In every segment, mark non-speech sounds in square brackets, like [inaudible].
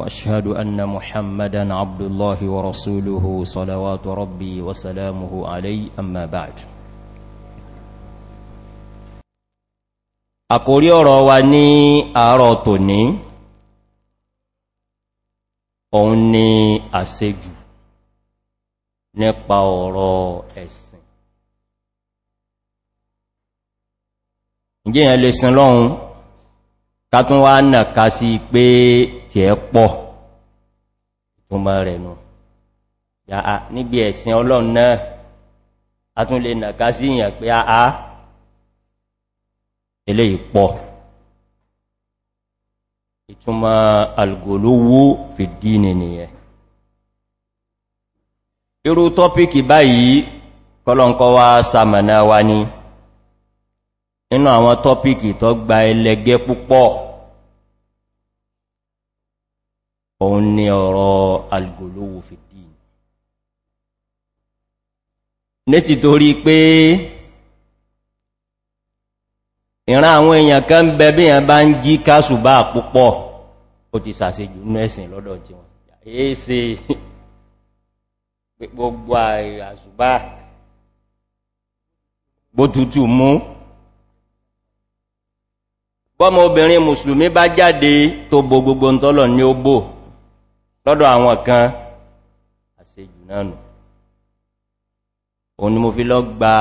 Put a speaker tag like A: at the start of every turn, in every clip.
A: واشهد ان محمدا عبد الله ورسوله صلوات ربي وسلامه عليه اما بعد àkórí ọ̀rọ̀ wa ní àárọ̀ tòní òun ni àṣejù nípa ọ̀rọ̀ ẹ̀sìn ǹjẹ́ yẹn lè sin lọ́hun kátún wá nà ká sí pé tí ẹ pọ̀ tó mọ́ rẹ̀ nù yàá níbi ẹ̀sìn ọlọ́run náà a tún lè nà ká sí ìyàn pé àá ilé ìpọ̀ ìtumọ̀ algolówó fìdí nìyẹn irú tọ́píkì báyìí kọlọ̀nkọ́ wá sàmànà wa ni inú àwọn tọ́pìkì tó gba ẹlẹgẹ́ púpọ̀ òun ni ọ̀rọ̀ algolówó fìdí ní ti torí pé ìran àwọn èèyàn kan bẹ bí èèyàn bá ń jí kásùbá púpọ̀ ó ti sàṣejù ní ẹ̀sìn lọ́dọ̀ tí wọn èése gbogbo àṣùbá bó tutù mú bọ́mọ obìnrin mùsùlùmí bá jáde tó bo gbogbo ń tọ́lọ̀ ní ó bò lọ́dọ̀ àwọn kan àṣejù náà nù òun ni mo fi lọ gba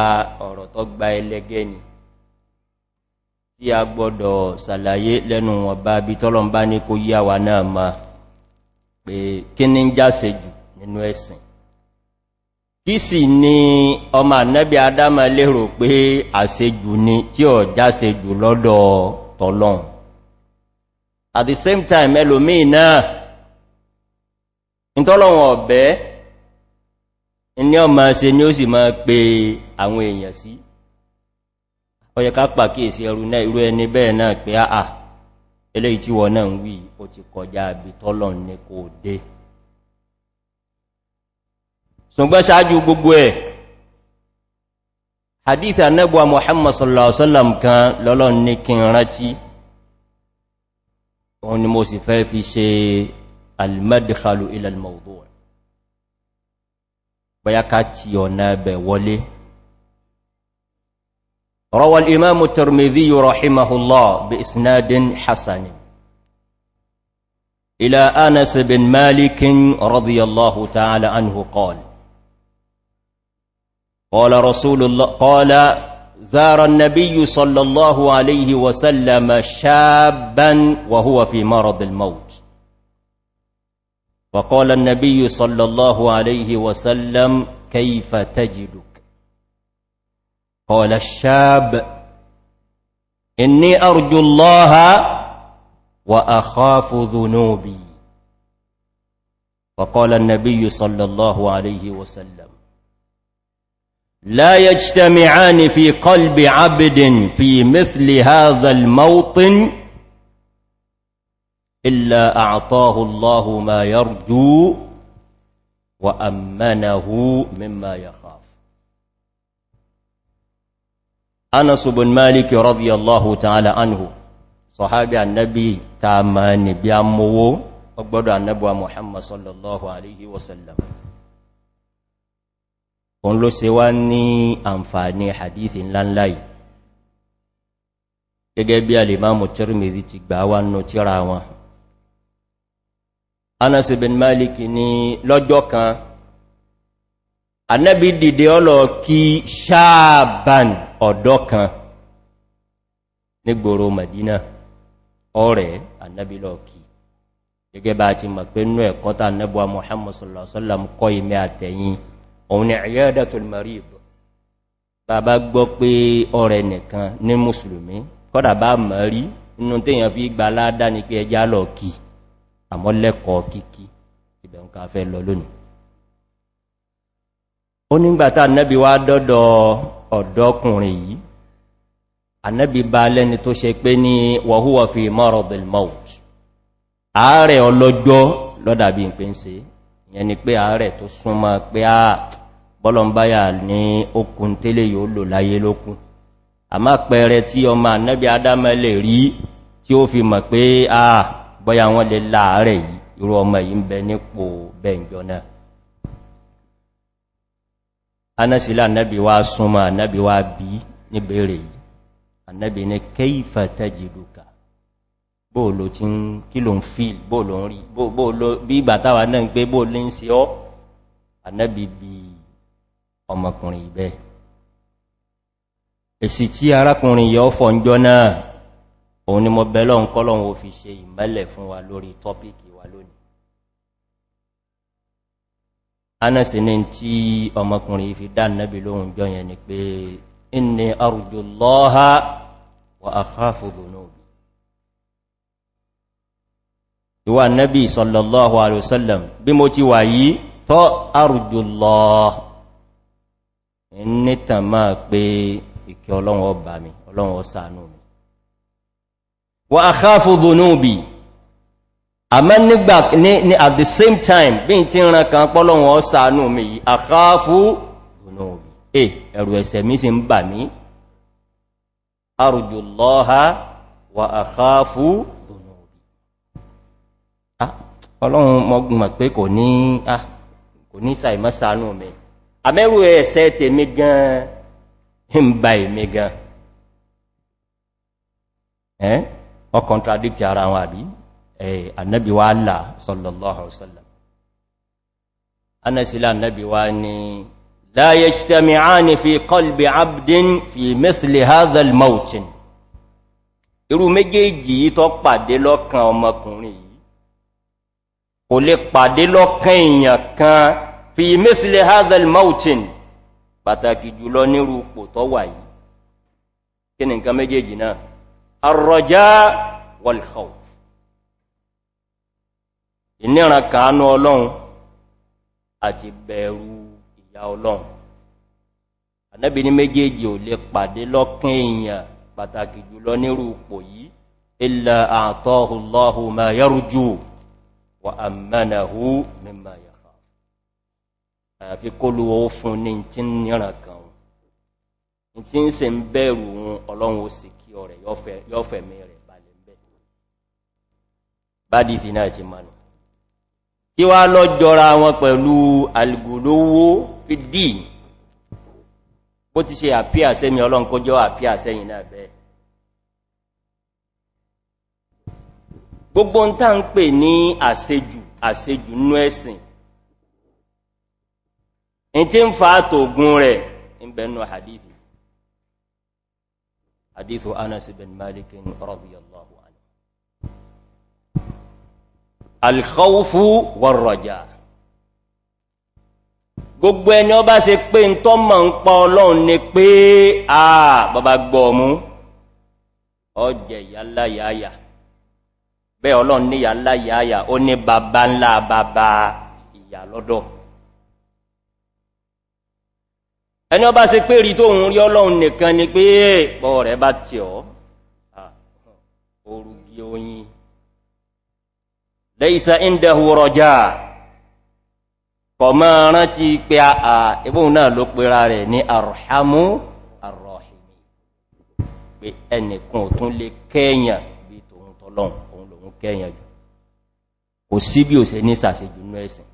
A: ọ̀rọ̀ tó gba ẹlẹ́gẹ́ ni tí a gbọ́dọ̀ sàlàyé lẹ́nu wọn bá bí tọ́lọ̀ bá ní kó yíya wa náà ma pé kí ní ń jáse jù nínú ẹ̀sìn kí sì ni ọmọ ànẹ́bí adáma lérò pé àṣejù ni tí ọ jáse jù lọ́dọ̀ tọ́lọ́n at the same time ẹlòmí náà ìtọ́lọ́wọ̀n ọ̀bẹ́ ní ọmọ ṣe ni ó sì máa pe àwọn èèyàn sí ọyẹ ká pàkíyèsí ẹrù náà irú ẹni bẹ́ẹ̀ náà pé àà eléyìí tí náà ń wí ti kọjá àbí tọ́lọ̀n ní kò dé ṣùgbọ́n ṣáájú gbogbo ẹ̀ hadith anẹ́bùwa muhammad sallallahu alaihi wasallam kan lọ́lọ́ ní kí n rántí wọn ni mo sì fẹ́ fi ṣe almadkhalu ila almawdu' ti ọ̀nà ẹbẹ̀ wọlé روى الإمام الترمذي رحمه الله بإسناد حسن إلى آنس بن مالك رضي الله تعالى عنه قال قال رسول الله قال زار النبي صلى الله عليه وسلم شابا وهو في مرض الموت فقال النبي صلى الله عليه وسلم كيف تجدك قال الشاب إني أرجو الله وأخاف ذنوبي فقال النبي صلى الله عليه وسلم لا يجتمعان في قلب عبد في مثل هذا الموطن إلا أعطاه الله ما يرجو وأمنه مما يخاف أنس بن مالك رضي الله تعالى عنه صحابي النبي تعمان بيامو أكبر النبي محمد صلى الله عليه وسلم òun ló se wá ní àǹfààní hadithi ńláńlá yìí gẹ́gẹ́ bí alìmáàmù tírmìdì ti gbà wá nù tíra wọn anasi bin malik ni lọ́jọ́ kan anẹ́bí dìde ọlọ kí ṣáàbàn ọ̀dọ́ kan nígboro madina ọ̀rẹ́ anẹ́bí lọ kí gẹ́gẹ́ bá ti mọ̀ pé nú ẹ̀kọ́ta anẹ́bùwa muhammadu sallallahu alaihi wasallam kọ́ òun ni àyádàtul marid bàbá gbọ́ pé ọ̀rẹ́ nìkan ní mùsùlùmí kọ́dà bá mọ̀ rí inú tèyàn fi gba aládá ní pé ẹjá lọ kí àmọ́ lẹ́kọ̀ọ́ kíkí ibẹ̀ ń ká fẹ́ lọ lónìí ó nígbàtà nẹ́bí wá ààrẹ ọlọ́jọ́ lọ́dàbí ń pín se ìyẹn ni pé ààrẹ tó súnmọ́ pé àà ah, bọ́lọ̀mbáyà ní okùn tẹ́lẹ̀ yóò lò láyé lókún àmá pẹ̀rẹ tí ọmọ ànẹ́bí adámẹ́lẹ̀ rí tí ó fi mọ̀ pé a bọ́yá wọn lè láàárẹ̀ yìí irú ọmọ yìí ń bẹ nípò bẹ́ǹjọ náà anẹ́sílẹ̀ ànẹ́bí wá súnmọ́ ànẹ́bí wá bí níbẹ̀rẹ̀ yìí ànẹ́bí ní kéìfà tẹ́jìlúkà bóòlò tí ń kí ló ń fíl bóòlò ń rí bóòlò bí ìgbà náà ń pé bóòlò ń se ọ́ ànẹ́bí bíi ọmọkùnrin ibẹ̀ èsì tí arákùnrin yọ fọ́njọ́ náà òun ni mo bẹ̀lọ́ ń kọ́lọ̀un ò fi ṣe ìmẹ́lẹ̀ fún wa lórí tọ́pìkì wa lónìí anẹ́sì ni tí ọmọkùnrin fi dá nẹ́bì lóhun jọ yẹn ni pé inni arùjù lọ́ha wa afáfòbò náà ìwà nẹ́bì sallallahu nítàn máa pé ìkẹ ọlọ́run ọba mi ọlọ́run ọsánú mi wà àkáfòbò náà bí àmá nígbà ní at the same time bí n tí ń ran kan pọ́lọ́run ọsánú mi yìí àkáfòbò náà bí e ẹ̀rù ẹ̀sẹ̀ mi sì ń bà mí arùjùlọ́ha wà àkáfòbò náà bí ọlọ́run mọ́gbùnmọ̀ pé kò ní sàìmọ́sánú ah, mi àmẹ́rù ẹ̀ẹ̀sẹ̀ tèmi gan ń ba èmi gan ẹ́ ọ contradict ara wọn àbí ẹ̀ annabi wa là sallallahu alaihi wasallam anasila annabi wa ni la yajtami'ani fi qalbi 'abdin fi mithli hadha al-mawtin irú méjèèjì yìí tó pàdé lọ́kàn ọmọkùnrin yìí kò lè pàdé lọ́kàn èèyàn kan fi mithli hadha al-mawtin pàtàkì jùlọ nírú pò tó wà yìí kí ni nǹkan méjèèjì náà ar-raja wal-khawf ìníran kàánú ọlọ́run àti bẹ̀rù ìyà ọlọ́run ànábì ní méjèèjì ò lè pàdé lọ́kàn èèyàn pàtàkì jùlọ nírú pò yìí illa a'tahu Allahu ma yarju wa ammanahu àfi kóluwọ́ ó fún ní tí ń níran kan ohun tí ń se ń bẹ̀rù ohun ọlọ́run ó sì kí ọ̀rẹ̀ yọ́fẹ̀mí rẹ̀ balẹ̀ bẹ̀ bádìí fi náà ti mọ̀nà kí wá lọ jọra wọn pẹ̀lú alìgòlówó fìdí bó ti ṣe àpíà sẹ́mi ọlọ́run kó jọ àpíà sẹ́yìn náà bẹ́ẹ̀ gbogbo ń tá ń pè ní àṣejù àṣejù nú ẹ̀sìn in ti ń fa tògùn rẹ̀ in bẹ̀nu hadithi hadithu anas ibn malik radiyallahu anhu alkhawfu warraja gbogbo ẹni ọba ṣe pé ń tọ́ mọ̀ ń pa ọlọ́run ni pé àà bàbá gbọ́ mú ọjẹ̀ yálá bẹ́ ọlọ́run ní yálá ó ní bàbá ńlá bàbá ìyà ẹni ọba ṣe pé rí tóhun rí ọlọ́run nìkan ni pé pọ̀ rẹ̀ bá tí ọ́ ah, orúgi oyin lẹ́ìsà ìndẹ̀hù rọjá kọ̀ mọ́ rántí pé àà ìbóhun náà ló pera rẹ̀ ní àrùhámú àrọ̀hìmí pé ẹnìkan tún lè kẹ́yàn bí tòun tọ́lọ́run òun lòun kẹ́yàn jù kò sí bí ò ṣe ní sàṣejù ẹ̀sìn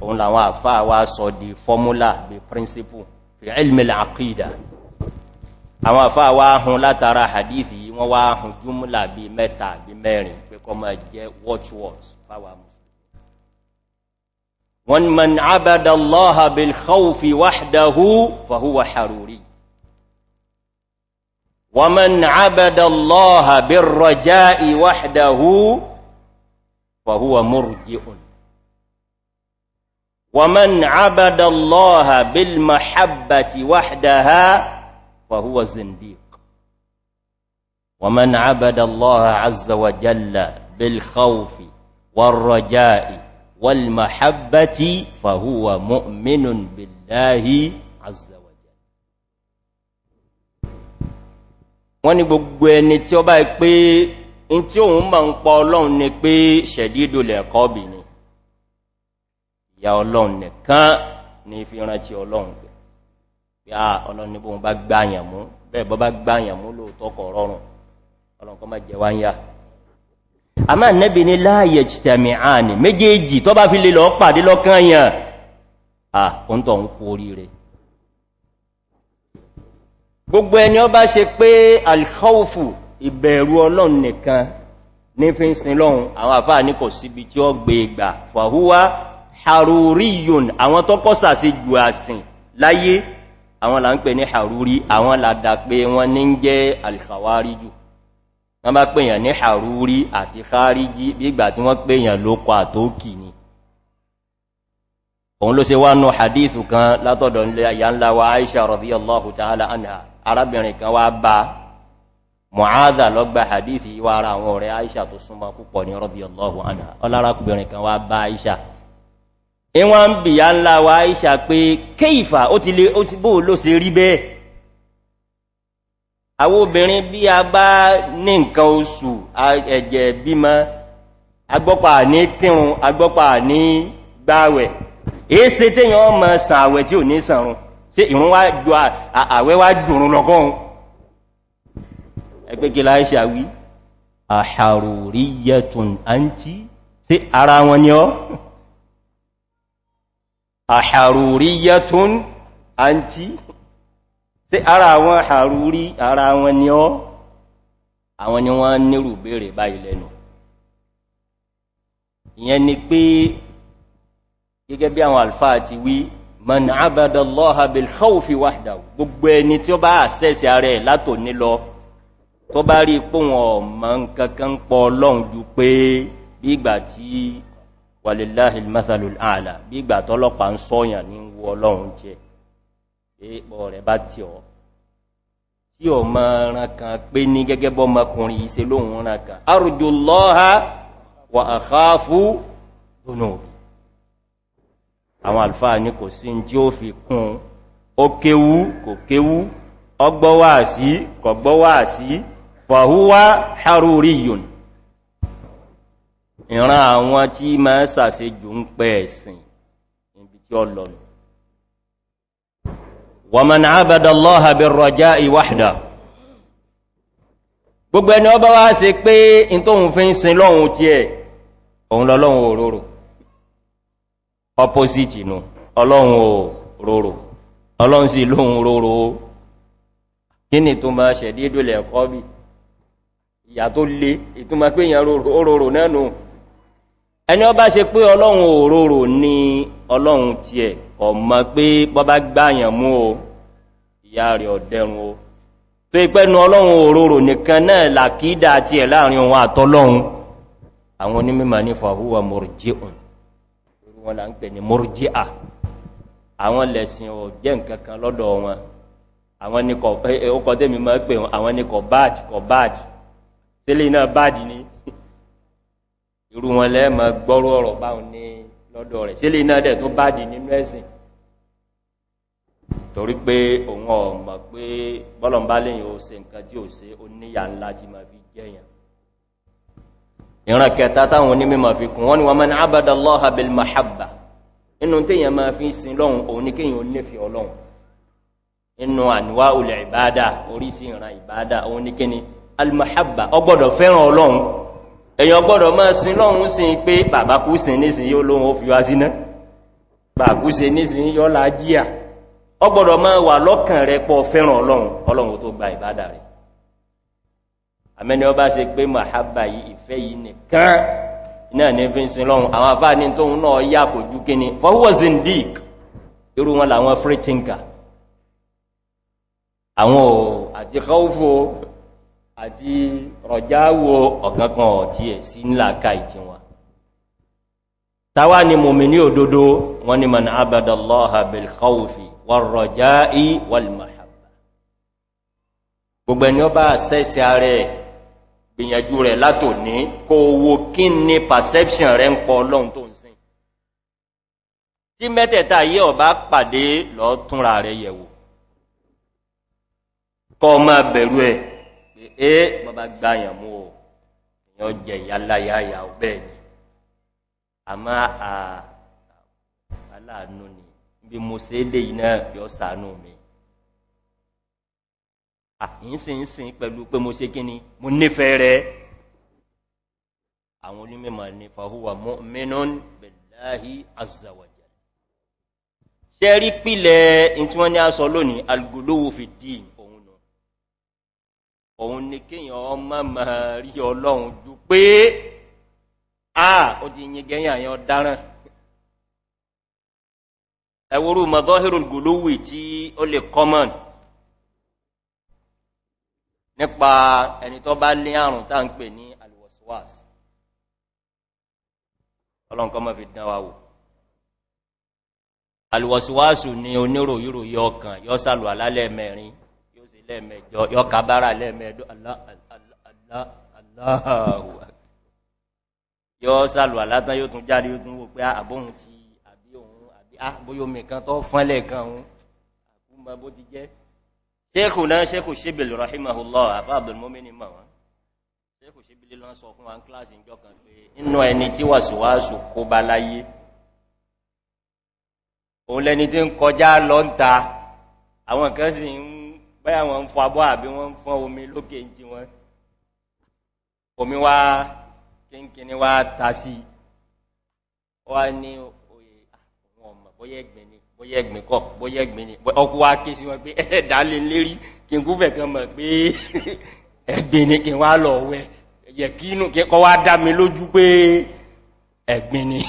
A: òun làwọn àfáà wá sọ di fọ́múlà bí principle fi ilmi al-aqida àwọn àfáà wá hun látara hadithi wọ́n wá hun júmúlà bí mẹ́ta bí mẹ́rin pé kọ ma jẹ́ watchwords fáwà musulmi wọn man abadallaha bil khawfi wahdahu fahuwa haruri ومن عبد الله بالرجاء وحده فهو مرجئ ومن عبد الله بالمحبة وحدها فهو زنديق ومن عبد الله عز وجل بالخوف والرجاء والمحبة فهو مؤمن بالله عز وجل wọ́n gbogbo ẹni tí ó bá pé in tí ma ń pa ni pé ṣẹ̀dídò lẹ̀kọ́ bìnrin ìyà ọlọ́run nìkan ní fi rántí ọlọ́run pẹ̀ bí a ọlọ́run níbo bá gbáyàn mú bẹ́ẹ̀ bọ́ bá gbáyàn mú lóòtọ́ kọ̀ rọrùn ọlọ́run kọ́ má jẹ wá ń yá a máa nẹ́bi ní láàyè jìtẹ̀mì àní méjèèjì tó bá fi lè lọ pàdé lọ́kàn yàn à ó ń tọ̀ ń kú oríire ìbẹ̀rù ọlọ́run nìkan ní fi ń sin lọ́run àwọn àfáà ní kò síbi tí ó gbé ìgbà e fàhúwá haruriyun àwọn tó kọ́sà sí jù àsìn láyé àwọn là ń pè ní haruri àwọn làdà pé wọ́n ní ń jẹ́ alkhawariju wọ́n bá pèyàn ní haruri àti khariji bígbà tí wọ́n pèyàn lókọ àtókì ni òun ló se wá nù hadithu kan látọ̀dọ̀ ya ńlá wa aisha radiyallahu ta'ala anha arábìnrin kan wá bá mọ̀ádà lọ́gbà hadithi wá ara àwọn ọ̀rẹ́ aisha tó súnmọ́ púpọ̀ ní radiyallahu anha ọlárakùnrin kan wá bá aisha ìwọ́n ń bìyà ńlá wa ìṣà pé kéìfà ó ti lè ó ti bóò ló se rí bẹ́ẹ̀ àwọn obìnrin bí a bá ní nǹkan oṣù ẹ̀jẹ̀ bímọ agbọ́pà ní kírun agbọ́pà ní gbáwẹ̀ èé se téyàn ọmọ sàn àwẹ̀ tí ò ní sànrun sí ìrún wá jù àwẹ́ wá dùnrún lọ́gọ́run ẹgbẹ́gẹ́lá ìṣà wí àṣàrò ríyẹ̀tùn àǹtí sí ara wọn ni ọ́ àṣàrùríyẹ́tún àǹtí sí ara àwọn àṣàrùrí ara wọn ni ọ́ àwọn ni wọ́n nírù bèèrè báyìí lẹ́nu ìyẹn ni pé gẹ́gẹ́ bí àwọn alfa ti wí man abadalloha bil khawfi wahda gbogbo ẹni tí ó bá àṣẹ́sì ara ẹ̀ látò nílọ tó bá rí pòhùn ọ̀mọ̀ nǹkankan pọ̀ ọlọ́run ju pé bí ìgbà tí wàlèláhì mẹ́sàlù ààlà bí ìgbà tọ́lọ́pàá ń sọ́yàn ní wo ọlọ́run jẹ́ ẹ̀bọ̀ rẹ̀ bá tí ọ tí ọ mọ́ rankan pé ní gẹ́gẹ́ bọ́ mọ́kùnrin ìse lóhun rankan arùjò lọ́ha wà àkáfú dùnù àwọn àlfáà ní kò sí tí ó fi kún ó kéwú kò kéwú ọgbọ́wà sí kọ̀gbọ́wà sí fọ̀húwá haruriyun ìran àwọn tí ma ń sàṣe ń pẹ̀ ẹ̀sìn ibi tí ó lọ wàmàn àbádàlọ́ha bí rọjá ìwáhdà gbogbo ẹni ọba wá se pé in tóhun fi ń sin lọ́hun tí ẹ̀ òun lọ́lọ́hun òróró opposite ọlọ́hun òróró ọlọ́hun sí lóhun òróró kí ni tó máa bí ìyà tó lé ẹni ọba ṣe pé ọlọ́run òróró ní ọlọ́run ti ẹ̀ ọmọ pé bọ́bá gbáyàn mú o ìyá rẹ̀ ọ̀dẹ̀rùn o tó ìpẹ́nu ọlọ́run òróró nìkan náà làkídà ti ẹ̀ láàrin òun àtọ́lọ́run àwọn onímọ̀ ní fàhúwà mọ̀rùjíùn wọn là ń pè ní mọ̀rùjíà àwọn lẹ̀sìn ò jẹ́ nǹkan kan lọ́dọ̀ wọn irú wọn lẹ́ẹ̀mọ̀ gbọ́rọ̀ ọ̀rọ̀ báhùn ní lọ́dọ̀ rẹ̀ sílé iná dẹ̀ tó bá dì nínú ẹ̀sìn torí pé òun ọ̀mọ̀ pé bọ́lọ̀mbá lẹ́yìn ó se nǹkan tí ó se ó níyà ńlá tí ma fi jẹ́yàn ìran kẹta táwọn onímọ̀ fi kún wọ́n ni wọ́n mẹ́ni abadallọ́ha bil mahabba inú tíyàn ma fi sin lọ́hun òun ní kíyàn al mahabba ọgbọ́dọ̀ fẹ́ràn ọlọ́hun èyàn gbọ́dọ̀ máa sin lọ́run sí pé bàbá kú sí nísìn yóò lóhun ó fi wá síná bàbá kú sí nísìn yóò lájíà ọ gbọ́dọ̀ máa wà lọ́kàn rẹ pọ̀ fẹ́ràn ọlọ́run ọlọ́run tó gba ìbádà rẹ̀ àmẹ́ni ọba ṣe pé mahabba yìí ìfẹ́ yìí nìkan náà ní fi lọ́run free thinker àwọn àti kọ́wọ́fọ́ àti rọ̀jáwò ọ̀kankan ọ̀tí ẹ̀ sí ńlá ká ìtí wọn tàwà ni mòmìnì òdodo wọn ni man abadallaha bil khawfi wal rajai wal mahabba gbogbo ẹni ó bá sẹ́sẹ̀ ààrẹ gbìyànjú rẹ̀ látò ní kó owó kí ní perception rẹ̀ ń pọ ọlọ́run tó ń sin tí mẹ́tẹ̀ẹ̀ta yí ọ̀bá pàdé lọ rẹ̀ yẹ̀wò
B: kọ ọmọ bẹ̀rù ẹ̀
A: ee bọ́bá gbáyàn mú o èyàn jẹ ìyáláyáyà ò bẹ́ẹ̀ ni a máa aláàánú ni bí mo se dé iná yọ sàánú mi àyínsìnsìn pẹ̀lú pé mo se kíni mo nífẹ̀ẹ́ rẹ̀ àwọn onímọ̀ ní fàhúwà mọ́mínún bẹ̀láhí azàwàjẹ̀ ṣẹ́rí pílẹ̀ ìtí wọ́n ní a sọ lónìí algolówó fi dìí òun ni kíyàn ọmọ mọ̀ rí ọlọ́run jù pé àà ó ti yìn gẹ́yìn àyàn dáràn ẹwúrú mọ̀dọ́hìrùn gùlúwì tí ó lè kọmọ̀n nípa ẹni tó bá lé àrùn tá ń pè ní alwaswas ọlọ́nkọ́ mọ́ fi dán wa wò alwaswasu ni oníròyìnròyìn ọkàn yọ́sàlù alálẹ̀ mẹ́rin lẹ́ẹ̀mẹjọ yọ kàbára lẹ́ẹ̀mẹjọ aláàwọ̀ yọ sàlù alátán yóò tún jáde yóò tún wò pé ah, àbóhun ti àbí ohun àbí àbóyómi ah, kan tó fọ́nlẹ̀ kan ohun àkúmọ bó ti jẹ́ ṣékù náà ṣékù ṣébìlì rahimahullah àfá àbdùlmọ́mìnì mọ̀ wọ́n ṣékù ṣébìlì lọ́n sọ fún wa ń kíláàsì ìjọ kan pé inú ẹni tí wàsùwàsù kó bá láyé òun lẹni tí ń kọjá lọ́ntà àwọn kan sì ń bẹ́yà wọ́n ń fọ abọ́ àbí wọ́n ń fọ́ omi lókè ń jí wọ́n omi wá kínkíní wá ta sí wá ní òye àwọn ọmọ bóyẹ́gbìn ni bóyẹ́gbìn kọ́ bóyẹ́gbìn ni ọkú wá ké sí wọn pé ẹ̀ẹ́dà lè e lérí kí n gúfẹ̀ kan mọ̀ pé [laughs] ẹ̀gbìn ni kí n wá lọ wẹ́ yẹ kí inú kí kọ́ wá dá mi lójú pé ẹ̀gbìn ni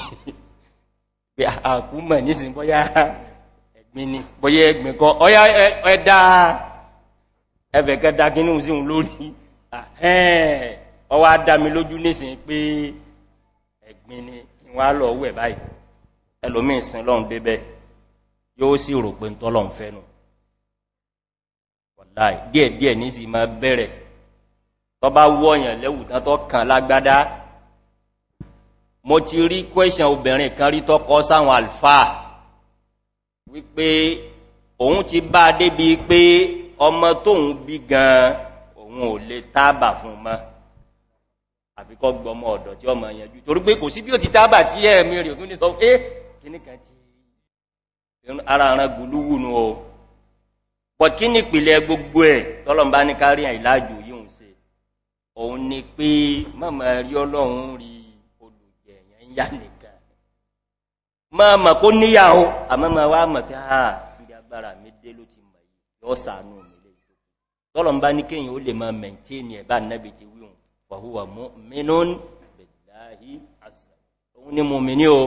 A: [laughs] pé àkúmọ̀ nísìn bóyá ẹ̀gbìn ni bóyẹ́gbìn kọ́ ọyá ẹ̀dá ẹfẹ̀ kẹ́ dákínú sí òun lórí ẹ̀ẹ́ ọwọ́ adámi lójú nísìn pé ẹ̀gbin ni wọ́n á lọ wẹ̀ báyìí ẹlòmí ìsìn lọ́n débẹ̀ yóò sì rò pé ń tọ́lọ̀ ń fẹ́nu wọ̀láì díẹ̀díẹ̀ ní sì máa bẹ̀rẹ̀ tọ́ bá wọ́yàn lẹ́wùtán tọ́ kàn lágbádá mo ti rí kwẹ́ṣàn obìnrin kan rí tọ́kọ́ sáwọn àlfà wípé òun ti bá débi pé ọmọ tóun bí gan òun ò lè tábà fún mọ́ àfikọ́ gbọmọ ọ̀dọ̀ tí ọmọ yanjú torí pé kò sí bí ó ti tábà tí ẹ̀mí rẹ̀ tún ní sọ pé kíníkan ti ara àrán gùlúwù nù o pọ̀ kí ní ìpìlẹ̀ gbogbo ẹ̀ tọ́lọ̀mbá ní kárí àìlájò yíò se òun ni pé mọ́mọ̀ rí ọlọ́run rí olùgbẹ̀yàn yà nìkan mọ́mọ̀ kó níyàwó àmọ́mọ̀ wá mọ̀ tí a ìgbàgbára mi dé ló yóò sàánú ilé ìtò tọ́lọ̀ ń bá ní kéyìn ó lè máa mẹ̀ntíni ẹ̀bá nẹ́bì ti wíhùn wàhúwà mínún bẹ̀láhí àṣà òun ni mú mi ní o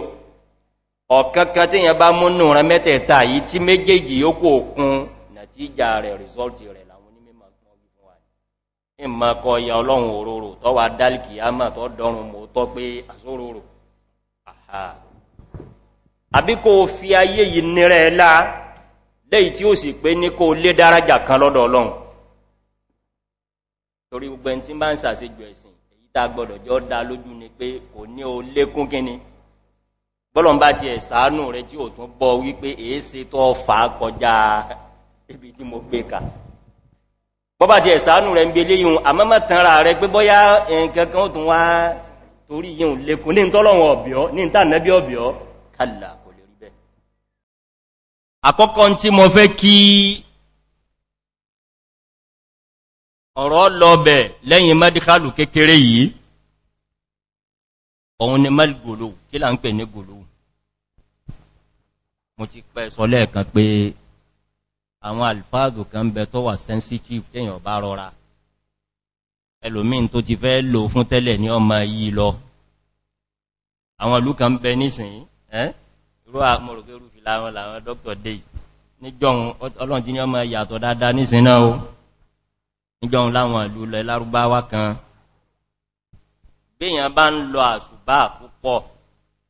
A: ọ̀kankan tí yẹn bá múnú rẹ mẹ́tẹ̀ẹ̀ta yìí tí méjèèjì yóò kó òkun nàtí ìjà rẹ̀ rìsọ́ọ̀tì rẹ̀ láwọn onímọ̀ léyìí tí ó sì pé ní kó lé dárájà kan lọ́dọ̀ ọlọ́run torí gbogbo ẹni tí bá ń sàṣejù ẹ̀sìn èyí tá gbọ́dọ̀ jọ dá lójú ni pé kò ní o lékún kíni bọ́lọ̀n bá ti ẹ̀sánú rẹ tí ò tún bọ́ wípé èése tó fà á kọjá ibi tí mo gbé ka bọ́bá ti ẹ̀sánú rẹ ń gbé léyìn àmọ́mọ́ tanra rẹ pé bọ́yá nǹkan kan ó tún wá torí yíò lékún ní tọ́lọ́wọ̀n ọ̀bíọ́ ní ìtànẹ́bí ọ̀bíọ́ kàlà àkọ́kọ́ tí mo fẹ́ kí ọ̀rọ̀ lọ́bẹ̀ lẹ́yìn mẹ́díkàlù kékeré yìí òun ni mẹ́lì gòlò kí là ń pè ní gòlò mo ti pẹ́ sọ lẹ́ẹ̀kan pé àwọn alfáàgù kan bẹ tó wà sensitive tẹ́yàn bá rọra ẹlòmín tó ti fẹ́ lò fún tẹ́lẹ̀ ní ọmọ yìí lọ àwọn ìlú kan bẹ nísìn ẹ́ láwọn làwọn dr day níjọun ọlọ́njí ní ọmọ yàtọ̀ dáadáa nísìn náà o níjọun láwọn ìlú lẹ lárúbáwá kan bíyàn bá ń lọ àṣùbá púpọ̀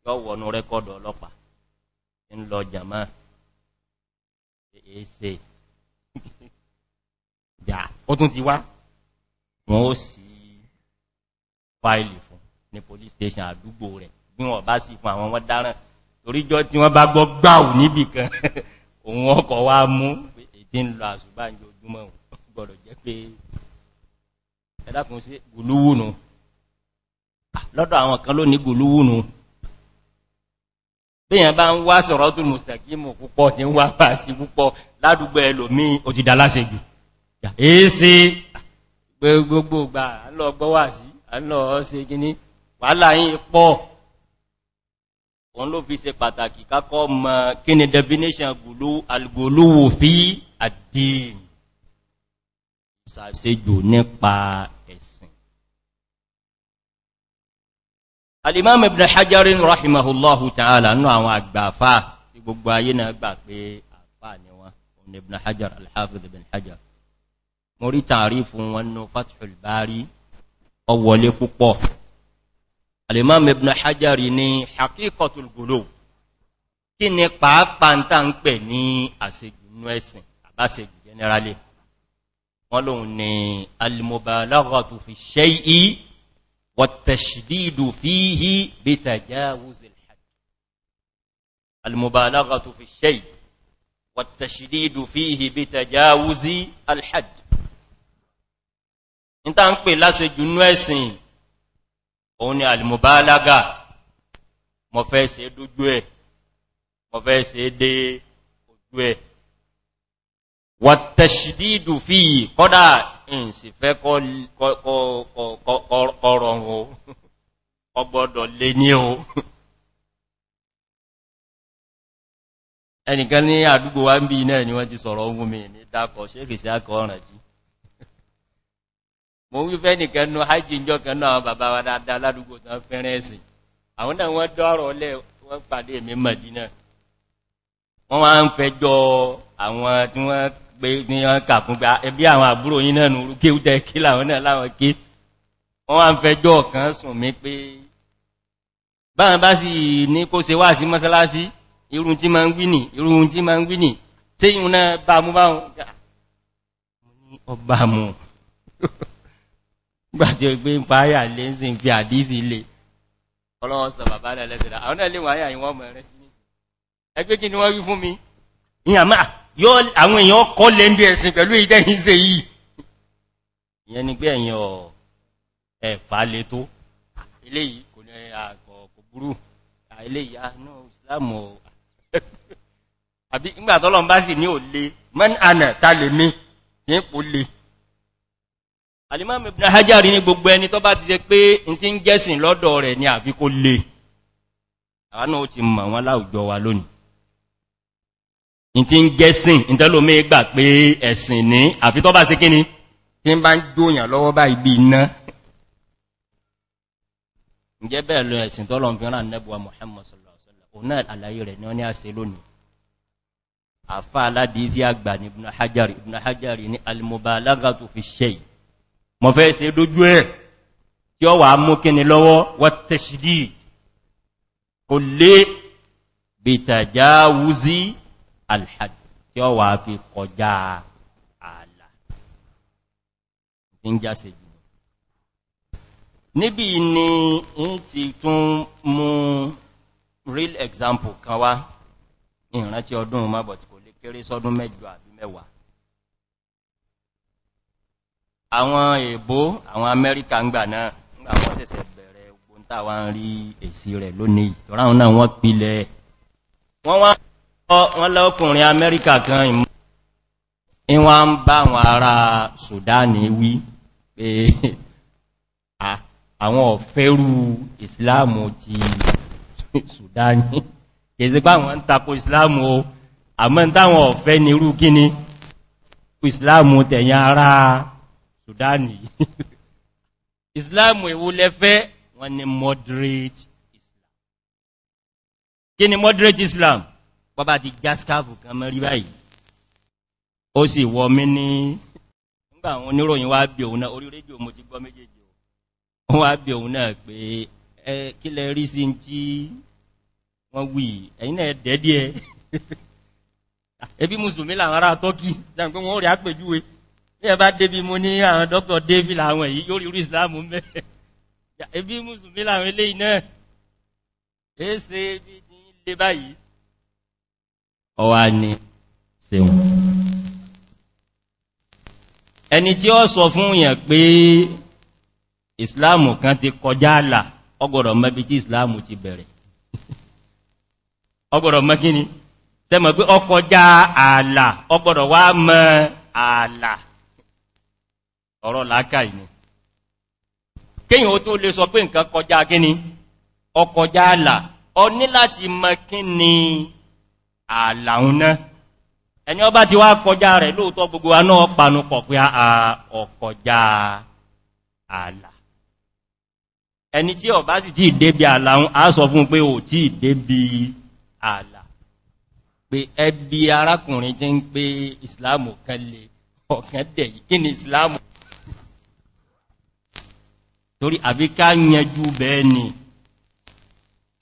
A: yọ wọnú rẹ́kọ́dù ọlọ́pàá ń lọ jàmá èése yà ó tún ti wá wọ́n ó sì fáìlì fún ní police station àdúgbò rẹ̀ bí wọ́n bá sì fún àwọn wọ́n dáràn toríjọ tí wọ́n bá gbọ́ gbáù níbì kan [laughs] òun ọkọ̀ wá mú èdè ń lọ àṣùgbà ní ojúmọ̀ gbọ́dọ̀ jẹ́ pé ẹ̀dàkùn sí gùlúwùnù lọ́dọ̀ àwọn kan ló ní gùlúwùnù bíyàn bá ń wá sọ̀rọ̀ tó mùsàkímù púpọ̀ ní wá bá sí púpọ̀ ládùgbọ́ ẹlòmí òjìdá lásẹ̀jù èése òun ló fi ṣe pàtàkì kákọ́ mọ̀ kí ni definition algolówó fi àdín ìsàṣejò nípa ẹ̀sìn al-imam ibn hajjarin rahimahullahu ta'ala nínú àwọn àgbàfà tí gbogbo ayé náà gbà pé àfà ni wọ́n ibn hajjar al ibn hajjar mo tààrí fún wọn nínú fathul bari ọwọlé púpọ̀ alimam ibn hajjari ni hakikotul gulo kí ni pàápàá ń tàà ń pè ní àṣejù inú ẹ̀sìn àbáṣejù generally wọ́n lóhun ni alimobalagatu fi ṣe'i wàtàṣìdìdù fíhí bí tajawuzil hajj alimobalagatu fi ṣe'i wàtàṣìdìdù bí tajawuzil hajj ń òun ni alìmọ̀bálágà mọ̀ fẹ́ ṣe dójú ẹ̀ mọ̀ fẹ́ ṣe dé ojú ẹ̀ wàtẹ̀ṣìdìdù fi kọ́dà ìsì fẹ́ kọ́rọ̀rùn o ọgbọ́dọ̀ lè ní o ẹnìkan ní àdúgbò wa ń bí ni wọ́n ti sọ̀rọ̀ ohun mi ní dákọ̀ ṣe mo wí fẹ́ nìkan nù hajji ìjọ kan náà bàbá wa dáadáa ládùúgbò tán fẹ́rẹ́ ẹ̀sìn àwọn náà wọ́n dọ́rọ̀ lẹ́ wọ́n pàdé èmì Mẹdínà wọ́n wá ń fẹjọ́ àwọn tí wọ́n gbé ní wọ́n kàkúngbà ẹbí àwọn àbúrò yín náà nùrú kí ó dẹ́ kí láwọn náà láwọn kí wọ́n wá ń fẹjọ́ kan sùn mí pé báwọn bá sì ní kó ṣe wá sí mọ́sálásí irun tí ma ń wí nì irun tí ma ń wí nì tí ìhun náà bá mú báwọn ọba mú gbàtí pé ń pa àyà lè ń sin fi àdízi lè ọlọ́wọ́ sọ bàbá náà lẹ́sẹ̀dá àwọn náà lè wọ́n àyà ìwọ́n mẹ́rẹ́ tí ní sí ẹgbẹ́ kí ni wọ́n wí fún mi ìyàmá yóò àwọn èèyàn kọ́ lẹ́ ń bí ẹ̀sìn pẹ̀lú ìdẹ́yìn se yìí ìyẹn ni pé ẹ̀yàn ẹ̀fà le tó eléyìí kò ní àgbọ̀ kò burú eléyìí àánú ìsìlámù [laughs] alimami ibn hajjari ní gbogbo ẹni tó bá ti ṣe pé n ti ń jẹ́sìn lọ́dọ̀ rẹ̀ ní àfi kó lè àánú ó ti mọ̀ wọn láwùjọ wa lónìí n ti ń jẹ́sìn ìtẹ́lómí gbà pé ẹ̀sìn ní àfi tó bá ṣe kíni tí ń bá ń jóyàn lọ́wọ́ bá ibi iná ǹjẹ́ bẹ́ẹ̀ lọ ẹ̀sìn tọ́lọ̀ fi rán nẹ́bùwa ibn hajjari ibn hajjari ní al-mubalagatu fi shay mọ̀ fẹ́ ṣe dójú ẹ̀ tí ó wà mú kíni lọ́wọ́ wọ́tẹ̀ṣìdì kò lé bìtàjá wúzí alhadi tí ó wà fi kọjá ààlà níbi ni in ti tún mú real example kan wá ìrántí ọdún mọ́bọ̀ tí kò lè kéré sọ́dún mẹ́jọ àbí mẹ́wàá àwọn èbó àwọn amẹ́ríkà ń gbà náà nígbà wọ́n sẹ̀sẹ̀ bẹ̀rẹ̀ ogun tàwà ń rí èsì rẹ̀ lónìí ìrọ̀rùn náà wọ́n pílẹ̀ wọ́n wá lọ́kùnrin amẹ́ríkà kan ìwọ́n ń bá àwọn ará sùdánì wí pé àwọn sudani [laughs] islam ewu lẹ́fẹ́ wọn ni moderate islam kí ni moderate islam bọ́bá ti já skáàfù kan mẹ́rí báyìí ó sì wọ mí ní nígbà àwọn oníròyìn wá bí òun náà orí rédíò mo ti gbọ́ méjèèjì wọ́n wá bí òun náà pé ẹ kí lẹ rí sí tí wọ́n wì ẹ̀yìn náà dẹ́díẹ̀ ẹbí musulmi làwọn ará tọ́kì dáa pé wọ́n rí àpèjúwe bí ẹ bá débi mo ní àwọn dr david àwọn èyí yóò rí orí ìsìláàmù mẹ́rẹ̀ ẹbí mùsùlùmí láwọn ilé iná ẹ́ẹ́sẹ́ bí ní ilé báyìí ọwá ni seun ẹni tí ó sọ fún yẹn pé ìsìláàmù kan ti kọjá àlà ọgbọ̀rọ̀ mẹ́bí tí ìsìláàmù ti bẹ̀rẹ̀ ọgbọ̀rọ̀ mẹ́kíní tẹ́mọ̀ pé ọkọjá àlà ọgbọ̀rọ̀ wá mẹ́ àlà ọ̀rọ̀ làákà ìní kíyàn ó tó lè sọ pé nǹkan kọjá gíní ọkọjá àlà ọ ní láti mọ kí ni àlàun náà ẹni ọba ti wá kọjá rẹ̀ lóòtọ́ gbogbo aná panupọ̀ pé ọkọjá àlà ẹni tí ọba sì tí ìdébi àlàun á sọ fún pé ò tí ìdébi àlà pé ẹbí arákùnrin tí ń pé ìsìláàmù kan lè ọ̀kan dẹ̀ yìí kí ni ìsìláàmù torí àbí ká yẹnjú bẹ́ẹ̀ ni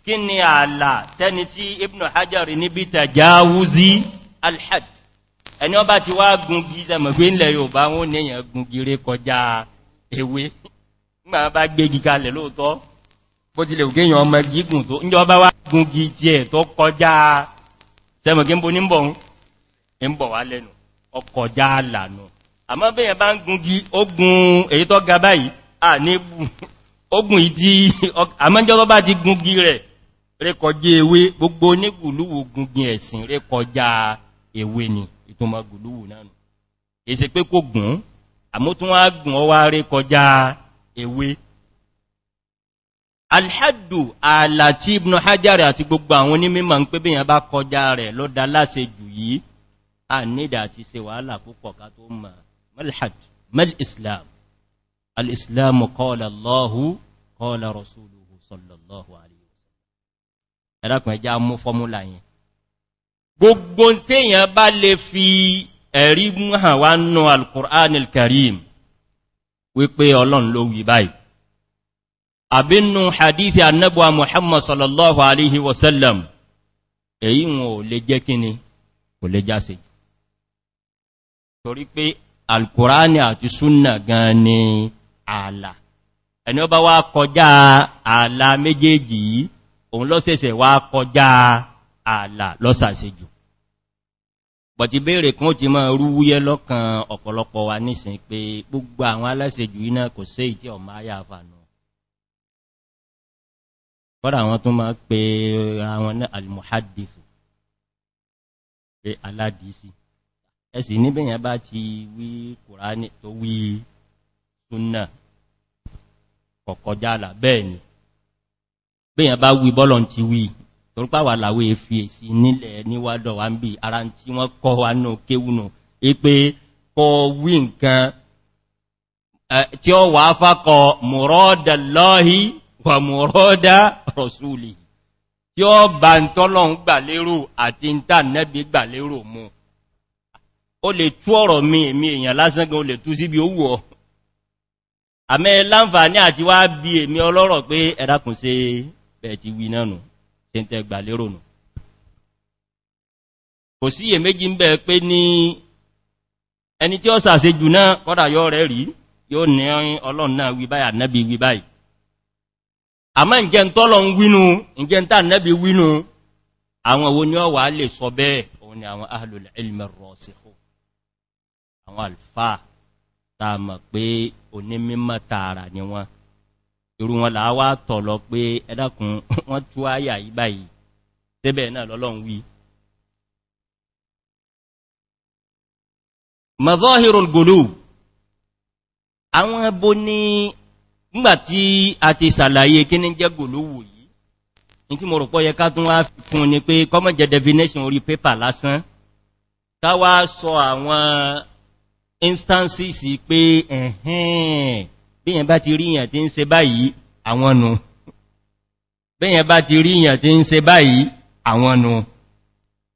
A: kí ni ààlà tẹni tí ibn hajjar níbi tàjáwúzí alhaj ẹni ọba ti wá gungi sẹmọ̀gbé ilẹ̀ yorùbá wọn ní èyàn gungi ré kọjá ewé nígbà bá gbégi kalẹ̀ lóòtọ́ bó tilẹ̀ ògéyàn ọmọ gígùn tó ń jọba wá gungi ti ẹ̀ tó kọjá sẹmọ̀gbé ń bo ní ń bọ̀ ń bọ̀ wá lẹ́nu ọkọjá àlànà àmọ́ bẹ́yẹn bá ń gungi ó gun èyí tó ga báyìí à ní ogun ìdí àmọ́jọ́lọ́ bá ti gungi rẹ̀ rékọjá ewé gbogbo onígùlúwò gungi ẹ̀sìn rékọjá ewé ni ìtùnmọ̀ gùlúwò náà èsì pé kò gùn àmótún wá gùn ọwá rékọjá ewé alhaddu alàtí ibn hajjari àti gbogbo àwọn onímọ̀ ń pé bí yẹn bá kọjá rẹ̀ lọ́dá láṣẹ jù yìí a nídà àti se wàhálà púpọ̀ ká tó mọ̀ mal islam al'islamu kọ́ọ̀lá lọ́hù kọ́ọ̀lá rasuluhu sallallahu alayhi wa sallam ẹ̀dàkùn ẹjá mú fọ́múlà yẹn gbogbo tíyàn bá lè fi ẹ̀rí múhàn wá nù al-qur'an al-karim wípé ọlọ́n ló wí báyìí àbínú hadithi annabuwa muhammad sallallahu alaihi wasallam èyí wọn ò lè jẹ́ kíni kò lè jáse torí pé alkùránì àti súnnà gan ni ààlà ẹni ọba wá kọjá ààlà méjèèjì yìí òun lọ́sẹ̀sẹ̀ wá kọjá ààlà lọ́sàṣejù bọ̀tí béèrè kún ti máa rúwúyẹ́ lọ́kàn ọ̀pọ̀lọpọ̀ wa nísìn pé gbogbo àwọn aláṣejù iná kò sé ìtí ọmọ ayá àfànà kọ́dà àwọn tó máa pé àwọn ní alìmọ̀hádìsù pé aládìsí ẹ̀sì níbẹ̀yàn bá ti wí kùránì tó wí súnnà kọ̀kọ̀jálà bẹ́ẹ̀ ni bẹ́yàn bá wí bọ́lọ̀ ti wí torúpá wà láwé fi èsì nílẹ̀ níwádọ̀ wá ń bí ara tí wọ́n kọ́ wa náà kéwùnà ipé kọ wí nǹkan tí ó wà fákọ mọ̀rọ́dà lọ́hí wà mọ̀rọ́dà rọ̀súlì tí ó bá ń tọ́lọ̀ ń gbà lérò àti ń tà nẹ́bí gbà lérò mú ó lè tú ọ̀rọ̀ mi èmi èèyàn lásán gan ó lè tú síbi ó wù àmẹ́ láǹfààní àti wá bí èmi ọlọ́rọ̀ pé ẹ̀dàkùn se bẹ̀ẹ̀tì wí náà nù ṣe ń tẹgbà lérò nù kò sí è méjì ń bẹ̀ pé ní ẹni tí ó sàṣe jù náà kọ́dà yọ rẹ̀ rí yóò ní ọlọ́run náà wí báyà nẹ́bí wí báyìí ta mọ̀ pé onímímọ̀ tààrà ni wọn irú wọn làáwá tọ̀lọ pé ẹ̀dàkùn [laughs] wọ́n tú àyà yìí báyìí náà lọ́lọ́run wí mazahirul gulub àwọn ẹbọ ní ngbàtí a ti sàlàyé kí ní jẹ́ gòlówò yìí ní tí mo rò pọ́ yẹ ká tún wá fún ni pé common definition orí paper lásán ká sọ àwọn instances pé ẹ̀hẹ́n bíyàn bá ti ríyàn tí ń se báyìí àwọn nù bíyàn bá ti ríyàn tí ń se báyìí àwọn nù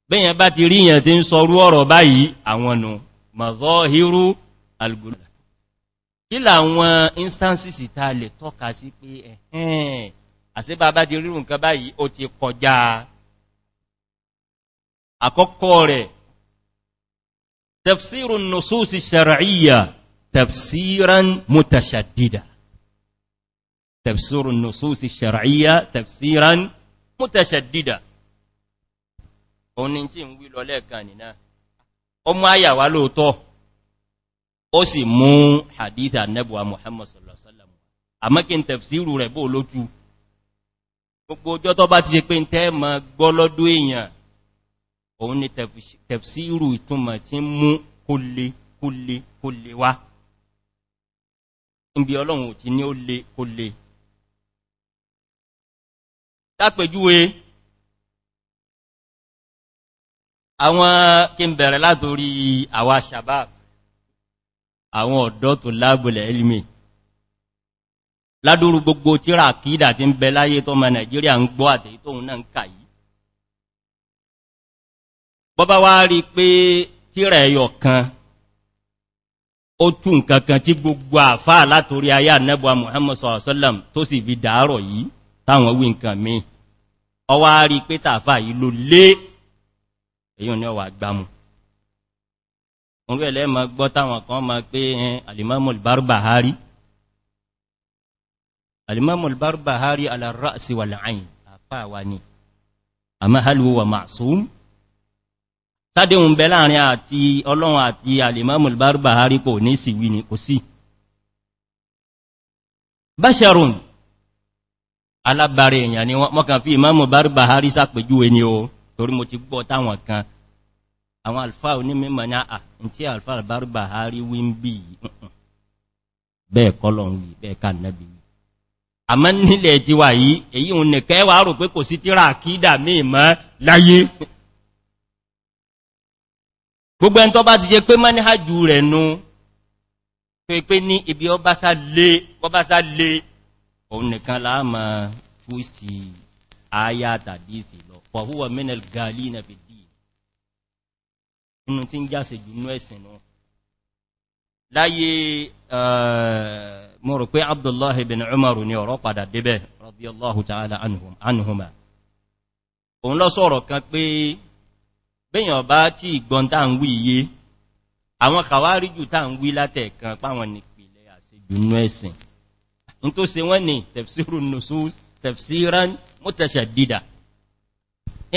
A: bíyàn bá ti ríyàn tí ń sọrú ọ̀rọ̀ báyìí àwọn nù mọ̀gọ́ hírú algulá kí instances ta lè tọ́ka sí pé ẹ̀hẹ́n àsíbà bá ti rírùn kan báyìí ó ti kọjá àkọ́kọ́ rẹ̀ تفسير النصوص الشرعية تفسيرا متشددا تفسير النصوص الشرعية تفسيرا متشددا onin tí ń wí lọ lẹ́ẹ̀kan nìna ọmọ ayà wá lóòótọ́ ó sì mú haditha nẹ́bùwa muhammad sallallahu ala'uwa àmọ́kí n tẹ̀fsíru rẹ̀ bóò lójú gbogbo ọjọ́ tó bá ti ṣe pé tẹ́ ma gbọ́lọ́dún èèyàn òun ni tẹ̀fsíìrù ìtumọ̀ tí ń mú kó le kó le kó le wá níbi ọlọ́run ò ti ní ó le kó le àwọn kí n bẹ̀rẹ̀ látorí àwa shabab àwọn ọ̀dọ́ tó lágbòlẹ̀ elimi ládúrú gbogbo tíra kìídà ti ń bẹ láyé tó ma nàìjíríà ń gbọ́ àtèyí tóun náà ń kàyí bọ́bá wá rí pé tíra ẹyọ kan ó tún nkankan tí gbogbo àfá látorí ayá nẹ́bùwa muhammad sọ̀rọ̀sọ́lẹ̀m tó sì fi dàárọ̀ yìí táwọn wí nkan mi ọwá rí pé tàfà yìí ló lé èyí ni ọwà gbámù orílẹ̀ ma gbọ́ táwọn kan ma tádéhun bẹ láàrin àti ọlọ́run àti alimamul barbahari kò ní síwí ni kò sí basharun alábàrí èèyàn ni wọ́n mọ́kàn fi imamu barbahari sàpèjúwe ni o torí mo ti gbọ́ táwọn kan àwọn alfa oní mímọ̀ ní àà tí alfa barbahari wí ń bí bẹ́ẹ̀ kọlọ̀un wí bẹ́ẹ̀ ká nẹ́bí àmọ́ nílẹ̀ tiwa yìí èyí òun nìkẹ́ wà rò pé kò sí tíra àkídà míì mọ́ láyé gbogbo ẹn tó bá ti jẹ pé mọ́ ní hajjú rẹ̀ nú tó ipé ní ibi ọba sá lé òun nìkan láàmà fúsì ayá tàbí ìfìlọ pọ̀húwà mínal gali na fi dì inú tí ń jáse jù nú ẹ̀sìn nú láyé eh, mọ̀rọ̀ pé abdullahi bin umaru ni ọ̀rọ̀ padà débẹ̀ radiyallahu ta'ala anhuma òun lọ sọ̀rọ̀ kan bẹ́yàn bá tí ìgbọ́n tá ń wí iye àwọn kàwárí jù tá ń wí látẹ̀ẹ̀kan páwọn nìpìlẹ̀ àṣejùnú ẹ̀sìn ní tó se wọ́n ni tafsirun nusus tafsiran mutashaddida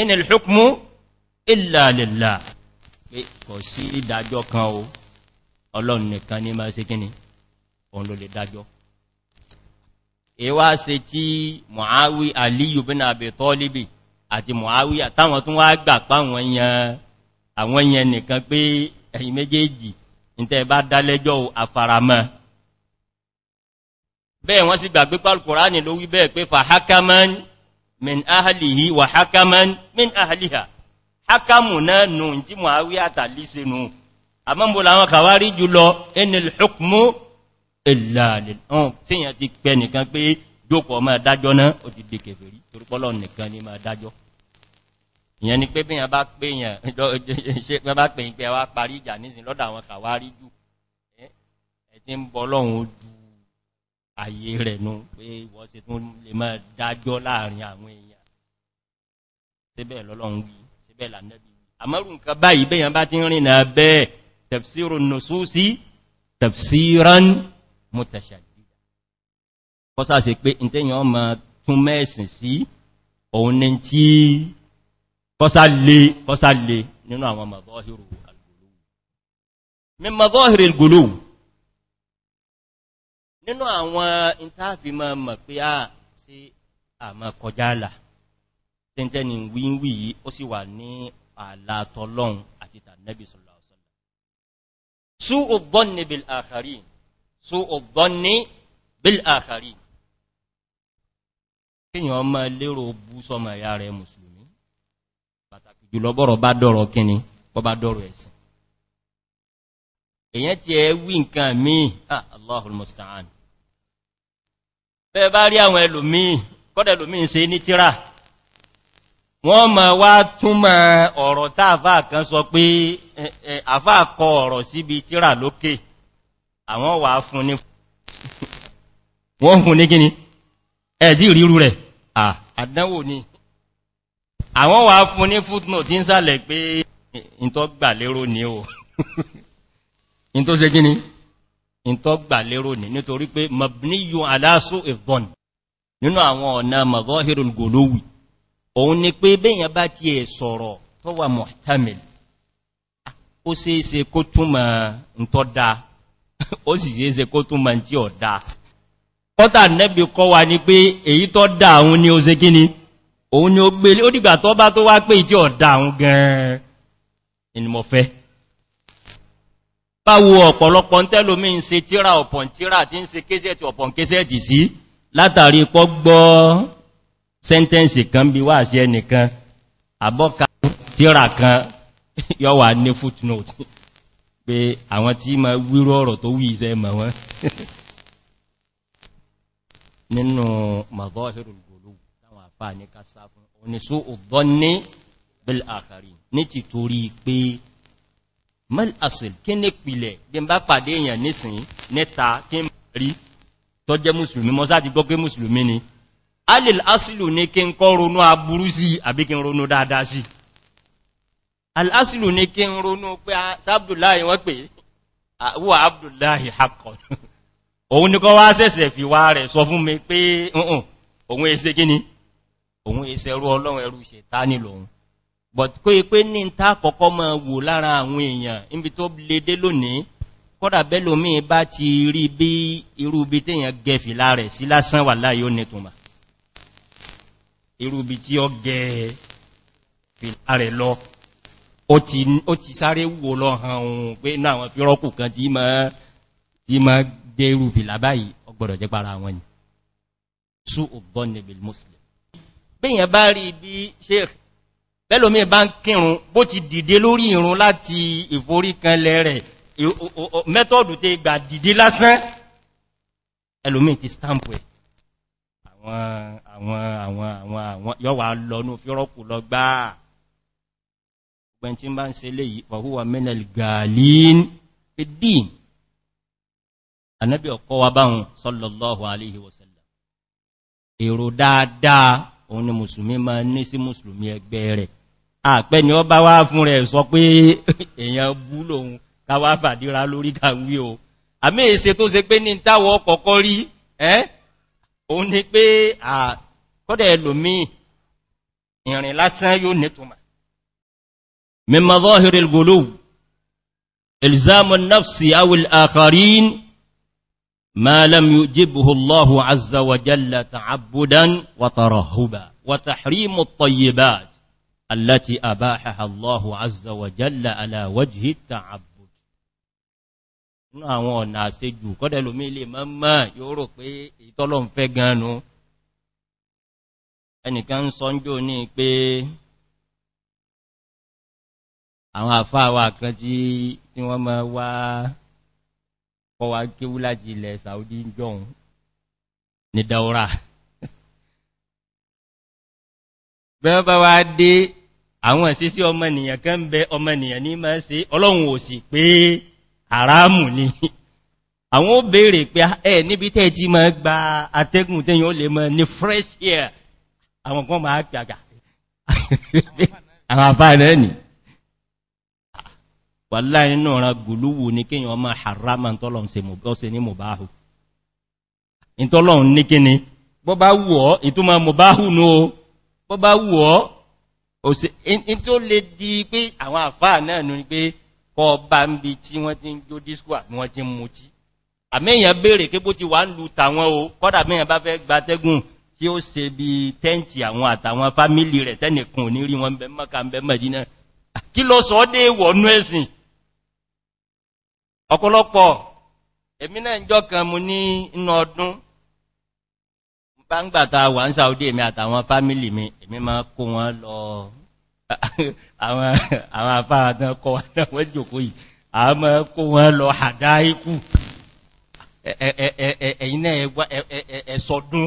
A: in al-hukmu illa lillah pé kò sí ìdájọ́ kan o àti mọ̀háwíyà táwọn tún wá gbà páwọn yan àwọn yan nìkan pé ẹ̀yìn méjèèjì nítẹ́ bá dálẹ́jọ́ àfaramọ́ bẹ́ẹ̀ wọ́n sì gbà pé pàlùkùránì ló wí bẹ́ẹ̀ pé fa hakaman min ahlihi wa hakaman min jókòó máa dájọ́ náà ó ti di kèfèrí torípọ́lọ̀ nìkan ni máa dájọ́ ìyẹn ni pé bíyàn bá pè yàn ṣe pé bá pè pé wá parí ìjà nísìn lọ́dọ̀ àwọn kàwárí jù ẹ ti ń bọ́ lọ́hun ojú ayé rẹ̀ nú pé wọ́n ṣe tún lè máa dájọ́ láàrin àwọn èèyàn síbẹ̀ lọ́lọ́run kọ́sá se pé ìtẹ́yìn ọmọ tún mẹ́ẹ̀sìn sí òun ní tí kọ́sá lè kọ́sá lè nínú àwọn mọ̀gọ́hìrò alìgbòlò mi mọ̀gọ́hìrò alìgbòlò nínú àwọn ìtàfimọ̀ mọ̀ pé a sí àmọ́ kọjáàlà tẹ́ntẹ́ni wíwí yìí ó sì wà ní àlàtọ́lọ́un àti tàbí sọ́lọ́ su ọgbọ́n ni bil àkàrí su ọgbọ́n ni bil àkàrí kíyàn ọmọ lérò bú sọmọ ìyá rẹ̀ mùsùlùmí pàtàkì jùlọ bọ́rọ̀ bá dọ̀rọ̀ kíni bọ́ bá dọ̀rọ̀ ẹ̀sìn èyàn ti ẹ wí nǹkan míì allahul musta'an bẹ́ẹ̀ bá rí àwọn ẹlòmíì kọ́dẹ̀ ẹlòmíì ṣe ní tíra rẹ̀ àdánwò ni àwọn wà fún ní footnote tí ń sàlẹ̀ pé ìntọ́ gbà lérò ní o ìntọ́ ṣe gíní ìntọ́ gbà lérò ní nítorí pé mabniyu aláṣò ìbọn nínú àwọn ọ̀nà mazahirul golowi òun ni pé bẹ́yàn bá ti ẹ̀ sọ̀rọ̀ tó wà muhtamil kọ́tà nẹ́bì kọ́ wa ni pé èyí tọ́ dá àwọn ni ó se kí ni òun ni ó gbé ó dìgbà tọ́ bá tó wá pé ìjọ ọ̀dá àwọn gan-an ìnìmọ̀fẹ́ báwo ọ̀pọ̀lọpọ̀ ń tẹ́lómí ń se tíra ọ̀pọ̀n tíra tí ń se kéṣẹ́tì ọ̀pọ̀n kéṣẹ́tì sí látàrí pọ́ gbọ́ sẹ́ntẹ́nsì kan bí wà sí ẹnìkan àbọ́ka tíra kan [laughs] yọ́wà ní footnote pé àwọn tí ma wíró ọ̀rọ̀ tó wí iṣẹ́ mọ̀ wọ́n [laughs] nínú mazahirul gulu táwọn àfá ní ká sá fún òní só ọ̀gbọ́ ní bil akharin ní ti torí pé mal asil kí ní pìlẹ̀ bí n bá pàdé èèyàn nísìn níta tí ń rí tó jẹ́ mùsùlùmí mọ́ sáti gbọ́ pé ni alil asilu ní kí n kọ́ ronú aburú sí àbí kí n ronú dáadáa sí al asilu ní kí n ronú pé sábdùláyìn ah, wọ́n pè wọ́n abdùláyìn hakọ̀ òun ní kọ́ wá sẹ́sẹ̀ fi wá rẹ̀ sọ fún mi pé ọ̀hún òun èsẹ́ gíní òun èsẹ́ rú ọlọ́run ẹrù ṣe tá nílò òun but kó ipé ní ta kọ́kọ́ mọ́ wò lára àwọn èèyàn níbi tó lè dé lónìí kọ́dà bẹ́lòmí bá ti rí bí irúbi téèyàn gẹ̀fì láàrẹ̀ sí lásán wà láyé ó nìtùmà irúbi tí ó gẹ̀ẹ́fì láàrẹ̀ ti sáré wò lọ hàn òun pé náà àwọn fírọ́kù kan tí máa dé irú fìlà báyìí ọgbọ̀dọ̀ jẹ́ para wọn ni sú ọ̀bọ́n níbi muslim bíyàn bá rí bí sheikh bẹ́lómí bá ń kírun bó ti dìde lórí irun láti ìforíkanlẹ̀ rẹ̀ mẹ́tọ́dù tẹ gbà dìde lásán ẹlòmí ti stamp ẹ̀ àwọn àwọn àwọn àwọn yọ́wà lọ́nú fírọ́kù lọ gbáà gbẹ̀ntín bá ń se léyìí wàhúwà mẹ́nẹ̀lì gàálín pẹ̀dín anábí ọ̀kọ́ wa báhùn sallallahu alaihi wasallam èrò dáadáa òun ni musulmi ma ní sí musulmi ẹgbẹ́ rẹ̀ àpẹ́ ni ọ bá wá fún rẹ̀ sọ pé èèyàn bú lòun káwà fàdíra lórí kàwí o àmì èsẹ tó se pé ní táwọ kọ̀kọ́ rí ẹ́ òun ni pé àkọ́dẹ̀ ẹlòmí ìrìn lásán yóò nítùmà mímọ̀ zọ́hìrì gòlò ilzamun nafsi awil akharin ما لم يجبه الله عز وجل تعبدا وترهبا وتحريم الطيبات التي أباحها الله عز وجل على وجه التعبد àwọn ọ̀nà àṣejù kọ́dẹ̀ lómi ilé mọ́mọ́ yóò rò pé ìtọ́lọ̀ ń fẹ́ ganu ẹnìkan ń sọ jò ní pé àwọn àfáà kan tí wọ́n máa wá kọ́ wa kéwú láti ilẹ̀ Saudi john ní daura bẹ́ẹ̀ bá wá dé àwọn ìsísí ọmọnìyàn kan bẹ ọmọnìyàn ní máa ṣe ọlọ́run ò sì pé haramu ni àwọn ó béèrè pé ẹ níbi tẹ́ ti máa gba atẹ́gùn tẹ́yìn ó lè máa ní fresh air àwọn kan máa gbàgbà [laughs] àwọn àbá rẹ̀ wà láì nínú ọ̀ràn gùlúwù ní kí yàn ọmọ àrámà tọ́lọ̀un se ní mọ̀báhù ìtọ́lọ̀un ní kí ni bọ́ bá wù ọ́ ìtúmọ̀ mọ̀báhù ní o bọ́ bá wù ọ́ òsì tó lè di pé àwọn àfáà náà ní pé kọ bá ń bi tí wọ́n ti ń jó dískùà ní wọ́n ti ń mú tí àmẹ́yàn béèrè pé bó ti wà ń lu tàwọn o kí lọ sọ wọ̀nú ẹ̀sìn ọ̀pọ̀lọpọ̀ èmi náà ń jọ kan mú ní inú ọdún bá ń gbàta wà ń Saudi èmi àtàwọn fámílì mi èmi máa kó wọn lọ [laughs] àwọn afáàdán kọ àwọn [laughs] jòkó yìí a máa kó wọn lọ àdá ikú ẹ̀yìn náà ẹ̀sọdún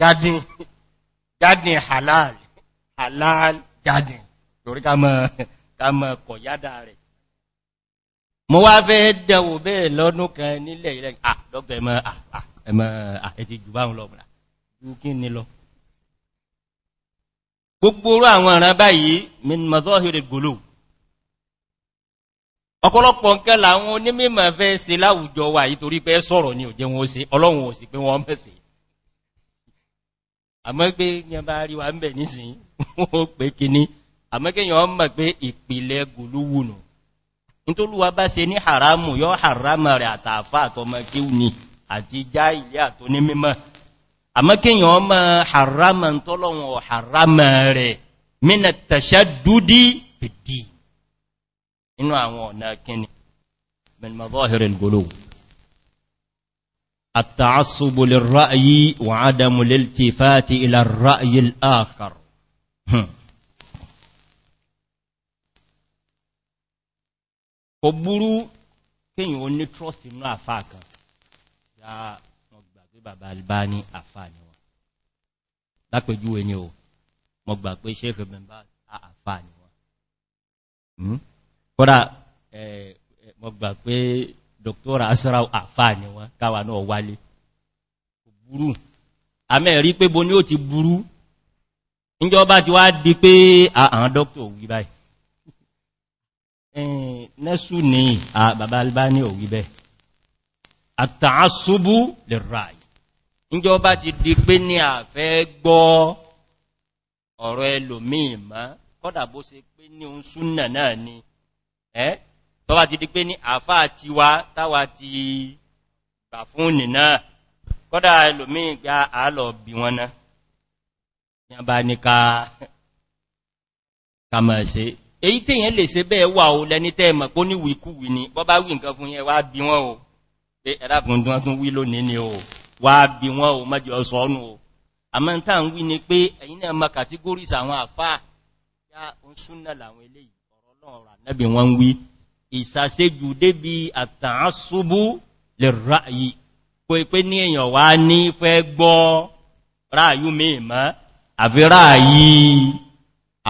A: garden garden halal halal garden torí ká mọ̀ kọ̀yádà rẹ̀ mo wá fẹ́ dẹ̀wò bẹ́ẹ̀ lọ́dún kan nílẹ̀ ilẹ̀ àdọ́gbẹ̀ ẹmọ ẹmọ àti jù báhùn lọ mìíràn jù kí ní lọ gbogbo orú àwọn ọ̀ràn báyìí min mazọ́hìrì gòlò ọ̀pọ̀lọpọ̀ nǹkan làwọn onímọ̀ fẹ́ se láwùjọ wà yìí torí sọ̀rọ̀ ni òjẹ́ wọn ó se ọlọ́run ò sì pé wọ́n mẹ́sì àmọ́ pé yẹn bá rí wa ń bẹ̀ nísìn [laughs] ó pé kíní àmọ́ kéèyàn mọ̀ pé ìpìlẹ̀ gòlúwùnù nítorúwà bá se ní haramu yọ haramu rẹ̀ àtàfà àtọmọ kí ò ní àti já ilé àtò ní mímọ̀ àmọ́kíyàn ọmọ haramu tọ́lọ́wọ̀n haramu rẹ̀ mínà tàṣẹ́ dúdí pìdí inú àwọn ọ̀nà kíni mẹ́lmọ̀dọ́hìrì gòlò kò burú kíyàn ó ní trust inú àfá kan ya mo gbà pé bàbá albá ní àfá ni wọn lápẹjúwe ni o mo gbà pé sheikh ibn baz àfá ni wọn hmm? kódà mo gbà pé dr asra àfá ni wọn káwà náà wálé kò burú amẹ́rí pé bo ní ó ti burú níjọba ti wá di pé àwọn dókítà wí nẹ́sù ní bàbá albani ò wíbẹ̀ àtàásùbú lè ráì níjọba ti di pé ní àfẹ́ gbọ́ ọ̀rọ̀ ẹlòmíì má kọ́dà bó se pé ní oun súnnà náà ni ẹ́ tọ́wà ti di pé ní àfá àti wa táwà ti gbà fún nìna kọ́dà ẹlòmíì gbá àálọ̀ bí wọn náà a bá ní ká kàmọ̀ ẹ̀sẹ̀ èyí tèyàn lè ṣe bẹ́ẹ̀ wà ó lẹni tẹ́ mọ̀ pó ní wìkúwì ni bọ́ bá wì nǹkan fún yẹn wá bí wọ́n o pé ẹ̀dàkùn tí wí lónìí ni o wá bí wọ́n o mọ́jọ sọ́nù o àmọ́ ń tàn wí ni pé ẹ̀yìn náà mọ́ kàtígórísì àwọn àfáà yá ń súnà làwọn eléyìí ọ̀rọ̀ náà rà nẹ́bì wọ́n ń wí ìsàṣejù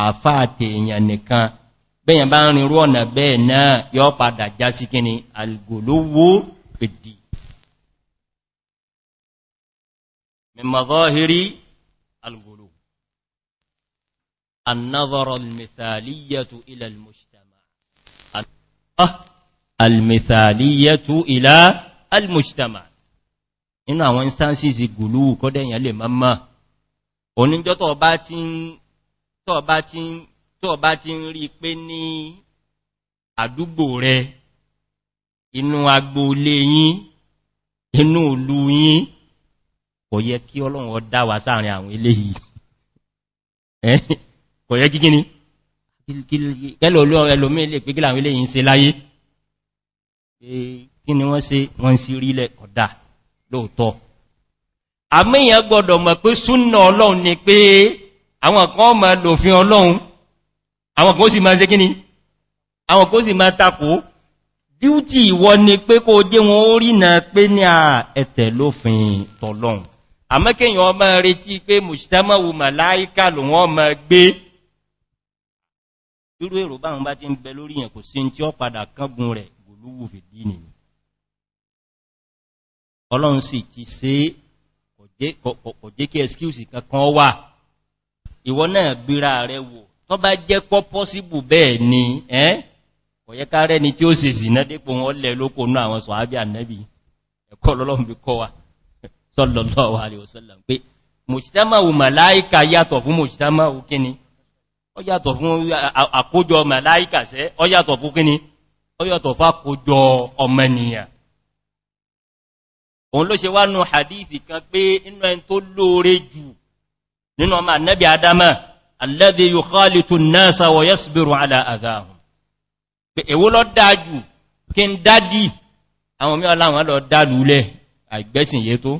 A: àfá àtèèyàn nìkan bẹ́yàn bá ń rinrú ọ̀nà bẹ́ẹ̀ náà yọ padà já sí kíni algolówó pèdì mímọ̀gọ́hìrí algoló annadhara almithaliyatu ila almujtama almithaliyatu ila almujtama inú àwọn instances gùlú kọ́dẹ̀yàn lè mọ́mọ́ ti tó bá ti ń rí pé ní àdúgbò rẹ inú agboolé yín inú ìlú yín kò yẹ kí ọlọ́run ọdá wa sáàrin àwọn eléyìí kò yẹ kí kíní kẹ́lò olú ẹlòmí ilé pé kílà àwọn eléyìí ń se láyé kí ni wọ́n se wọ́n sí rílẹ̀ ọ̀dá lóòtọ́ àmìyàn gbọdọ̀ mọ̀ pé súnà ọlọ́run ni pé àwọn kan ma lòfin ọlọ́run àwọn kan sì ma ṣe kíni àwọn kan sì ma takò díútì ìwọ ni pé kó dé wọn ó rí na pé ní à ẹ̀tẹ̀ lófin tọ́lọ́run àmọ́kẹ́yàn ọmọ retí pé mùsùtámọ̀wò màláíkà lòun ọmọ gbé irú èrò báwọn bá ti ń bẹ lórí yẹn kò sí tí ó padà kángun rẹ̀ gbòlúwò fìdí nìyàn ọlọ́run sì ti ṣe kò ẹ̀skíùsì kankan wà ìwọ náà bíra rẹ̀ wò tó bá jẹ́ pọ́ pọ́síbù bẹ́ẹ̀ ni ẹ́ ọ̀yẹ́ká rẹ̀ ni tí ó sì zìnà dípò wọn lẹ̀ lókò ní àwọn sọ̀hábí ànẹ́bí ẹ̀kọ́ lọ́lọ́run [laughs] sallallahu alaihi wasallam pé mujtama'u màláíkà yàtọ̀ fún mujtama'u kíni ó yàtọ̀ fún àkójọ màláíkà sẹ́ ó yàtọ̀ fún kíni ó yàtọ̀ fún àkójọ ọmọnìyàn òun ló ṣe wá nù hadithi kan pé inú ẹni tó lóore jù nínú ọmọ annabi adama alẹ́dẹ̀ yóò kọ́lì tún náà sáwọ̀ yẹ́ sùgbèrò aláàzáhùn pé èwo lọ dájú kí n dádì àwọn mí ọláwọn lọ dálúlẹ̀ àìgbẹ́sìn yé tó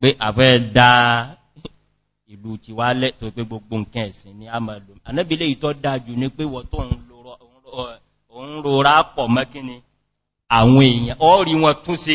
A: pé àfẹ́ dá ìlú ti wá lẹ́ tó pé gbogbo mọ́kíní àwọn èèyàn ọ́rí wọn tún se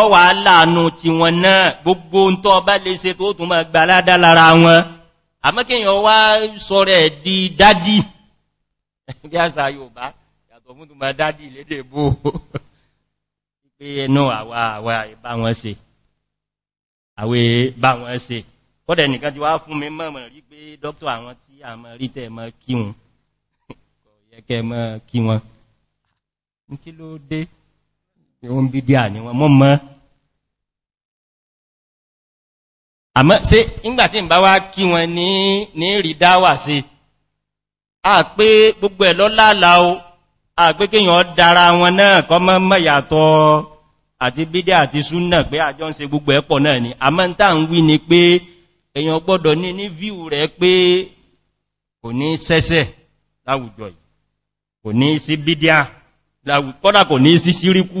A: ọwà aláàánú ti wọn náà gbogbo ń tọ́ bá lè ṣe tó tún máa lára wọn àmọ́kíyàn wá sọ rẹ̀ di dádì [laughs] bí àṣà yóòbá yàtọ̀ fún tún máa dádì lédè bó [laughs] pé ẹnú àwà àwà ìbá wọn ṣe àwẹ́ bá wọn ṣe kọ́dẹ̀ nìkan ti wá fún mi mọ̀mọ̀ rí pé dókítà àwọn tí a mọ̀ rí tẹ́ mọ́ [laughs] kí wọn kí ló dé ó ń bí díà ní wọn mọ́ mọ́ àmọ́ sí ìgbàtí ń bá wá kí wọn ní ní rí dáwà sí a pé gbogbo ẹ̀ lọ́láàlá o a pé kíyàn dára wọn náà kọ́ mọ́ mọ́ yàtọ̀ àti bídí àti súnà pé àjọ ń se gbogbo ẹ̀pọ̀ náà ni àmọ́ ń tàà ń wí ni pé èyàn gbọ́dọ̀ ní ní víù rẹ̀ pé kò ní sẹ́sẹ̀ láwùjọ yìí kò ní sí bídíà kọ́dà kò ní sí síríkù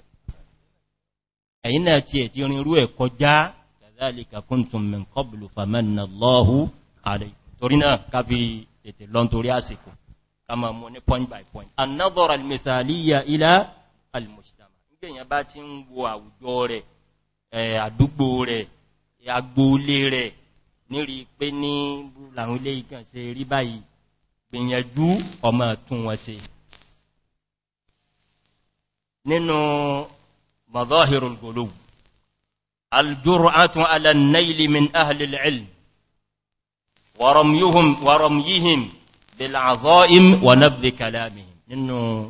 A: ẹ̀yìn náà ti ẹ̀tí orin irú ẹ̀ kọjá kàzálìkà kúntùn min qablu famanna Allahu alaykum torí náà káfí ètè lọ́n torí àsìkò kama mú ní point by point an-nadhara al-mithaliya ila al gbìyànjú ọmọ tún wọn ṣe nínú مظاهر القلوب الجرأة على النيل من أهل العلم ورميهم ورميهم بالعظائم ونبذ كلامهم nínú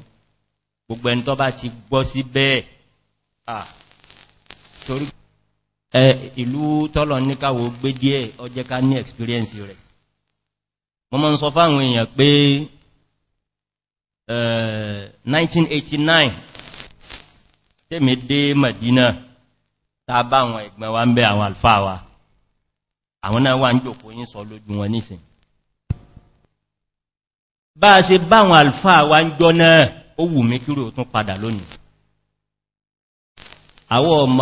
A: gbogbo ẹni tó bá ti gbọ́ sí bẹ́ẹ̀ ah torí ẹ ìlú tọ́lọ ní káwò gbé díẹ̀ ọjẹ́ ká ní experience rẹ̀ mo mọ́ ń sọ fáwọn èèyàn pé 1989 tèmi dé Madina ta bá àwọn ẹ̀gbọ́n wa ń bẹ àwọn alfa wa àwọn náà wà ń jòkó yí sọ lójú wọn nísìn bá a ṣe bá àwọn alfa wa ń jọ náà ó wù mí kírò tún padà lónìí àwọn ń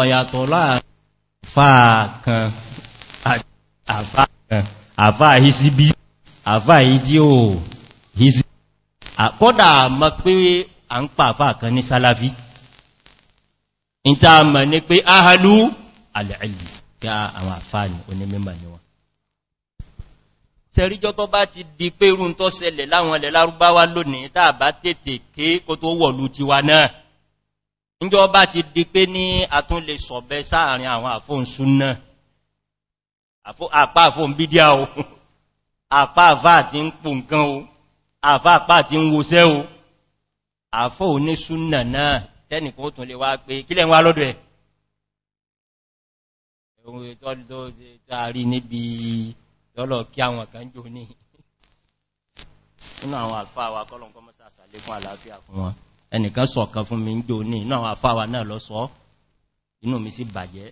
A: pa àfáà kan ní sálàfí in ta mọ̀ ní pé áhàlú alẹ́ẹ̀lì ya àwọn àfáàní onímẹ́mà ni wọn sẹ́ríjọ́ tó bá ti di pé rún tó sẹlẹ̀ láwọn ilẹ̀ lárúbáwá lónìí tàà bá tètè ké kó tó wọ̀lú ti wa náà níjọ́ bá ti di pé ní àtún lè sọ̀bẹ́ sáàrin àwọn àfóhùn bídíà o àpá àfá àti ń pò nǹkan o àfá àpá àti tẹ́nìkan ó tún lè wá pé kílẹ̀ ń wá lọ́dọ̀ ẹ̀ ohun ìtọ́lọ́ tààrí níbi lọ́lọ́ kí àwọn kan jò ní inú àwọn àfáàwà kọ́lọ̀kọ́ mọ́sá àsàlékún àlàáfíà fún wọn ẹnìkan sọ̀kan fún mi ń jò ní inú àwọn àfáàwà náà lọ sọ inú mi sí bàjẹ́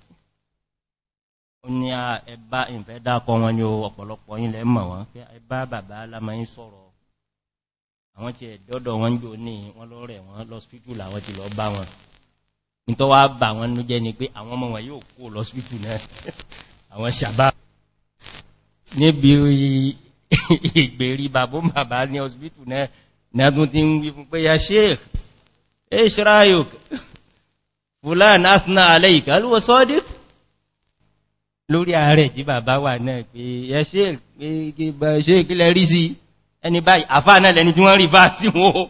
A: ó ní ẹbá ìfẹ́ dákọ wọn ni ọ̀pọ̀lọpọ̀ yìí mọ̀ wọn ẹbá bàbá alámọ́ sọ̀rọ̀ àwọn tí ẹ̀dọ́dọ̀ wọn jò ní wọn lọ rẹ̀ wọn lọ́spítù làwọn ti lọ bá wọn ní tó wá bà wọn ní jẹ́ ni pé àwọn ọmọ wọn yóò kó lọ́spítù náà [laughs] àwọn sàbá níbi ìgbèrí bàbó bàbá ní ọ̀spítù náà náà tún ti ń wí fún pé ya sheikh ishrayuk fulan athna alayka ẹni báyìí àfáà náà lẹni tí wọ́n rí bá sí wọ́n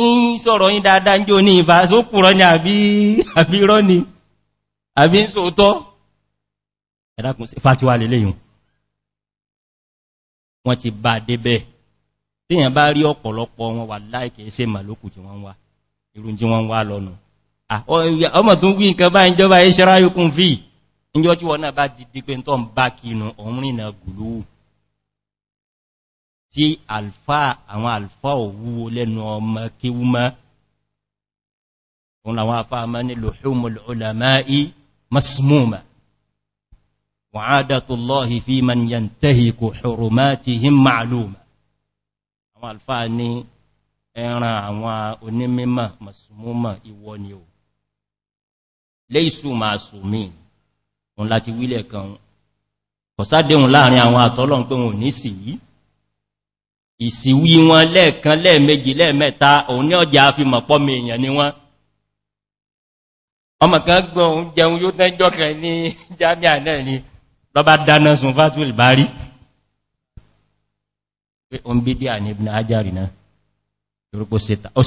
A: ń sọ̀rọ̀ yí dáadáa ń jò ní ìfà sókùrọ ní àbí rọ́ ni àbí ń sóòtọ́ ẹ̀dàkùn sí fàtíwà lè léyìn wọ́n ti bá débẹ̀ tíyàn bá rí ọ̀pọ̀lọpọ̀ wọn wà láìkẹ́ ṣe màlókù tí wọ́n wá irun tí wọ́n wá lọ́nu ọmọ tó ń wí nǹkan bá ìjọba ìṣẹ́ráyókùn fíì ìjọ tí wọ́n náà bá dìdí pé ń tọ́ ń bá kínú ọ̀rìn náà gùlúù tí alfa àwọn alfa òwúwo lẹ́nu ọmọ kíwú mọ́ òun làwọn afá mọ́ ní luhumul ulama'i masmuma wa adatullahi fi man yantahiku hurumatihim ma'luma àwọn alfa ní ẹran àwọn onímímọ̀ masmuma ìwọ ni o laysu ma'sumin òun láti wílẹ̀ kan kọ̀sádéhùn láàrin àwọn àtọ́lọ́n ìsìwí wọn lẹ́ẹ̀kan lẹ́ẹ̀mejì lẹ́ẹ̀mẹ́ta òun ní ọjà fi mọ̀pọ̀ mèèyàn ni wọ́n ọmọ kan gbọ́n òun jẹun yóò tẹ́jọ́ kẹ ní [laughs] jami'a náà ni lọ́bá dáná sun fásil bá rí pé ajari náà ìrùpò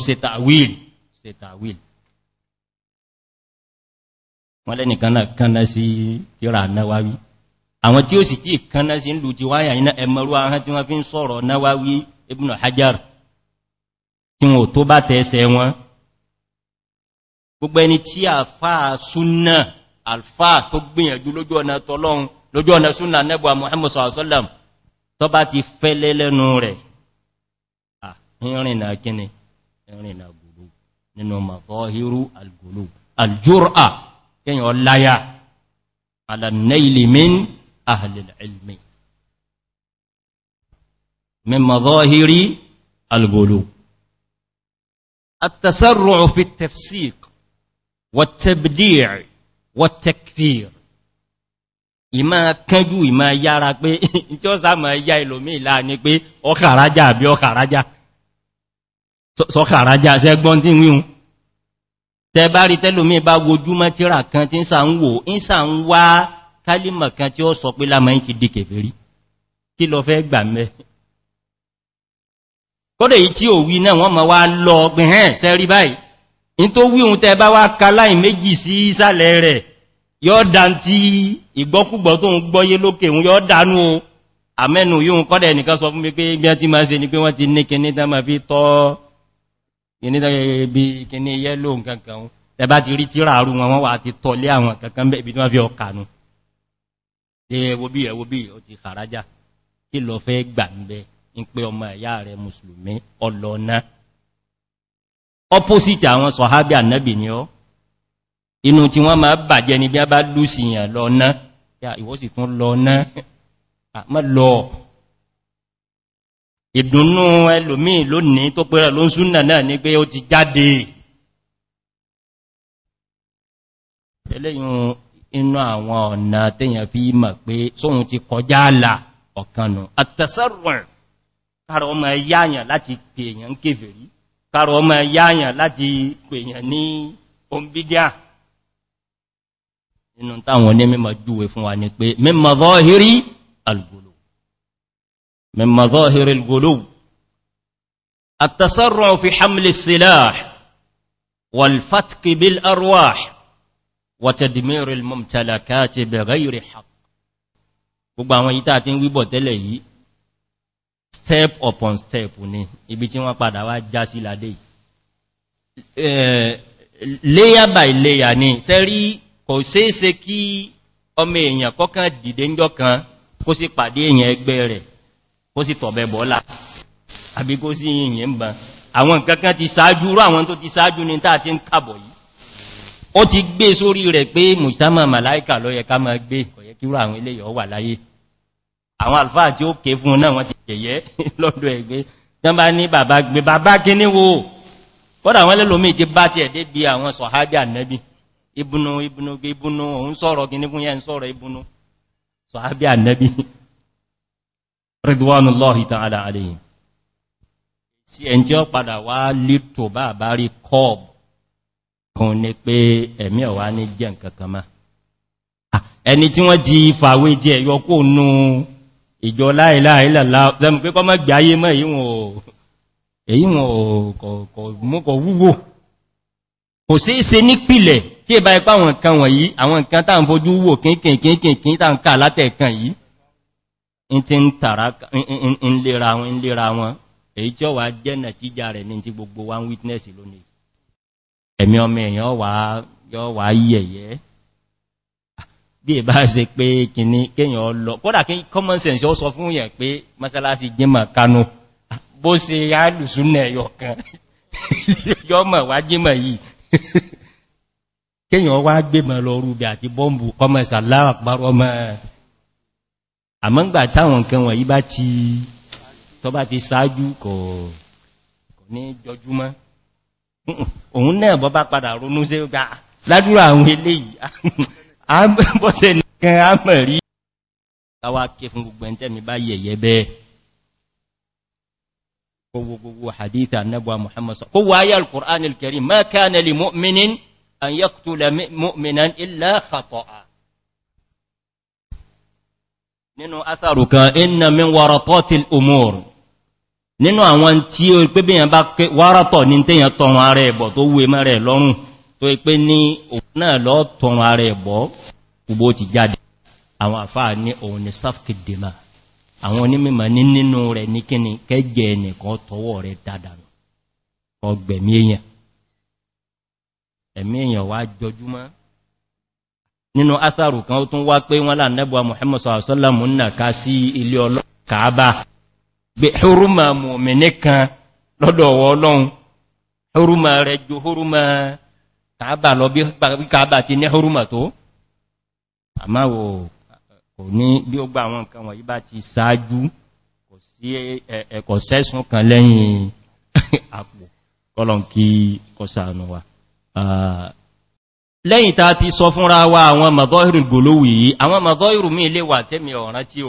A: seta wíl seta wíl wọ́n lẹ́nìkan náà kánná sí kíra náà wáwí àwọn tí ó sì tí ìkanná sí ń lù ti wáyà iná ẹmọrú ahán tí wọ́n fi ń sọ̀rọ̀ náwáwí ibn hajjar tí wọ́n tó bá tẹ́ẹsẹ̀ wọn gbogbo ẹni tí àfáà súnnà alfáà tó gbìyànjú lójú ọ̀nà tọ́lọ́run lójú ọ̀nà súnnà nẹ́bà muhammad sallam tó bá ti fẹ́lẹ́ lẹ́nu rẹ̀ ìrìnà kíni ìrìnà gùlù nínú أهل العلم من مظاهر الغلو التسرع في التفسيق والتبديع والتكفير ìmá kánjú ìmá yára pé [laughs] tí ó sáàmà ya ìlòmí ìlà ní pé ọkàrájá àbí ọkàrájá sọkàrájá sẹ́gbọ́n tí wíhun tẹ bá rí tẹ́lòmí bá wojúmọ́ tíra kan tí ń sà ń wò ń sà ń wá kálìmọ̀ kan tí ó sọ pé lámọ́ yìí ti di kèfèrí kí lọ fẹ́ gbà mẹ́ kọ́dẹ̀ yìí tí ò wí náà wọ́n mọ̀ wá lọ gbìhẹ́n sẹ́rí báyìí in tó wí ohun tẹ bá wá kaláì méjì sí ìsàlẹ̀ rẹ̀ yọ́ dá tí ìgbọ́kúgbọ́ tó ń gbọ́yé lókè ń yọ́ dánú àmẹ́nu yíò kọ́dẹ̀ nìkan sọ fún mi pé bí ni pé wọ́n ti ní kíní tán ma fi tọ́ kíní tán bí kíní yẹ́lò nǹkan kan tẹ bá ti rí ẹwọ bí ẹwọ bí o ti kàrájá kí lọ fẹ́ gbà ń bẹ ń pé ọmọ ẹ̀yà rẹ̀ mùsùlùmí ọlọ́ọ̀ná opposite àwọn sọ̀hábí ànẹ́bì ni ọ́ inú tí wọ́n máa bàjẹ́ ni bí a bá lùsìyàn lọ́ọ̀ná ìwọ́ sì tún lọ́ọ̀ná àmọ́ lọ ìdùnnú ẹlòmí lónìí tó pẹ́rẹ̀ ló ń súnà náà ní pé ó ti jáde inú àwọn ọ̀nà tẹ́yàn fi mọ̀ pé sóhun ti kọjá àlà ọ̀kanù àtẹsẹ́rùn káàrọ ọmọ yáyàn láti pèèyàn ń kèfè rí káàrọ ọmọ yáyàn láti pèèyàn ní ombidia inú táwọn ní mímọ̀ júwe fún wa ni pé mímọ̀ zọ́hírí وتدمير الممتلكات بغير حق gbogbo àwọn yìí tàà tí ń wíbọ̀ tẹ́lẹ̀ yìí step upon step ni ibi tí wọ́n padà wá já sí ládé eh, layer by layer ni sẹ́rí kò séése kí ọmọ èèyàn kọ́kàn dìde ńjọ́ kan kó sì pàdé èèyàn ẹgbẹ́ rẹ̀ kó sì tọ̀bẹ̀ bọ́lá àbí kó sì yìnyìn bá àwọn kankan ti sáájú rú àwọn tó ti sáájú ni tàà tí ń kàbọ̀ yìí ó ti gbé sórí rẹ̀ pé mùsàmà màláìkà ló yẹ ká máa gbé kọ̀yẹ́ kírò àwọn ilé yọ wà láyé àwọn alfáà tí ó ké fún náà wọ́n ti jẹ̀yẹ́ [laughs] lọ́dọ̀ ẹgbẹ́ tán bá ní bàbá gbé bàbá kíní wo kọ́dà wọ́n lẹ́lòmí ti bá ti ẹ̀dẹ́ bí àwọn sọ̀hábí ànẹ́bí ibùnú ibùnú òun ni pé ẹ̀mí ọ̀wá ní jẹ́ nǹkankan má ẹni tí wọ́n ti fàwé tí ẹ̀yọ kó nú ìjọ láìláìlàlá zẹ́mù pé kọ́ mọ́ gbáyé mọ́ èyí wọn kọ̀ wúwo kò sí ṣe nípìlẹ̀ tí ìbá ipá àwọn nǹkan wọ̀nyí àwọn nǹkan tàà ń fojú wò kínkìnkìnkìn tàà ń ká látẹ̀ẹ̀kan yìí in ti ń tàrà in lera wọn èyí tí ó wà jẹ́ nàtíjà rẹ̀ ní ti gbogbo one witness lónìí ẹ̀mí ọmọ èèyàn yọ wà yẹ̀yẹ́ bí ìbá ṣe pé kìíní kéèyàn lọ kódà kí common sense ó sọ fún yẹ̀ pé mọ́sálásí jímọ̀ kánú bó ṣe alùsúnẹ̀ yọ̀kan [laughs] yọ́mọ̀ wá jímọ̀ yìí [laughs] kéèyàn wá gbé mọ̀ lọ rúbẹ̀ àti bọ́m̀bù ọmọ ìsàláwà parọ́ mọ́ àmọ́ngbà táwọn nǹkan wọ̀nyí bá ti ṣáájú kò ní jọjúmọ́ òun náà bọ́ bá padà ronú sí ó gbá ah, ládúrà àwọn eléyìí bọ́sẹ̀ ah, [laughs] nìkan a mọ̀ rí àwà ké fún gbogbo ẹ̀ntẹ́mi bá yẹ̀yẹ bẹ́ẹ̀ gbogbogbò hadita annabuwa muhammad sọ kówó ayé al-qur'an al-kari ma nínú àwọn tí ó pé bí yàn bá wáratọ̀ ní tẹ́yàn tọrọ ara ẹ̀bọ̀ tó wé mọ́ rẹ̀ lọ́rùn tó pé ní òun náà lọ tọrọ ara ẹ̀bọ̀ kùbó ti jáde àwọn àfáà ní òun ni sáfkìdìmá àwọn onímọ̀ ní nínú rẹ̀ ní kíni kẹjẹ ẹnìkan tọwọ́ rẹ̀ dáadáa ọgbẹ̀mí èèyàn ẹ̀mí èèyàn wá jọjúmọ́ nínú atharu kan ó tún wá pé wọ́n lá nẹ́bọ̀ muhammad sallallahu alaihi wasallam ń nà ká gbé húrúmà mọ̀mìnì kan lọ́dọ̀ ọwọ́ ọlọ́run húrúmà rẹ̀ jù húrúmà kàábà lọ bí kàábà ti ní húrúmà tó àmáwò kò ní bí ó gba àwọn nǹkan wọ̀nyí bá ti sáájú kò sí ẹ̀kọ̀ sẹ́sùn kan lẹ́yìn [laughs] àpò kọlọ̀n kí wa lẹ́yìn ta ti sọ fúnra wa àwọn mọ̀gọ́ ìrìn àwọn mọ̀gọ́ ìrùmí ilé wà tẹ́mi ọ̀rán tí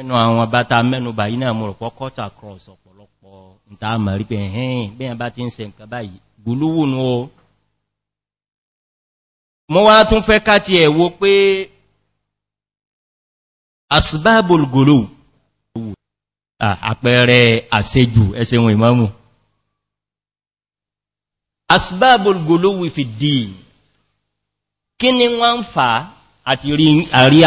A: ẹnu àwọn bàtà mẹ́nubà yìí náà mọ̀rọ̀ pọ́kọ́ta cross ọ̀pọ̀lọpọ̀ ìta àmàrí pé ẹ̀hìn bí i bá ti ń ṣe nǹkan báyìí gùlúwù ní o mọ́ wá tún fẹ́ káti ẹ̀ wo pé asibábòl gòlòwù àpẹẹrẹ àti rí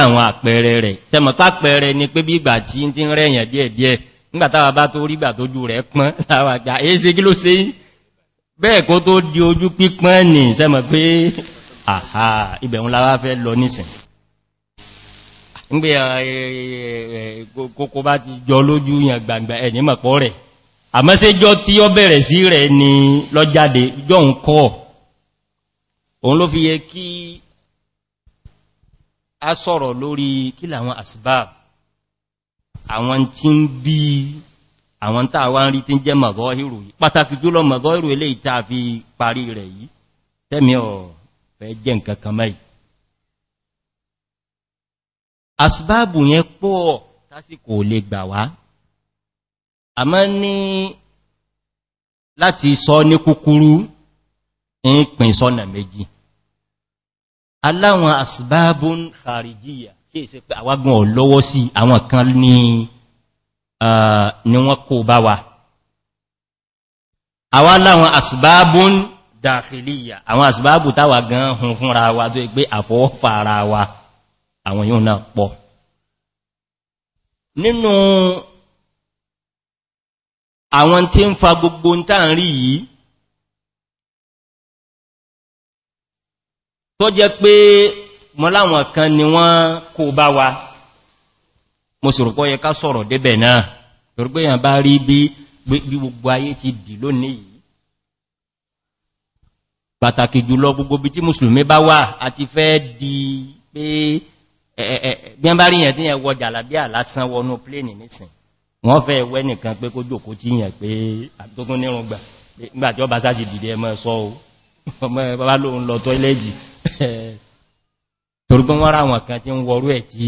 A: àwọn àpẹẹrẹ rẹ̀ tẹ́mọ̀ pápẹẹrẹ ni pé bí ìgbà tí ti ń rẹ̀yàn díẹ̀díẹ̀ nígbàtàwà bá tó rí ìgbà tójú rẹ̀ pọ́n láwàgbà [laughs] èése kí ló se bẹ́ẹ̀ kó tó di ojú pípọ́n nì sẹ́mọ̀ pé àhà ibẹ̀un láwá fẹ́ lọ nísìn nígbẹ̀ kókó bá ti jọ lójú yàn gbàngbà ẹ̀ ni lọ́jáde jọ́ òun kọ́ a sọ̀rọ̀ lórí kí làwọn asbab àwọn tí ń bí àwọn tàà wá ń rí tí ń jẹ́ mọ̀gọ́ ìrù pàtàkì jùlọ mọ̀gọ́ ìrù ilé ìta fi parí rẹ̀ yìí tẹ́mi ọ̀ fẹ́ jẹ́ nǹkan kan mẹ́ asbábù yẹn pọ̀ tásìkò lè gbà wá àmọ́ ní láti sọ ní kúkúrú ń pín sọ́nà méjì aláwọn asbábùn kàrìjíyà kí è ṣe pé àwágbọn ọ̀lọ́wọ́ sí àwọn kan ní wọ́n kó bá wa àwá láwọn asbábùn dàkìlíyà àwọn asbábù táwà gan hun fúnra wa tó gbé àfọwọ́fà ara wa àwọn yóò náà pọ̀ nínú àwọn tí ń fa gbogbo ń tàà rí yìí tó jẹ́ pé mọ́ láwọn kan ni wọ́n kó bá wa mo sì rùpọ̀ yẹ ká sọ̀rọ̀ débẹ̀ náà torí pé yàn bá rí bí gbogbo ayé ti dì lónìí yìí pàtàkì jùlọ gbogbo bí tí mùsùlùmí bá wà àti fẹ́ di pé bí wọ́n bá rí yẹn tí yẹn wọ jàlàbíà lásán wọnú pléènì nísìn wọ́n fẹ́ wẹ́ nìkan pé kó jòkó tí yẹn pé àtókún nírùngbà nígbàtí ọba sáà ti dìde ẹmọ ẹ̀sọ́ o [laughs] [laughs] torúgbọ́n wọ́n ra àwọn kan tí ń wọrú ẹ̀ tí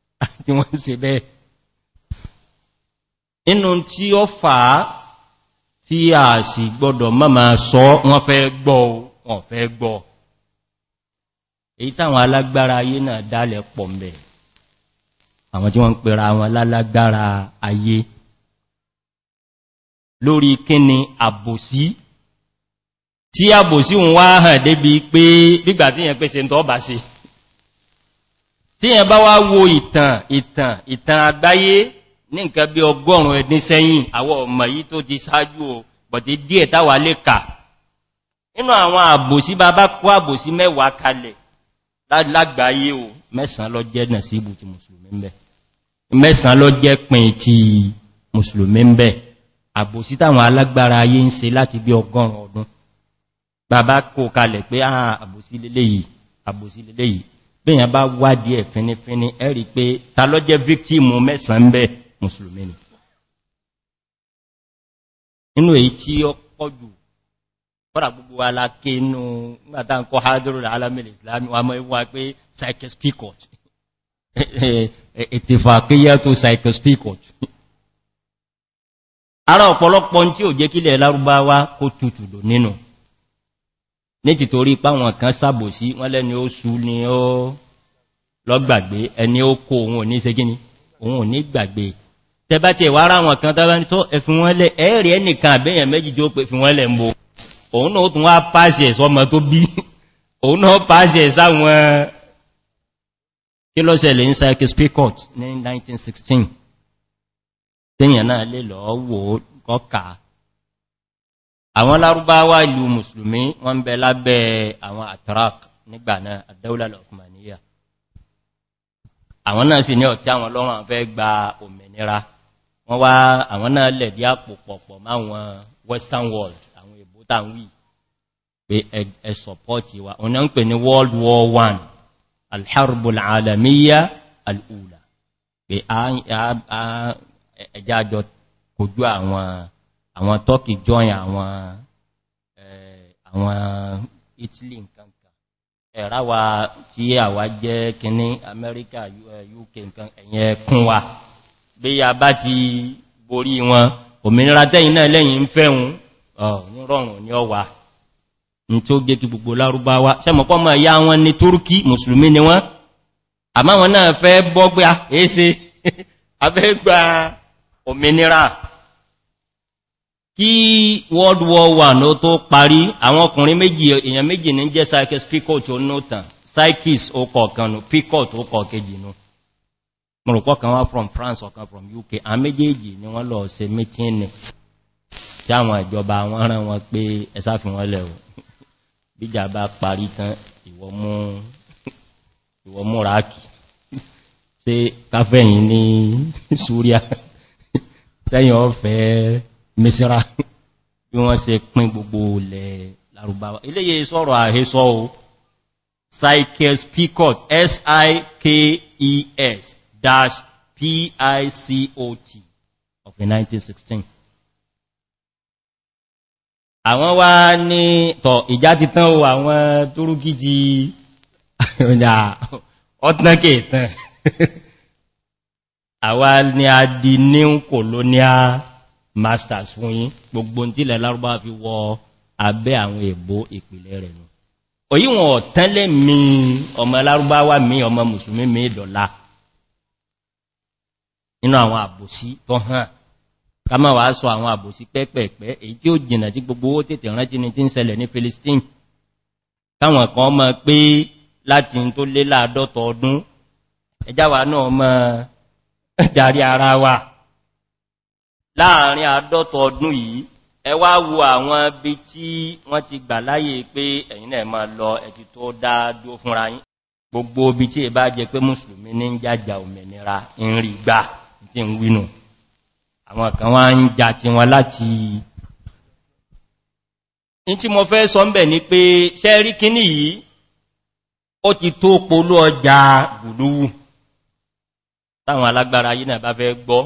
A: [laughs] wọ́n ṣe bẹ́ẹ̀ inú tí ó fà á tí a sì gbọ́dọ̀ máa sọ wọ́n fẹ́ gbọ́ wọ́n fẹ́ gbọ́ èyí táwọn alágbára ayé náà dálẹ̀ pọ̀ mẹ́ àwọn tí wọ́n ń pèrà àwọn alágbára ayé lórí kíni àbòsí tí àbò sí òun wá hàn débi pé bígbà tí yẹn pèsè tó ọba sí tí yẹn bá wá wo ìtàn ìtàn ìtàn àgbáyé ní nǹkan bí ọgọ́rùn-ún ẹ̀dín sẹ́yìn àwọ ọmọ yìí tó ti sáájú o bọ̀tí díẹ̀ táwà lè kà nínú àwọn àbòsí bàbá kó àbòsí mẹ́wàá kalẹ̀ lágbàáyé o mẹ́sàn lọ jẹ́ nà sí ibù mùsùlùmí ń mẹ́sàn lọ jẹ́ pin ti mùsùlùmí ń àbòsí táwọn alágbára ayé ń se láti bí ọgọ́rùn ọdún bàbá kò kalẹ̀ pé àà ah, àbòsí lélé yìí àbòsí lélé yìí bíyàn bá wádìí ẹ̀ fínífíní ẹ̀rí pé ta lọ jẹ́ víktímù mẹ́sàn bẹ́ mùsùlùmí ni inú èyí tí ó pọ̀ jù fọ́nà gbogbo aláké inú gbàtà ń kọ́ hajjúrò alamílì islam wà mọ́ ara ọ̀pọ̀lọpọ̀ tí ò jẹ́ kílẹ̀ lárúbáwá kó méjì torí páwọn kan sábò sí wọ́n lẹ́ni ó sú ni ó lọ́gbàgbé ẹni ó kó òun ò ní ṣe gíní òun ò ní gbàgbé tẹbá ti ìwárá wọn kan tọ́bá ní tó ẹfin wọ́n lẹ́ ẹ̀rẹ̀ ẹnìkan àbẹ́yàn méjì tó pè fi mbò òun náà tún wá pàṣẹ sọmọ tó bí [laughs] òun náà pàṣẹ sáwọn kí ń sáyẹ́kì speakout ní 1916 tíyàn náà lè lọ́wọ́ kọ́kàá àwọn lárúbáwá ìlú mùsùlùmí wọ́n bẹ lábẹ́ àwọn atrak nígbà náà àdáúlà lọ́fùmàníyà àwọn náà sì ní ọ̀tí àwọn lọ́rùn àfẹ́ gba òmìnira wọ́n wá àwọn náà lẹ̀dí àpò pọ̀pọ̀ máwọn western world àwọn èbó tàwí pé ẹ sọpọ́tì wa wọ́n náà ń pè ní world war one alharbul àwọn turkey join àwọn eh, àwọn italy nkankan ẹ̀ráwà tí àwà jẹ́ kìíní america eh, uk nkan ẹ̀yẹ kún wa bí a bá ti borí wọn òmìnira tẹ́yìn náà lẹ́yìn ń fẹ́hun ní rọrùn ní ọwà ní tó gé kí gbogbo lárúbáwá sẹ́mọ̀pọ̀ mọ̀ ya wọn ní turkey musulmi ni wọ́n àmáwọn náà fẹ́ bọ́gbá èése abẹ́gbà [laughs] òmìnira kí world war one ó tó parí àwọn ọkùnrin méjì èèyàn méjì ní jẹ́ psychist picot ó nó tàn psychist ó kọ̀ọ̀kan nù picot ó kọ̀ọ̀kejì nù mọ̀rùpọ̀ kan wá from france ọ̀kan from uk a méjèèjì ni wọ́n lọ ṣe mítínì tí àwọn ìjọba wọn rán wọn pé ẹsá fi wọ́n lẹ̀ bíjà bá parí tán ìwọ mú ráàkì ṣe káfẹ́yìn Mísírà bí wọ́n ṣe pín gbogbo ilẹ̀ Lárúbáwá iléyè sọ̀rọ̀ àhesọ́ o Sikes Picot S-I-K-E-S dash P-I-C-O-T of 1916 àwọn wá ní tọ̀ ìjà ti tán o àwọn Túrúkì jí ọ̀tnánkè tán àwa ni a di new colonial masters fún yín gbogbo tí ilẹ̀ lárúbá fi wọ abẹ́ àwọn èbó ìpìlẹ̀ rẹ̀ nù òyí wọn mi ọmọ lárúbá wà mí ọmọ mùsùlùmí mi dọ̀la nínú àwọn àbòsí tó hàn ká máa wà sọ àwọn àbòsí pẹ́pẹ̀ẹ̀pẹ́ èyí tí ó jìnà tí gbogbo ó tètè rántí ni tí ń ṣẹlẹ̀ ní philistine táwọn kan mọ̀ pé láti tó lé láàdọ́tọ̀ ọdún ẹjáwà náà mọ̀ darí ara wa láàrin àádọ́tọ̀ ọdún yìí ẹ wá wo àwọn bí tí wọ́n ti gbà láyé pé ẹ̀yin náà máa lọ ẹ̀tì tó dáadó fúnra yín gbogbo bí tí ẹ bá jẹ pé mùsùlùmí ní jàjà òmìnira ń rí tí ń wínú àwọn kan wá ń jà ti wọn láti ní tí mo fẹ́ sọ mẹ́ ni pé ṣẹ́rí kíní yìí ó ti tó polú ọjà gbùlúwù táwọn alágbára yìí náà bá fẹ́ gbọ́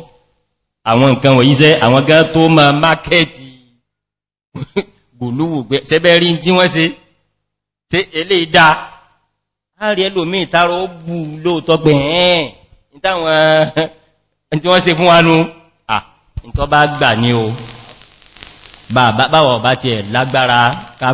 A: àwọn nǹkan wọ̀nyí sẹ́ àwọn gán tó ma mákẹ́ẹ̀tì gùlúwù gbẹ́ sẹ́bẹ́ rí tí wọ́n se tí elé ìdá ààrí ẹlòmí ìtàrọ ó bù lóòtọ́ pẹ̀ ẹ̀ẹ́n ìtàwọn [laughs] tí wọ́n se fún wa nú à nǹkan bá gbà ní o báwọ̀ bá ti ẹ̀ lágbára ká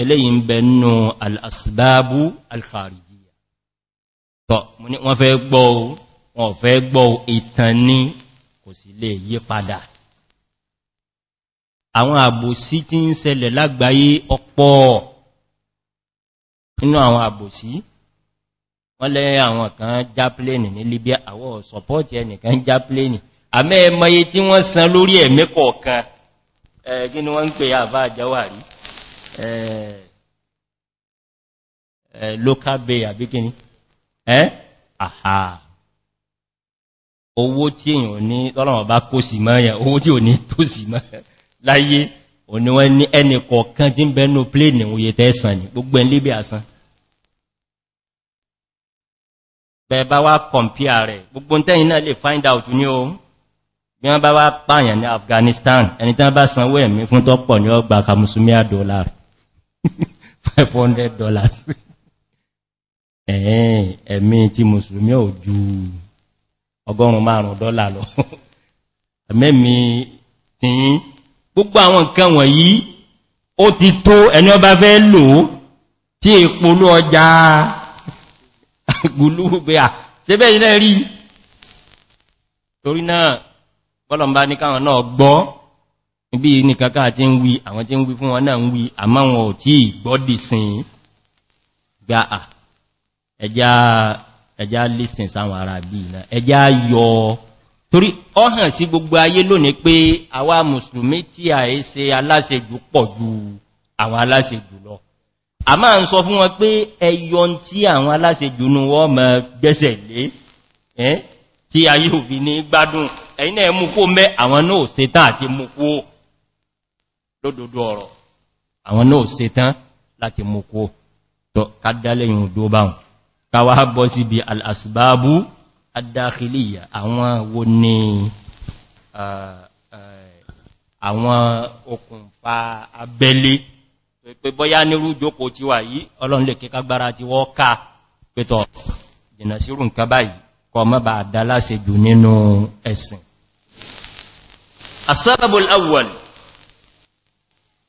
A: eléyìn bẹ nù al'asibábú alkharijiya tọ́ wọ́n fẹ́ gbọ́ wọ́n fẹ́ gbọ́ ìtàn ní kò sí lè yí padà àwọn àbòsí tí ń sẹlẹ̀ lágbàáyé ọpọ̀ inú àwọn àbòsí wọ́n lẹ́ àwọn kan já pléènì ní libya àwọ̀ sọpọ́tì ẹnìkan já pléènì àmẹ́ ẹmọye tí wọ́n san lórí ẹ̀mẹ́kọ̀ọ̀kan ẹ̀gínú wọ́n ń pè àbá àjáwà local bay àbí kíní Aha. àhà owó tí èyàn ní lọ́lọ́wọ́ bá kó sí mọ́ ẹ̀yàn owó tí ò ní tó sí mọ́ láyé òníwọ́n ní ẹni kọ̀ọ̀kan tí ń bẹnu pléènì òye tẹ́sàn ní gbogbo ẹ̀ lébẹ̀ àsán bẹ̀ẹ̀bá wá kọ̀mpíà rẹ̀ gbogbo tẹ́yìn náà lè find out ní o bí wọ́n bá wá pààyàn ní afghanistan ẹni tán bá sanwó ẹ̀mí fún tọ́pọ̀ ní ọgbà kàmùsùmíà dọ́là rẹ̀ $500 ẹ̀yìn ẹ̀mí tí mùsùlùmí ò ju ọgọ́rùn márùn dọ́là lọ ẹ̀mẹ́mí tí gbogbo àwọn nǹkan wọ̀nyí ó ti tó ẹni ọba fẹ́ lò tí ìpolú ọjà gùlúgbé à síbẹ̀ ilẹ̀ rí torí náà bọ́lọ̀mbá ní káwọn náà gbọ́ bí i ní kaká tí ń wí àwọn tí ń wí fún wọn náà ń wí àmá wọn ò tí gbọ́dì sin gba à ẹjá listen sáwọn ara bí i náà ẹjá yọ torí ọ sí gbogbo ayé lónìí pé àwa mùsùlùmí tí a è ṣe aláṣejù pọ̀ ju àwọn aláṣejù lọ a máa ń sọ fún wọn pé ẹyọ tí àwọn aláṣejù nú wọ́n mọ̀ gbẹ́sẹ̀ lé tí ayé òbí ní gbádùn ẹ̀yìn náà mú kó mẹ́ àwọn náà ṣetán àti mú kó lódòdó ọ̀rọ̀ àwọn náà ṣe tán láti mú kó tọ́ kádálẹ́yìn òdó báhùn káwà bọ́ sí bí al'asibábú adáhìlìyà àwọn wo ni àwọn okùnfà abẹ́lé pé bọ́yá nírú jókòó ti wà yìí ọlọ́run lè kíkagbára ti wọ́ ká pẹ́tọ̀ jìnà sírù nǹkan báyìí kọ mọ́ bá dá láṣejù nínú ẹ̀sìn asábàbùl awwal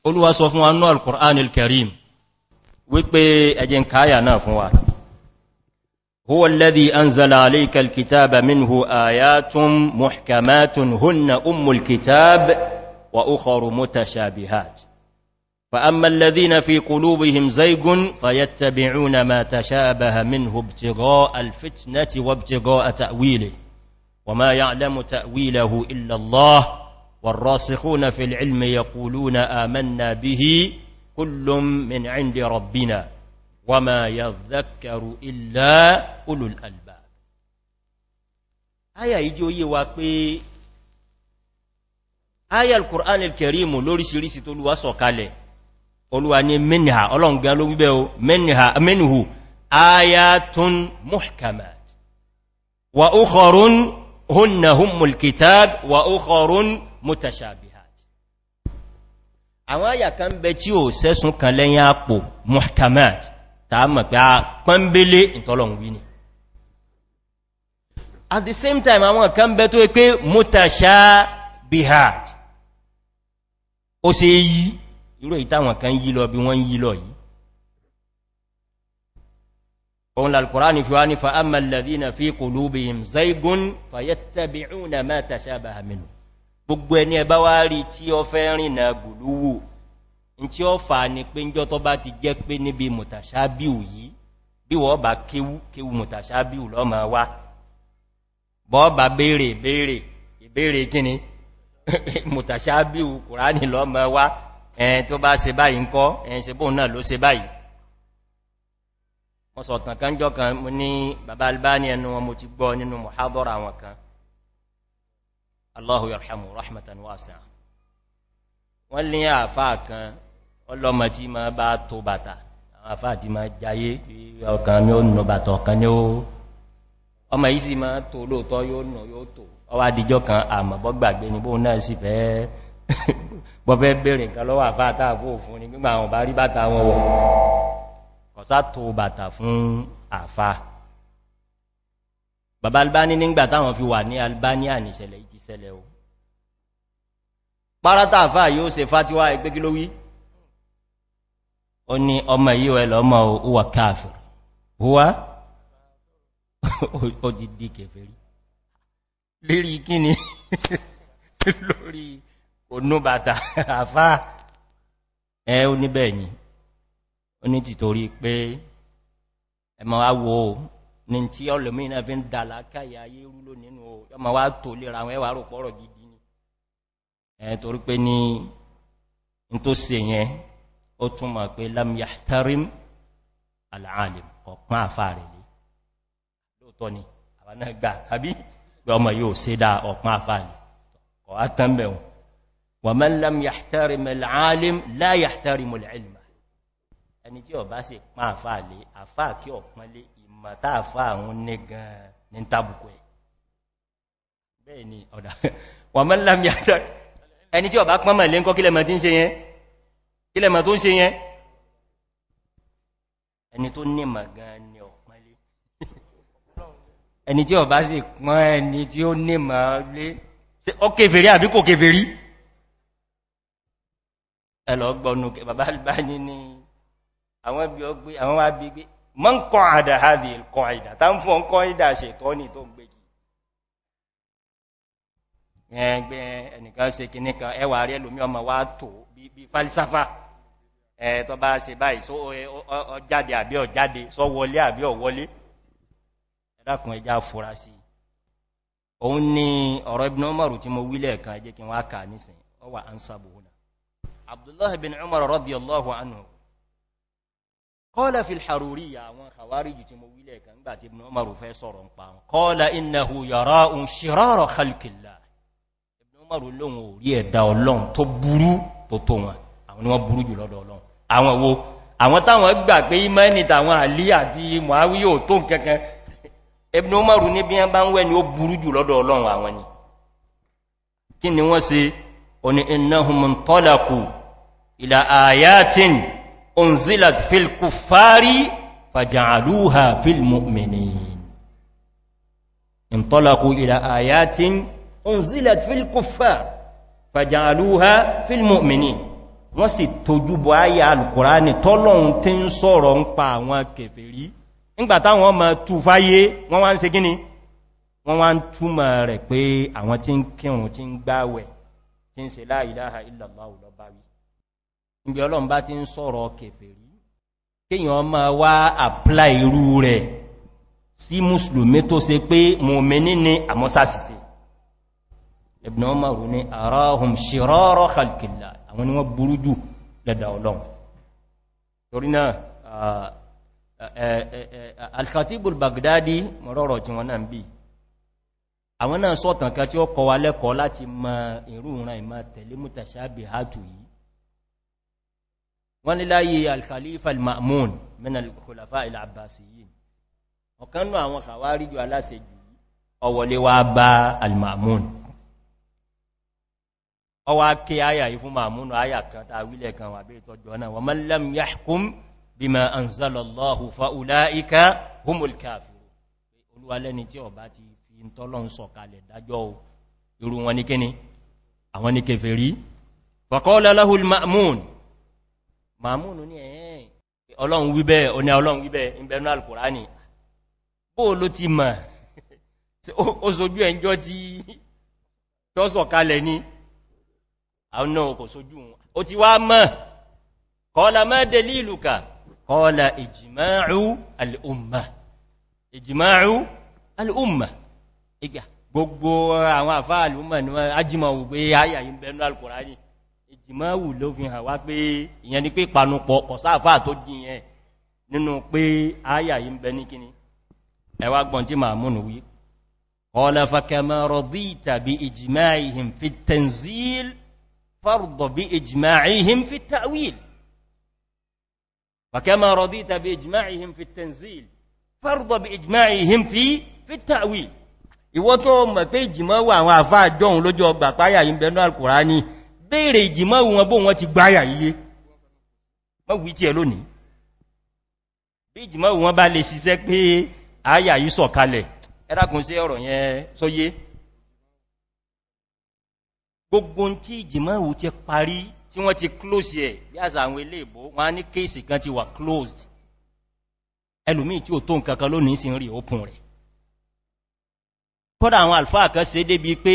A: olúwa sọ fún wa náà al-Qur'an al-Karim wípé wipe ẹjẹ́ káyà náà fún wa huwa alladhi anzala alayka al-kitaba minhu ayatun muhkamatun hunna ummul kitab wa ukhra mutashabihat fa amma na fi kulubihim zaigun fayattabi'una ma tashabaha minhu ibtigha'a al-fitnati wa ibtigha'a ta'wilihi wa ma ya'lamu ta'wilahu illa Allah والراسخون في العلم يقولون آمنا به كل من عند ربنا وما يذكر إلا أولو الألباب آية يجوي وقبي آية القرآن الكريم لوري سيريسي تولو سوكالي olúwa ní mẹ́nìhà ọlọ́ngan ló wíbẹ̀ o mẹ́nìhù ayatun muhkamat wa ukharun hunna hummul kitab wa ukharun mutashabihat àwọn àyà kan bẹ tí ó sẹ́sùn kan lẹ́yìn àpò muhkamat ta mọ̀ pé a pọ́nbélé ìtọ́lọ̀un wí ni at the same time àwọn kan bẹ tó pé mutashabihat ó se yí irú ìtàwọn kan yí lọ bí wọ́n yí lọ yìí òun lalkùránì fi wá ní fa'amàlàdí na fi kùlúbìyàn zaigun fayattabi'u na mẹ́ta ṣábà àmìnù gbogbo ẹni ẹbá wá rí tí ó fẹ́ rìn na gùlúwò in tí ó fà ní pé ń jọ tó bá ti jẹ́ pé níbi mùtàṣábíù yìí bí wọ́n bá kéwú mùtàṣábíù lọ́mọ wá [laughs] wọ́n sọ̀tàn kan jọ kan mú ní bàbá albani ẹnu wọn mo ti gbọ́ nínú muhadara àwọn kan allahu yarhamu rahmatan wasa wọ́n lè àfá kan ọlọ́mọ tí ma bá tó bàtà àwọn àfá tí ma jayé tí ọkàn mi ó nù bàtà ọkàn ní ó ọmọ yìí sì ma tó [laughs] kọ̀sá tó bàtà fún àfá bàbá albani nígbà táwọn fi wà ní albania ní ṣẹlẹ̀ ìjì ṣẹlẹ̀ o párátà àfá yóò se fátíwá ẹgbẹ́ kí ló wí o ní ọmọ yíò ẹlọ ọmọ òwà káàfẹ̀ huwa [laughs] ó di di kẹfẹ̀rí lérí kíni [laughs] lórí onúbàtà àfá ẹ oníbẹ̀yìn ó ní tìtorí pé ẹmọ awo ní tí ọlọ́mìnà fi ń dàlákà ìyá ayé rúlò nínú ọmọ wá tó lera àwọn ẹwà rọ̀pọ̀rọ̀ gidi ni ẹ̀ torí pé ní tó se yẹn ó túnmọ̀ pé lamya tarim al'alim ọ̀pán àfà rẹ̀ lé lóòtọ́ ni àbáná gbà àbí ọmọ yóò se dá ẹni tí ọba sì pán àfáà lé àfáà kí ọ̀pán lé ìmọ̀tá àfáà àwọn ní gan ní tàbùkù ẹ̀ bẹ́ẹ̀ ni ọ̀dá wọ́n mọ́ lámì àtọ́ ẹni tí ọba pán mọ̀lé ń kọ́ kílẹ̀mọ̀ tó ń ṣe yẹn ẹni tó ní mọ̀ gan ni ọ̀pán lé ẹni tí ọba sì pán ẹni tí ó ní mọ̀ lé ó àwọn wá bí gbé mọ́ ń kọ́ àdà hàdì ìkọ́ ìdà tá ń fún ọkọ́ ìdà ṣètọ́ ní tó ń gbé kí ẹgbẹ́ ẹnìkan ṣe kì níkan ẹwà rẹ̀ lómi ọmọ wá tó bí falisafa ẹ̀ẹ́tọ́ bá ṣe báyìí só ọjáde àbí ọjáde sọ wọlé àbí ọwọlé ẹ̀dàkùn ẹja fura sí òun ibn umar radiyallahu anhu kọ́lá fi haruri àwọn khawariji tí mo wílẹ̀ kan gbà tí ibn umaru fẹ́ sọ̀rọ̀ ń pa wọn kọ́lá innahu yara un shirara khalqillah ibn umaru lóhun orí ẹ̀dà ọlọ́run tó burú tó tó wọn àwọn ni wọ́n burú jù lọ́dọ̀ ọlọ́run àwọn wo àwọn táwọn gbà pé imani tàwọn àlí àti muawi yóò tó unzilat fil kufari faja'aluha fil mu'minin intalaqu ila ayatin unzilat fil kufar faja'aluha fil mu'minin wọ́n sì tójú bọ ayá alùkùránì tọ́lọ́run tí ń sọ̀rọ̀ ń pa àwọn kèfèrí nígbàtá wọn ma tú fáyé wọ́n wá ń se gíní wọ́n wá ń túmọ̀ rẹ̀ pé àwọn tí ń kírùn tí ń gbáwẹ̀ tí ń se la ilaha níbi ọlọ́run bá ti ń sọ̀rọ̀ kèfèrí kíyàn ọmọ wá àpílà irú rẹ̀ sí musulmi tó se pé mọ̀mẹ́ní ni àmọ́sásìsẹ́ ibn omaru ni arahun shirọ́rọ̀ kalkila àwọn ni wọ́n burú jù lẹ́dà ọlọ́run torí náà baghdadi mọ̀rọ̀rọ̀ tí wọ́n náà ń bí àwọn náà sọ́tàn kan tí ó kọ wa lẹ́kọ̀ọ́ láti mọ wọ́n ní láyé alkhalifa al-ma'mun min al-khulafa al-abbasiyyin ọ̀kan nù àwọn kàwárí jù aláṣẹ́jù ọwọ̀lé wá bá al-ma'mun ọwá kí áyà yìí fún ma'mun áyà kan ta kan wà bí ìtọ́jú ọ̀nà wa man lam màmúnù ní ẹ̀yìn ọlọ́run wíbẹ̀ oní ọlọ́run wíbẹ̀ ìbẹ̀nú alkùránì bóò ló ti mọ̀ [laughs] ó sojú ẹjọ́ tí tọ́sọ̀ kalẹ̀ ní àwọn náà kò sojú ó ti wá mọ̀ kọ́ọ̀lá mẹ́dẹ̀ lílùkà kọ́ọ̀lá ìjìmáàrú al'umma gbogbo àwọn àfáà al'umma ni ìjìmáwù ló fi hàn wá pé ìyẹn ni pé ìpanupọ̀ kọ̀sáàfà tó jìyàn nínú pé ayà yìí ń bẹ ní kíni ẹwà gbọ́n tí ma múnù wí ọ̀lẹ́ fàkẹmẹ́ rọ̀dí tàbí ìjìmáìhìn fi tẹ̀nzíl fọ́rọ̀dọ̀ bí ìjìmáìhìn fi tàwíl فكما tó mọ̀ pé ìjìmọ̀ wà àwọn àfáà jọun lójú ọgbà páyà yìí bẹ̀rẹ̀ alkùránì béèrè ìjìmọ́ wọn bó wọn ti gbáyà iye mọ́wí tí ẹ lónìí bí ìjìmọ́ wọn bá lè ṣiṣẹ́ pé àyà yìí sọ̀kalẹ̀ ẹrákùn sí ọ̀rọ̀ yẹn sọ́yé gbogbo tí ìjìmọ́ ìwò ti parí tí wọ́n ti close ẹ̀ bí àṣà àwọn ilé ìbò wọ́n ní kéèsì kan ti wà closed ẹlùmí tí ò tó nkankan lónìí sí rí òpin rẹ̀ kọ́dà àwọn àlfáà kan se débi pé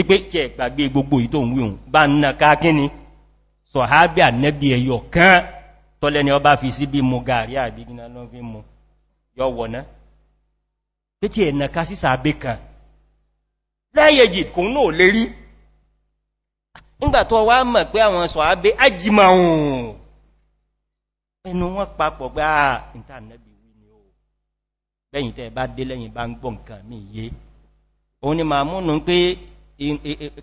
A: ipé tí ẹ̀ gbàgbé gbogbo ìtò ń wíhun bá ń na ká kíni sọ̀hábí ànẹ́bí ẹ̀yọ̀ kán tọ́lẹ̀ ni ọba fi sí bí mo gàrí àbí gíná lọ fi mú yọ wọ̀ná pé tí ẹ̀ na ká sísà abé kan lẹ́yẹjì kún náà lè rí nígbàtọ̀ wá mọ̀ pé àwọn sọ̀hábé ájìmọ̀ ohun ẹnu wọn papọ̀ ni ó lẹ́yìn tẹ́ bá dé lẹ́yìn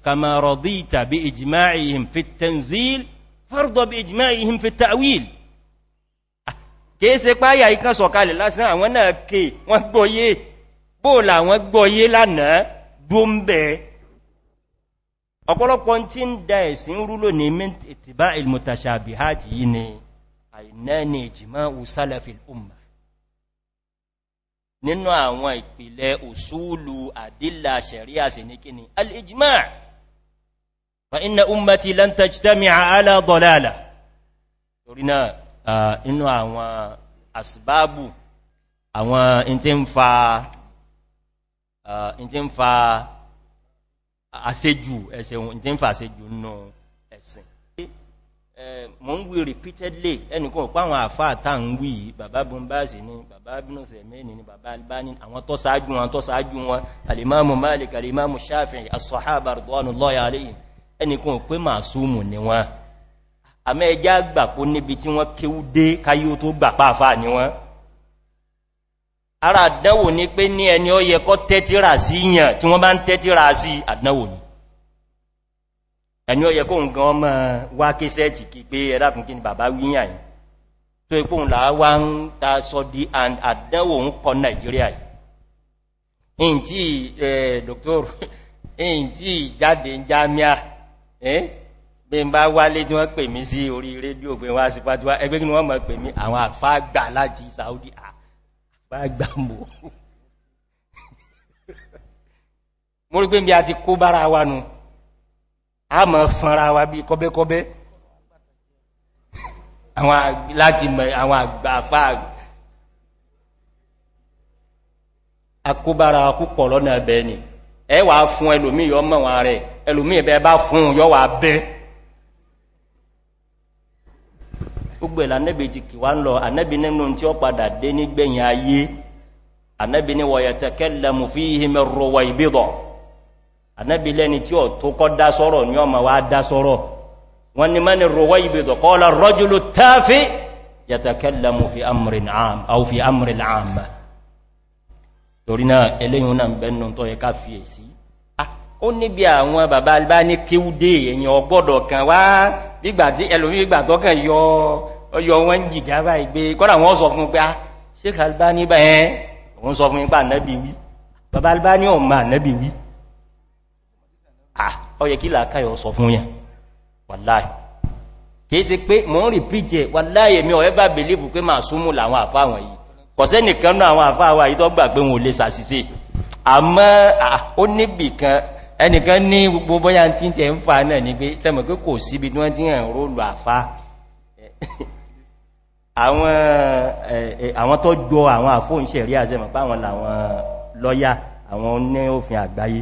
A: كما رضيت بإجماعهم في التنزيل فرض بإجماعهم في التأويل كيسي قايا يكن سوكال الله سنع ونكي ونقوي بولا ونقوي لنا دومبي أقول لكم تين دايس يقولوا نمن اتباع المتشابهات يني أي ناني جماع سلف الأمة nínú àwọn ìpìlẹ̀ òṣúlù àdílà ṣẹ̀ríà sí ní kíni al'ijimá fa iná ummati lantajtami ala dọ̀láàlá torí náà inú àwọn asibabu àwọn tí ń fa àṣejù ẹ̀sẹ̀ tí ń fa àṣejù nínú ẹ̀sìn mọ̀ ń wí repeatedly ẹnìkan pàwọn àfáà tàà ń wí bàbá bọmbáàsì ni bàbá bínúfẹ̀ mẹ́ni ni bàbá albani àwọn tó sáájú wọn tó sáájú wọn alìmáàmù malik alìmáàmù sáfin asọ̀hábà rọ̀dọ̀ọ̀nù lọ́yà aléyìn ẹnìkan pé máa súnmù ni wọn àmẹ́ ẹjá gbà kó níbi tí wọ́n kéwú dé káyí tó gbà pàfà ni wọn ara àdánwò ni pé ní ẹni ọ yẹ kọ́ tẹ́tíra sí yàn tí wọ́n bá ń tẹ́tíra sí àdánwò ni ẹni ọyẹ kóhùn gan ọmọ wá ké sẹ́ẹ̀tì kí pé ẹ̀dàkùn ni bàbá wíyàn yìí tó ikóhùn là wá ń ta sọ di àdánwò ń kọ nàìjíríà yìí in tí dr in tí jáde ń jámíà bí n bá wálé tí wọ́n pè mí sí orí rédíò pé wá sí pàtíwá ẹgbẹ́ kí wọ́n mọ̀ pè mí àwọn àfáàgbà láti saudi àfáàgbà mò mo rí pé bí a ti kó bára wa nù a mọ̀ fúnra wa bí kọ́bẹ́kọ́bẹ́ láti mọ̀ àwọn àgbàfà akóbára púpọ̀ lọ́nà ni fún ẹlòmí yọ mọ̀ wọn rẹ̀ ẹlòmí bá fún yọ bẹ́ gbogbo ẹ̀lá ti ń lọ nínú tí ó padà dé nígbẹ̀yìn ayé ni fi ànábì lẹ́ni tí ọ̀ tó kọ́ dá sọ́rọ̀ ní ọmọ wa dá sọ́rọ̀ wọn ni mẹ́ni rọwọ́ ìbèdọ̀ kọ́ọ́lá rọ́júlù tààfí yàtàkẹ́lẹ̀mù fi amrin àmà torí náà eléyìn náà bẹ́nu tó yẹ ká fi èsí ah, ó níbi àwọn bàbá bá ní kíúdé èyàn ọgbọ́dọ̀ kan wá gbígbà tí ẹlòmígbà tọ́kàn yọ ọyọ wọn jìgá báyìí gbé kọ́nà wọ́n sọ fún pé a ṣe kàlbá ní báyẹn òun sọ fún ipá nẹ́bí bàbá bá ní ọmọ nẹ́bí ọyẹ kí làákàyọ̀ sọ fún yẹn wàláì kìí sí pé mọ́ ń rìpíjẹ wàláì èmi ọ̀ẹ́ bá bèlébù pé máa súnmù làwọn àfáwọn yìí kọ̀sẹ́ nìkan náà àwọn àfáwà yìí tó gbà pé wọn ò lè sàṣìṣe àmọ́ ó níbì kan ẹnìkan ní gbogbo bóyá tí tẹ ń fa náà ní pé sẹ́mọ̀ pé kò síbi tí wọ́n ti hàn róòlù àfá àwọn tó jọ àwọn àfóhùnṣẹ̀rí àṣẹmọ̀ pé àwọn làwọn lọ́yà àwọn ní àgbáyé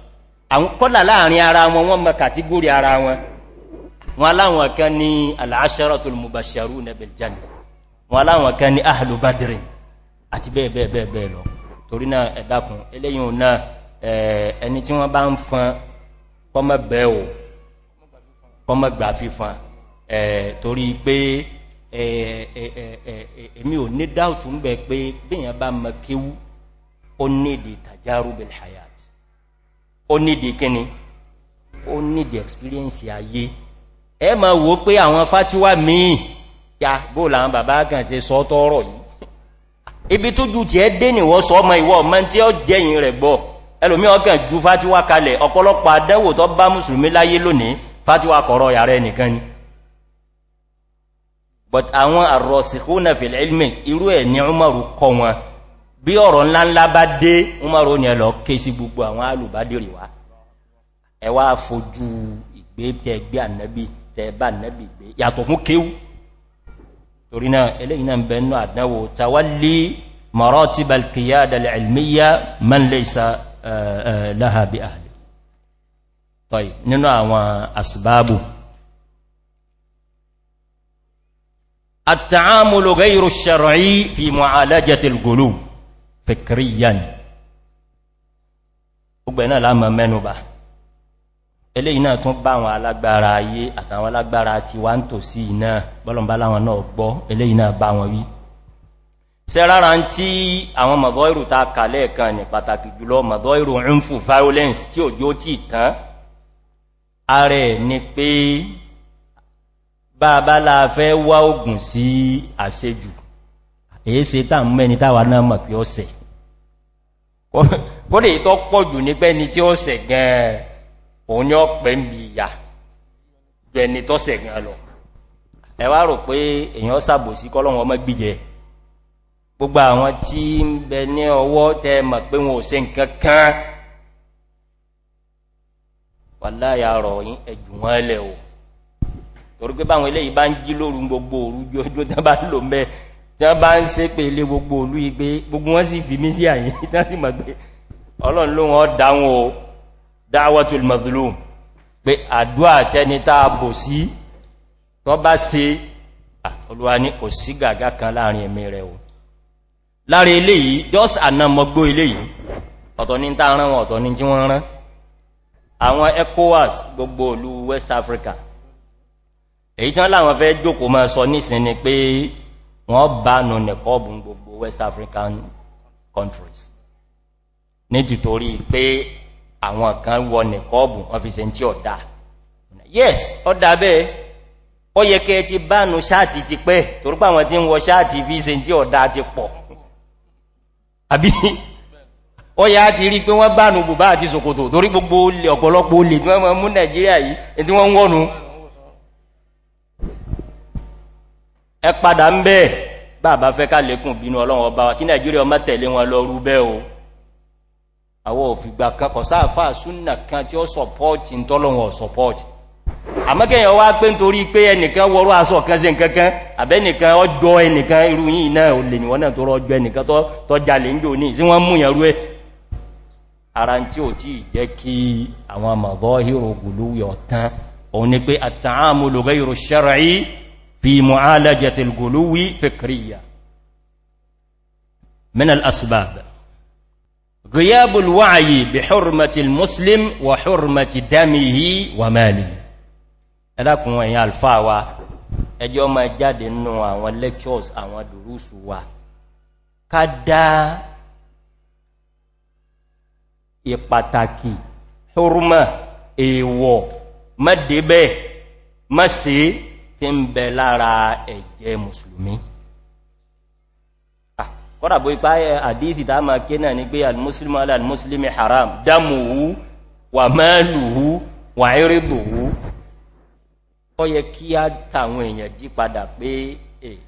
A: àwọn kọ́là láàrin ara wọn wọ́n mọ̀ kàtígórí ara wọn wọn aláwọn kan ní aláṣẹ́rọ̀tún mubasharu nebeljan wọn aláwọn kan ní ahàlù badiri àti bẹ́ẹ̀bẹ́ẹ̀bẹ́ẹ̀ lọ torí náà ẹ̀dàkùn eléyìn náà ẹni tí wọ́n bá ń fọn kọmọ̀bẹ̀ẹ́wò kọmọ̀gbà fífọn torí pé èmi ò ó nídi kíni ó nídi experience ayé ẹ ma wo pé àwọn fátíwá míì ya bó làwọn bàbá kan ti sọ tọ́rọ̀ yìí ibi tó ju ti ẹ́ dé nìwọ́ sọ ọmọ ìwọ́ ọmọ tí ó jẹ́yìn rẹ̀ gbọ́ ẹlòmí ọkàn ju fátíwá kalẹ̀ ọ̀pọ̀lọpọ̀ adẹ́wò tó bá mùsùlùmí láyé lónìí fátíwá kọ̀rọ̀ yàrá ẹnìkan ni but àwọn àrọ̀sìkúnà fìlẹ̀ ilmi irú ẹ̀ ní ọmọrù kọ wọn bí ọ̀rọ̀ ńláńlá bá dé umaru ní ẹlọ ké sí gbogbo àwọn alùbádìrì wá ẹwà fojú ìgbé tẹgbé ànẹ́bì tẹbà ànẹ́bì gbé yàtọ̀ fún kéwú torí náà eléyìn náà bẹ̀ nínú àdánwò tàwálí mọ̀rọ̀ ti balkiyá dalẹ̀ ilmiya man lè sa láhàbí ààrẹ tọ́ì التعامل غير الشرعي في معالجة القلوب fẹ̀kìríyàn ọgbẹ̀ náà láàmà mẹ́nubà ilé iná tún bá àwọn alágbára ayé àtàwọn alágbára ti wá ń tò sí iná bọ́lọ̀mbá láwọn náà gbọ́ ilé iná bá wọn wí sẹ rárá ń tí àwọn mọ̀gọ́ ta kàlẹ̀ kan ní pàtàkì jùlọ mọ̀gọ́ ń fún violence tí òjò tí tán ààrẹ ni pé bá bá láàfẹ́ wá ogun sí àṣejù èyí se tá mẹ́ni táwà náà mọ̀ pé ó sẹ̀ kó lè tọ́ pọ̀ jù ní pẹ́ni tí ó sẹ̀ gan òun ni ó pẹ́ ń bí ìyà jù ẹni sẹ̀ gan lọ ẹwà rò pé èyàn sàbò sí kọ́lọ́wọ́n mọ́ gbogbo àwọn tí ń ọwọ́ tẹ mọ̀ pé wọn ò nǹkan o tí wọ́n bá ń sé pé ilé gbogbo olú igbe gbogbo wọ́n sì fi mí sí àyè [laughs] tán sì mọ̀ pé ọlọ́run ló wọ́n dáwọn o dáwọ́tul mazlum pé àdúà tẹni táa bò sí tọ́ bá se olúwa ní kò sí gàgá kan láàrin ẹ̀mí rẹ̀ o láàrin ilé yìí just anamọgbó ilé yìí ọ̀tọ̀ ní tá rán wọn ọ̀tọ̀ ní west africa èyí tán láwọn fẹ́ jókòó máa wọ́n bá nù nẹ̀kọ́bùn gbogbo west african countries ní tìtorí pé àwọn kan wọ nẹ̀kọ́bùn wọ́n fi se tí ọ̀dá yes ọ̀dá bẹ́ẹ̀ ó yẹ kẹ́ ti bá nù ṣáàtì ti pẹ́ torípa àwọn tí ń wọ ṣáàtì fi se tí ọ̀dá ti pọ̀ àbí ó yá ti rí pé wọ́n bá nù bùbá àti sòkòtò torí gbogbo ọ̀pọ̀lọpọ̀ ẹ padà ń bẹ́ẹ̀ bàbá fẹ́ ká lékùn bínú ọlọ́run ọba wa kí nàìjíríà ọmọ tẹ̀lé wọn lọ rú o àwọn òfìgbà kan sáàfà súnà kan tí ó sọpọ́ọ̀tì ń tọ́lọ́wọ̀n sọpọ́ọ̀tì àmọ́kẹ́yàn wá pé nítorí pé ẹnìkan wọ́rọ̀ aṣọ kan sí nkankan àbẹ́nìkan ọjọ́ ẹnìkan irú yìí náà ò ni في معالجة الغلو فكريا من الأسباب غياب الوعي بحرمة المسلم وحرمة دمه وماله لكن وإن الفاوة ejo ma jade nnu awon lectures awon durusu wa kada ipataki huruma ewo madebe tí ń bẹ lára ẹ̀jẹ̀ musulmi ah, kọ́dà bó ipá eh, àdíìsì tá máa ké náà ní pé al-muslim al-muslimi haram dámùhú wà mẹ́lùhú wà ẹ́rẹ́gbòhú ó yẹ kí á tàwọn èèyàn jí padà pé è eh,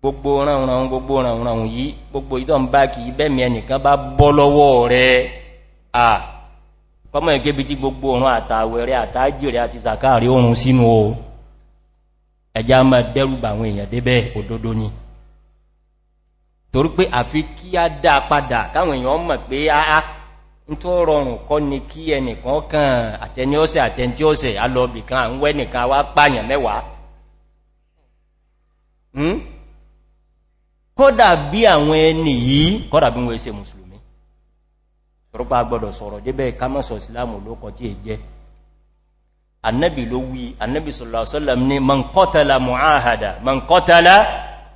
A: gbogbo ránran gbogbo ránran yìí gbogbo ìtọ́ ń bá kìí bẹ́mi ẹnìkan bá bọ́ lọ́wọ́ rẹ̀ à ah, kọ́mọ̀ ìgébi tí gbogbo òun àtàwẹ̀rẹ̀ àtàjìrẹ̀ àti zakari oòrùn sínú o ẹjá ma dẹ́rùbà àwọn èèyàn débẹ̀ òdodo ni torí pé àfi kí á dáa padà káwọn èèyàn mọ̀ pé áá ń tó rọrùn kọ́ ni kí ẹnìkan kan àtẹni ọ́sẹ̀ àtẹntí ọ́sẹ̀ alọ́bì à ń wẹ́ nìkan wá pààyàn mẹ́wàá hmm? kódà bí àwọn ẹni yìí kódà bí wọ́n ṣe mùsùlùmí torípa gbọ́dọ̀ sọ̀rọ̀ débẹ̀ annabi ló wí annabi sallallahu alaihi ni ní man qatala mu'ahada man qatala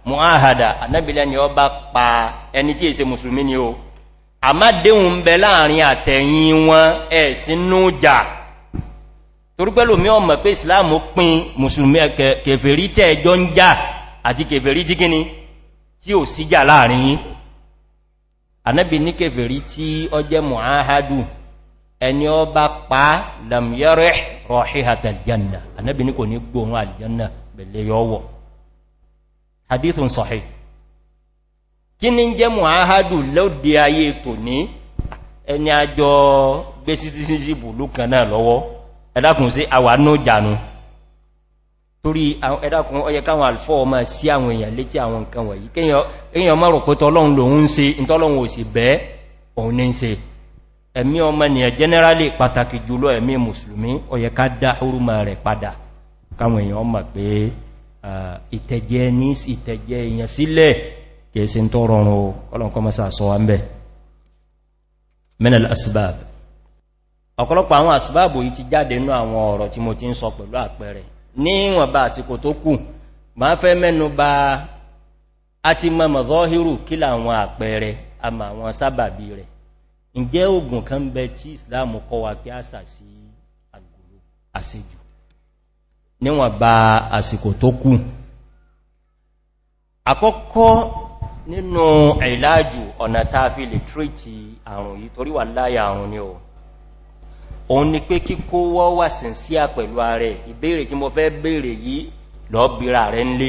A: mu'ahada annabi lẹ́ni ó bá pa ẹni tí èsẹ musulmi ni o a má déhùn ń bẹ láàrin àtẹ̀yìn wọn ẹ̀ sínú jà torípẹ́lò mí ọmọ pé islam pín musulmi kèfèrí tẹ́ ẹjọ́ ń jà àti kèfèrí tí tí ò sí jà láàrin yìí annabi ní kèfèrí tí ó mu'ahadu ẹni ó bá pa lam rọ̀híhàtà aljanna annabi ní kò ní gbóhun aljanna bẹ̀lẹ̀ yọ́wọ̀ hadithun sahih kí ní jẹ́ muhammadu lóòdí ayé tò ní ẹni àjọ gbé sítíṣíṣìbù lókan náà lọ́wọ́ ẹ̀dàkùn sí àwánú jànú torí ẹ̀dàkùn ọyẹ káwọn alfọ́ ọmọ sí àwọn èèyàn létí àwọn nǹkan wọ̀nyí kíyàn mọ́rùn-ún pẹ́tọ́ ọlọ́run lòun ń se ìtọ́lọ́run ò bẹ́ẹ̀ òun ní se ẹ̀mí ọmọnìyàn generally pàtàkì jùlọ ẹ̀mí musulmi ọ̀yẹ ká dá orúmọ̀ rẹ̀ padà káwọn èèyàn mọ̀ pé ìtẹ̀jẹ́ ní ìtẹ̀jẹ́ èèyàn sílẹ̀ kèèsí tó rọrùn ọlọ́nkọmọ́sá sọ wá ń bẹ̀ ọ̀pọ̀lọpọ̀ àwọn àsìbáàbò yìí ti jáde nú àwọn ọ̀rọ̀ tí mo ti ba a ti mọ́ mọ̀gọ́hírù kí làwọn àpẹẹrẹ àmà ǹjẹ́ ogun kan bẹ tí ìsìláàmù kọ wà pé àṣà sí àgbòrò àṣejù níwọ̀n bá àsìkò tó kú àkọ́kọ́ nínú ìlàjù ọ̀nà táa fi lè tríìtì àrùn yìí torí wà láyà àrùn ni o òun ni pé kíkó wọ́ wà sín sí à pẹ̀lú ààrẹ ìbéèrè tí mo fẹ́ béèrè yìí lọ́bìra rẹ̀ ń lé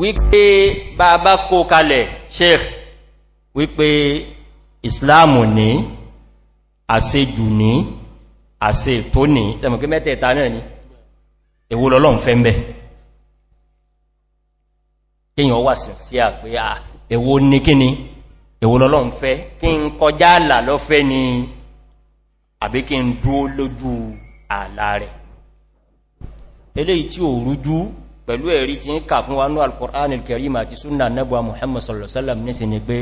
A: wípé bàbá kó kalẹ̀ sheikh wípé ìsìláàmù ní àṣejù ní àṣe ètò ní tẹ́mọ̀kí mẹ́tẹ̀ẹ̀ta náà ni èwo lọ́lọ́n fẹ́ mẹ́ kíyàn wà sí sí àpé à èwo ní kíni èwo lọ́lọ́n fẹ́ kí n kọjá àlà lọ́fẹ́ ni àbí kí n dúó lójú àlà rẹ̀ eléyìí tí ò rújú pẹ̀lú ẹ̀rí ti ń kà fún wa ní alkùnrin kẹrìm àti súnà nẹ́bọ̀ muhammad sallallahu alaihi wasallam ní sí ni pé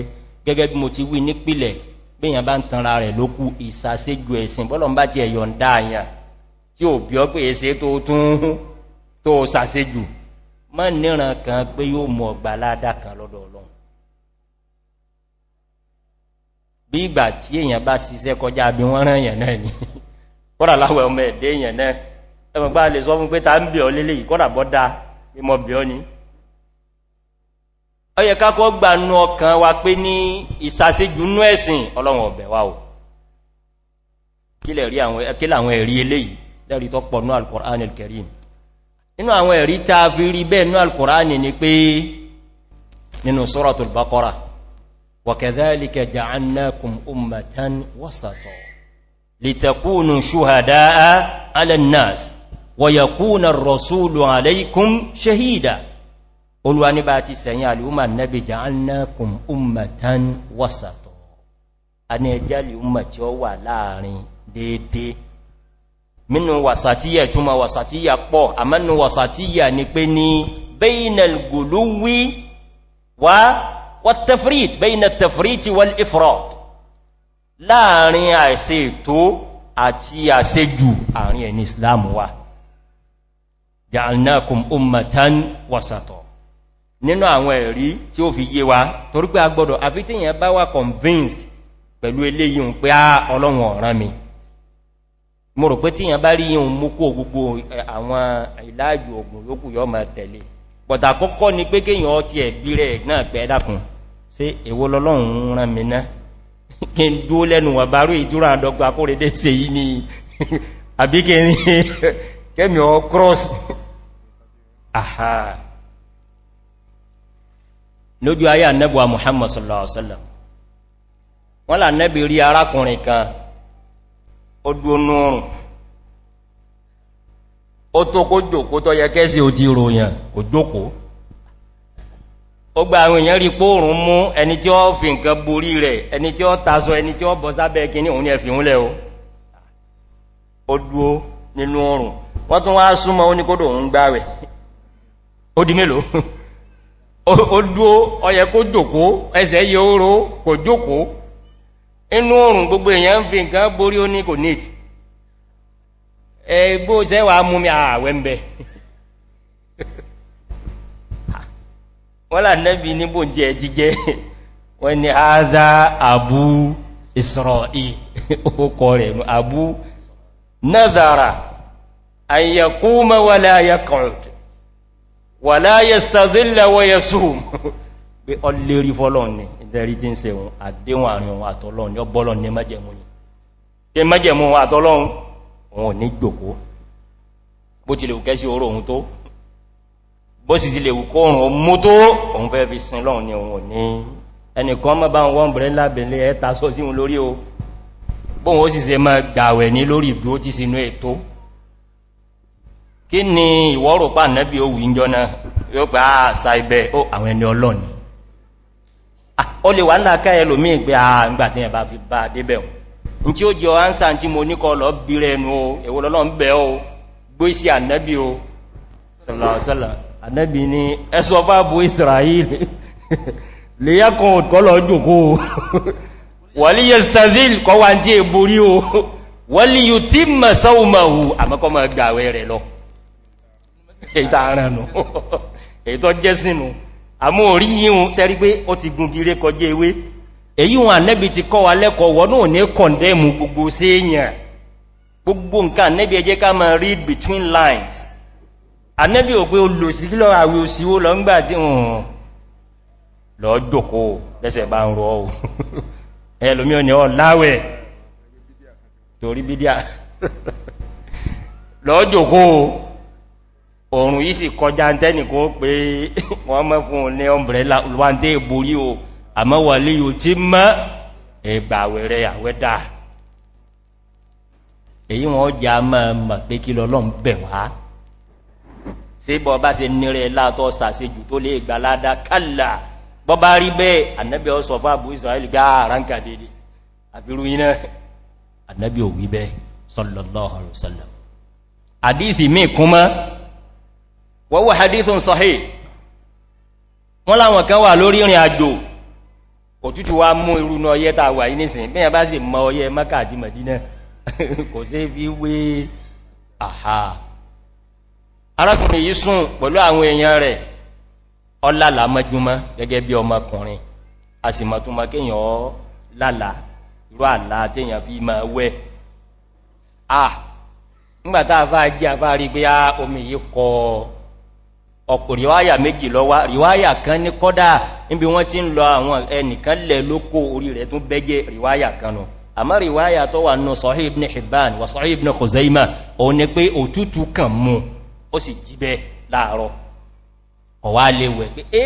A: gẹ́gẹ́ bí mo ti wí nípìlẹ̀ bíyàn bá ń tanra rẹ̀ lókú ìsàséjù ẹ̀sìn bọ́lọ̀n bá ti ẹ̀yọ̀ ń dá àyàn tí ò bí ọ pé èsè tó tún tó sàséjù mọ́ níran kan pé yóò mọ̀ ọgbà ládàá kan lọ́dọ̀ ọlọ́run bí ìgbà tí èèyàn bá ṣiṣẹ́ kọjá ọyẹ kákọ́ gbà nú ọkàn wa pé ní ìsàsíjù nú ẹ̀sìn ọlọ́run ọ̀bẹ̀ wa o kí làwọn ẹ̀rí eléyìí lẹ́rí tó pọ̀ nú alkùnrin kẹrin nínú àwọn ẹ̀rí ta fi rí bẹ́ẹ̀ nú alkùnrin ni pé nínú sọ́rọ̀tù olúwa níbà ti sẹ̀yìn alìhúmà nẹ́bì jà annákùn ummatan wasatọ̀ a ní ẹjá alìhúmà tí ó wà láàrin déédé mínú wasatiyya túnmà wasatiyya pọ̀ àmẹ́nu wasatiyya ni pé ní bainal guluwi wa والتفريط بين التفريط والإفراط láàrin àìsẹ ètò àti àṣejù àrin ẹni islam wa ja'alnakum ummatan wasatọ̀ nínú àwọn ẹ̀rí tí ó fi yé wa torí pé agbọ́dọ̀ àfi tí yẹn bá wà convinced pẹ̀lú eléyìí ń pé á ah, ọlọ́run ọ̀ràn mi mo rò pé tí yẹn bá rí yíò mú kó gbogbo àwọn ìlàjò ogun yókù yọ ma tẹ̀lé pọ̀tà kọ́kọ́ ni pé kéèyàn ti ẹ̀bí rẹ̀ náà pẹ́ dákun sí èwo lọ́lọ́run ràn [laughs] ni [laughs] àbí kí [laughs] cross aha lójú ayé annabuwa muhammad sallallahu alaihi wasallam wọ́n là nẹ́bì rí arákùnrin kan ó dúnú oòrùn ó tó kó jòkó tó yẹ kẹ́sì ò ti ròyàn kò jòkó ó gba àwọn èèyàn rí póòrùn mú ẹni tí ó fi nǹkan borí rẹ̀ ẹni tí ó tasọ ẹni tí ó bọ́ sábẹ́ kí ní òun ẹ̀fì ńlẹ̀ o ó dúó nínú oòrùn wọ́n tún wá súnmọ́ ó ní kódò òun gbá rẹ̀ ó di mélòó [laughs] ó dúó ọyẹ kó jòkó ẹsẹ̀ yẹ oró kò jòkó inú oòrùn gbogbo èèyàn fi nǹkan borí ó ní kò ní ẹgbó sẹ́wàá mú mi ààwẹ́ ń bẹ [laughs] wọ́n là nẹ́bí níbò jíjẹ́ wọ́n ni àbú ókọ rẹ̀ wà láyé stadilla wọ yẹsùn [laughs] pé ọ lè rí fọ́lọ́n ní ìdẹ̀rí tí ń se wọn àdéhùn àrin wọn àtọ́lọ́n ní ọbọ́lọ́n ní májẹ̀mú ní kí májẹ̀mú àtọ́lọ́n wọn ò ní gbòkó bó ti lè wù kẹ́sí oró ohun tó bó sì ti lè wù kóòrùn mú tó òun fẹ́ fi sin lọ́run ni òun ní ẹnìkan mọ́ bá wọn bẹ̀rẹ̀ o bóhun ó sì se máa kí ni ìwọ́rò pa nẹ́bí ó wí jọ náà yóò pẹ́ àṣà ah, ibẹ̀ ó àwọn ẹni ọlọ́ni ah, ó lè wà náà káyẹ lómí ìgbé àgbà ah, ẹ̀bá fi bá débẹ̀ o n tí ó jọ ánsà tí mo ní kọ́ bí rẹ̀ nù o èwo lọ́lọ́ o gbé sí ànẹ́bí ni ẹsọ bá bu israel [laughs] lè yákan kọ́lọ̀ jòkó o [laughs] wọ́lí yestazil kọ́ wa ń tí èborí o [laughs] yóò tí mọ̀ sọ́wọ́ mọ̀ hù àmọ́kọ́ mọ̀ gbàwẹ́ rẹ̀ lọ
B: èyítà aránù
A: èyítọ́ jẹ́ sínú àmú orí yíhun sẹ́rí pé ó ti gun gire kọjá ewé èyí wọn ànẹ́bì ti kọ́ wa lẹ́kọ̀ọ́ wọ́n ní kọ̀ndẹ́mù gbogbo séèyàn gbogbo nǹkan ànẹ́bì ẹjẹ́ ká máa read between lines ànẹ́bì ò pé olùsí kí lọ́wọ́ àwẹ̀ òsìwò lọ ń gbà tí hàn lọ jòkó lẹ́sẹ̀ bá ń rọ [laughs] [laughs] òrùn yìí sì kọjá tẹ́nì kó pé [laughs] wọ́n mọ́ fún ní ọmọbìnrin lọ́wọ́dé ìborí o àmọ́ wà líyò tí mọ́ ẹgbàwẹ̀ rẹ̀ àwẹ́dà èyí wọ́n já mọ́ mọ̀ pé kí lọ́lọ́m bẹ̀ wá sí bọ́ bá se nírẹ̀ látọ́ sàṣejù tó lè gbà ládá kálà bọ́ bá rí bẹ́ẹ̀ ànẹ́bí ọ sọ fún àbúrísọ̀ àìlìgbà àránkà ah, dédé àfirú iná ànẹ́bí ò wí bẹ́ẹ̀ sọ́lọ́lọ́ ọ̀rọ̀ sọ́lọ́ àdífì mí kún mọ́ wọ́wọ́ hadithun sahi, wọ́n láwọn kan wà lórí ìrìn àjò òtútù wá mú irúnú ọyẹ́ tà wà yí nìsìn bí i bá sì mọ ọyẹ́ mẹ́kà àti mẹ̀dínà [laughs] kò sí fi wé àhà arákùnrin yìí sùn pẹ̀lú àwọn èèyàn rẹ̀ ọlálà mẹ́júmọ́ gẹ́gẹ́ bí ọmọkùnrin a sì mọ̀ tún mọ́ kéèyàn ọ́ lálà irú àlà téèyàn fi máa wẹ́ nígbàtá afá jí afá rí pé á omi yìí kọ́ ọ ọ̀pọ̀ ríwáyà méjì lọ́wá ríwáyà kan ní kọ́dá níbi wọ́n ti ń lọ àwọn ẹnìkan lẹ lókó orí rẹ̀ tún bẹ́gẹ́ ríwáyà kan nù àmá ríwáyà tó wà nù sọ́hí ibn hibban wà sọ́hí ibn khuzaima òun ni pé òtútù kan mú ó sì jíbẹ́ láàárọ̀ ọ̀wá léwẹ̀ pé é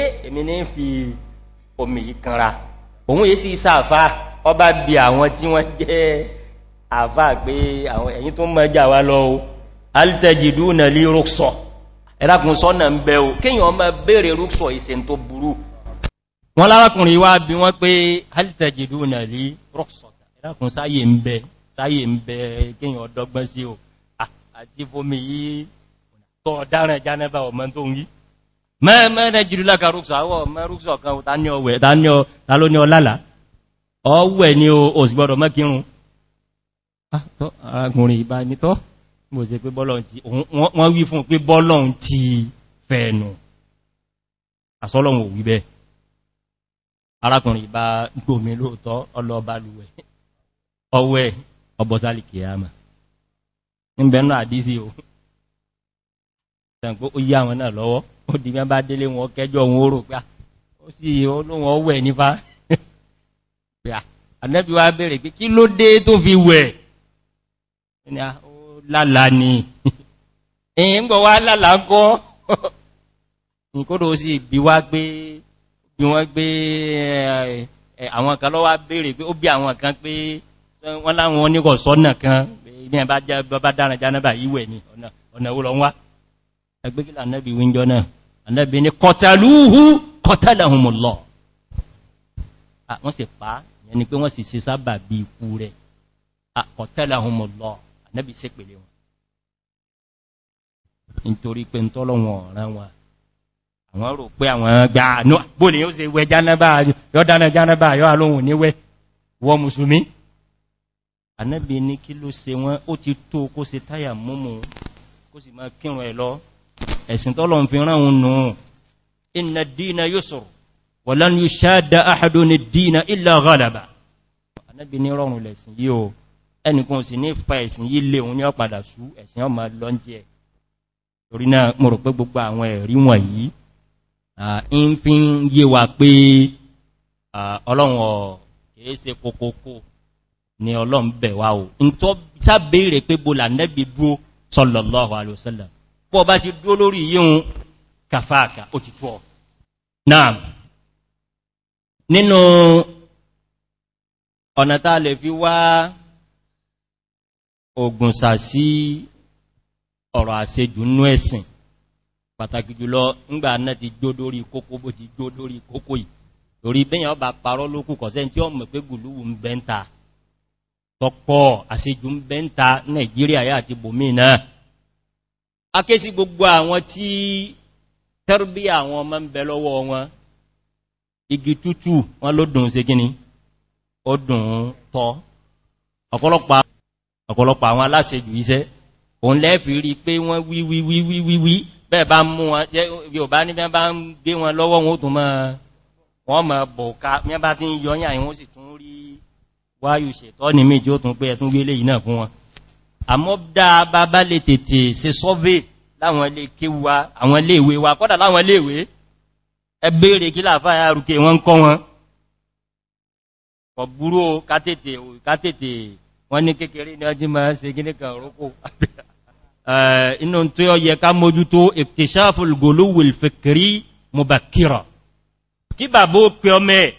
A: àwọn ẹ̀yìn tó mọ́jà wá lọ́wọ́ altejidú na lè ẹ̀dàkùn sọ́nà ń bẹ o kíyàn ọmọ bèèrè rúksọ̀ ìsẹ̀ tó burú wọ́n lárakùnrin wá bí wọ́n pé halittajidú nà rí rọ́ksọ̀tà ẹ̀dàkùn sáyè ń bẹ sáyè ń bẹ kíyàn ọdọ́gbọ́n sí o àti fómi yí tọ́ dáran jánẹ́bà ọmọ tó ń yí mẹ́rẹ́ jùlọ láka rúksọ̀ àwọ̀ mẹ́ mo se pé bọ́lọ̀ ti wọ́n wí fún pé bọ́lọ̀ ti fẹ̀ẹ̀nù àsọ́lọ̀wọ̀n òwí bẹ́ arákùnrin bá gbòmí lóòtọ́ ọlọ́ọ̀bá lúwẹ̀ ọwẹ́ ọbọ̀sálì kìíyàmà níbẹ̀nà àdísí o tẹ̀kó ó yá wọn náà lọ́wọ́ ó di mẹ́ bá délé wọn kẹjọ wọn ó rò pé ó sì olóhun ọwẹ́ nífà anẹ́bíwá bèèrè pé kí ló dé tó fi wẹ̀ lálà ni ẹ̀yìn gbọ́ wá lálà gọ́ nìkódò sí bí wá gbé bí wọ́n gbé àwọn kan lọ́wọ́ béèrè pé ó bí àwọn kan pé wọ́n láwọn oníkọ̀ sọ́nà kan ní ẹ̀bá dáran jánàbà ìwẹ̀ ni ọ̀nà ó lọ wá ẹgbẹ́gílà anẹ́bì wíńjọ náà anẹ́bì ni kọtàlúhú kọtàlẹ̀hùnmùlọ̀ wọ́n sì pàá yẹni pé wọ́n se sábà bí ikú rẹ̀ ah, nẹ́bí sí pèlè wọn nítorí pé ń tọ́lọ́wọ̀n ọ̀ràn wọn àwọn rò pé àwọn gbà bó ní ó se wẹ jánẹ́bà yọ́ dáná jánẹ́bà yọ́ alóhun níwẹ́ wọ musulmi anẹ́bì ní kí ló se wọ́n ó ti tó kó se táyà múmù kó sì máa kírùn ẹ̀ lọ ẹ̀sìn tọ́lọ̀ fi ránun nù ẹnìkan sì ní fa ẹ̀sìn yí lé òun ní ọ̀padà sú ẹ̀sìn ọmọ lọ́njẹ́ ẹ̀ torí náà mo rò pé gbogbo àwọn ẹ̀rí wọ̀nyí in fi ń yé wa pé ọlọ́run kìí ṣe kòkòkò ni ọlọ́run bẹ̀ wá o in tó sábéèrè pé wa ogun sàsí ọ̀rọ̀ àṣejù nú ẹ̀sìn pàtàkì jùlọ ńgbà náà ti jó lórí kókó bó ti jó lórí kókó yìí torí bẹ́yàn ọba parọ́ lókù kọ̀sẹ́ tí ọmọ pé gùlúwù ń bẹ́ńta tọpọ̀ àṣejù ń bẹ́ńta nàìjíríà yà àti bòmí náà aké gbogbo àwọn tí tẹ́rbí àwọn ọmọ ń bẹ lọ́wọ́ wọn igi tútù wọn ló dùn sí gíní ó dùn tọ́ ọ̀pọ̀lọpọ̀ ọ̀pọ̀lọpọ̀ àwọn aláṣejù iṣẹ́ òun lẹ́fì rí pé wọ́n wí wí wí wí wí wí bẹ́ẹ̀ bá mú wọn yóò bá ní bẹ́ẹ̀ bá ń gbé wọn lọ́wọ́ wọn ó tún wọ́n mọ̀ bọ̀ká mẹ́ bá ti ń yọyàn ìwọ́n sì tún rí wáyù ṣètọ́ ní méjì ó tún pé ẹ̀tún gbélé yìí náà fún wọn àmọ́ dá bá bá lè tètè se sọ́vé láwọn ilé kéwà àwọn ilé ìwé wa kọ́dà láwọn ilé ìwé ẹgbẹ́rẹ̀ kí láàfáà rúkè wọ́n ń kọ́ wọn kọ̀ búrú wọ́n ní kékeré ní ọjí máa ṣe gíní kan rókò [laughs] inú tó yọ yẹ ká mójútó ìfìṣáfùl gòlúwìl mubakira kí bàbó pẹ ọmọ ẹ̀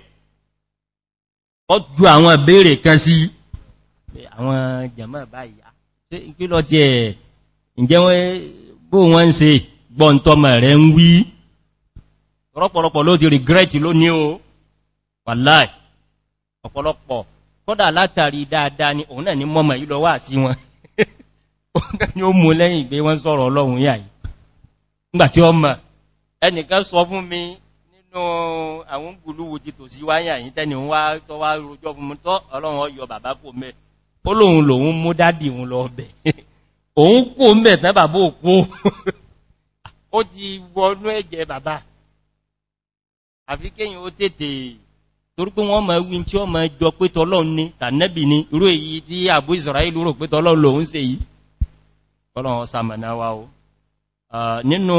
A: ọ ju àwọn ìbéèrè kan sí àwọn jàmọ́ báyìí ah, kí lọ ti ẹ̀ ǹjẹ́ bó wọ́n ń se gbọ́ntọ́mọ̀ rẹ̀ ń wí rọ́pọ̀rọpọ̀ ló ti regret lónìí o ọ̀pọ̀lọpọ̀ kọ́dà látàrí dáadáa ni òun náà ni mọ́mọ̀ yìí lọ wà sí wọn O [laughs] náà ni ó mú lẹ́yìn ìgbé wọ́n sọ̀rọ̀ ọlọ́run yà yìí nígbàtí ọ mọ̀ ẹnìkan sọ fún mi nínú àwọn gbùlúwò ti tò wáyà yìí tẹ́ni [laughs] [laughs] torípé wọ́n ma wí tí ó ma jọ pé tọ́lọ́un ní tànẹ́bì ní irú èyí tí àbú ìsọ̀ráìlú rò pé tọ́lọ́un lòun se yìí ọlọ́run sàmànà wa o nínú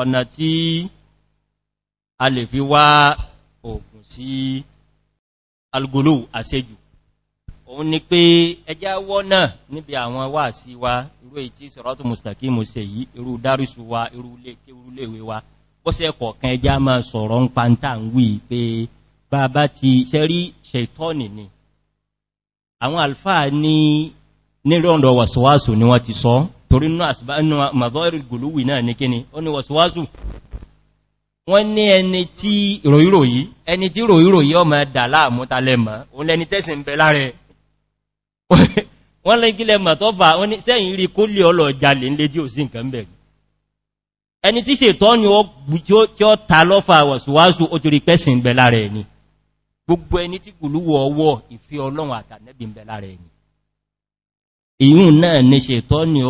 A: ọ̀nà tí a lè fi wá ògùn sí algolo àṣejù òun ni pé ẹjá wọ́ náà níbi àwọn wà sí wa irú èyí tí sọ̀rọ̀tù mustakimu se yìí irú dárísù wa irú léèwé wa bọ́sẹ̀ kọ̀ọ̀kan ẹjá máa sọ̀rọ̀ ń pa ń tà ń wí pé bàbá ti ṣẹ́rí ṣẹ̀tọ́nì ni àwọn alfáà ní nílọ́ndọ̀ wàsíwásù ni wọ́n ti sọ torí náà mazọ́rì gùlúwì náà ní kíni ó ní wàsíwásù wọ́n ní ẹni tí ròyìròyí ẹni tí ròyìròyí ọmọ ẹ̀dà láàmú talẹ́mọ̀ òun lẹni tẹ́sì ń bẹ láàrẹ [laughs] wọ́n lẹ́gílẹ̀ mọ̀tọ́fà wọ́n ní sẹ́yìn rí kó lè ọlọ̀ jalè ń lé tí ò sí nǹkan bẹ̀rẹ̀ ẹni tí ṣètọ́ ni ó ta lọ́fà wàsíwásù ó ti rí pẹ́sì ń bẹ láàrẹ ni gbogbo ẹni tí gùlúwọ ọwọ́ ìfẹ́ ọlọ́run àtànẹ́bì ń bẹ lára ẹ̀yìn ìyún náà ní ṣètọ́ ni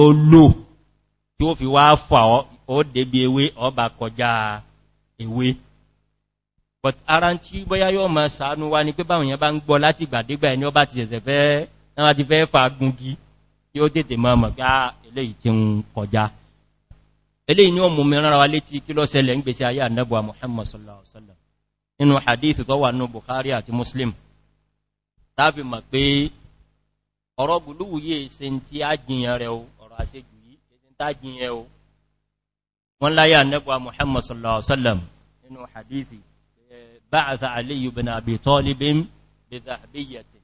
A: ó lò tí ó fi wá fà ó débi ewé ọba kọjá ewé but ara ń tí bọ́yá yóò máa sàánú wá ní pé báwọn èèyàn bá ń gbọ́ láti ìgbàdégbà ẹni ọba ti ṣẹ̀ṣẹ̀ fẹ́ náà ti fẹ́ fagungi tí ó tètè mọ́ mọ̀ pé ah, eléyìí ti ń kọjá eléyìí ni ó mi rárá wa létí kí lọ́sẹ̀lẹ̀ ń gbèsè ayé ànẹ́bùwa muhammad sallallahu alaihi wasallam nínú hadithi tó wà nu bukhari àti muslim tàbí ma pé ọ̀rọ̀ gùlúwù ye ṣe nti ajiyan re o ọ̀rọ̀ àṣejù yìí ṣe nti ajiyan jìyàn o wọ́n la ya annabuwa muhammad sallallahu alaihi wasallam nínú hadithi ba'atha ali ibn abi talib bi zahabiyyati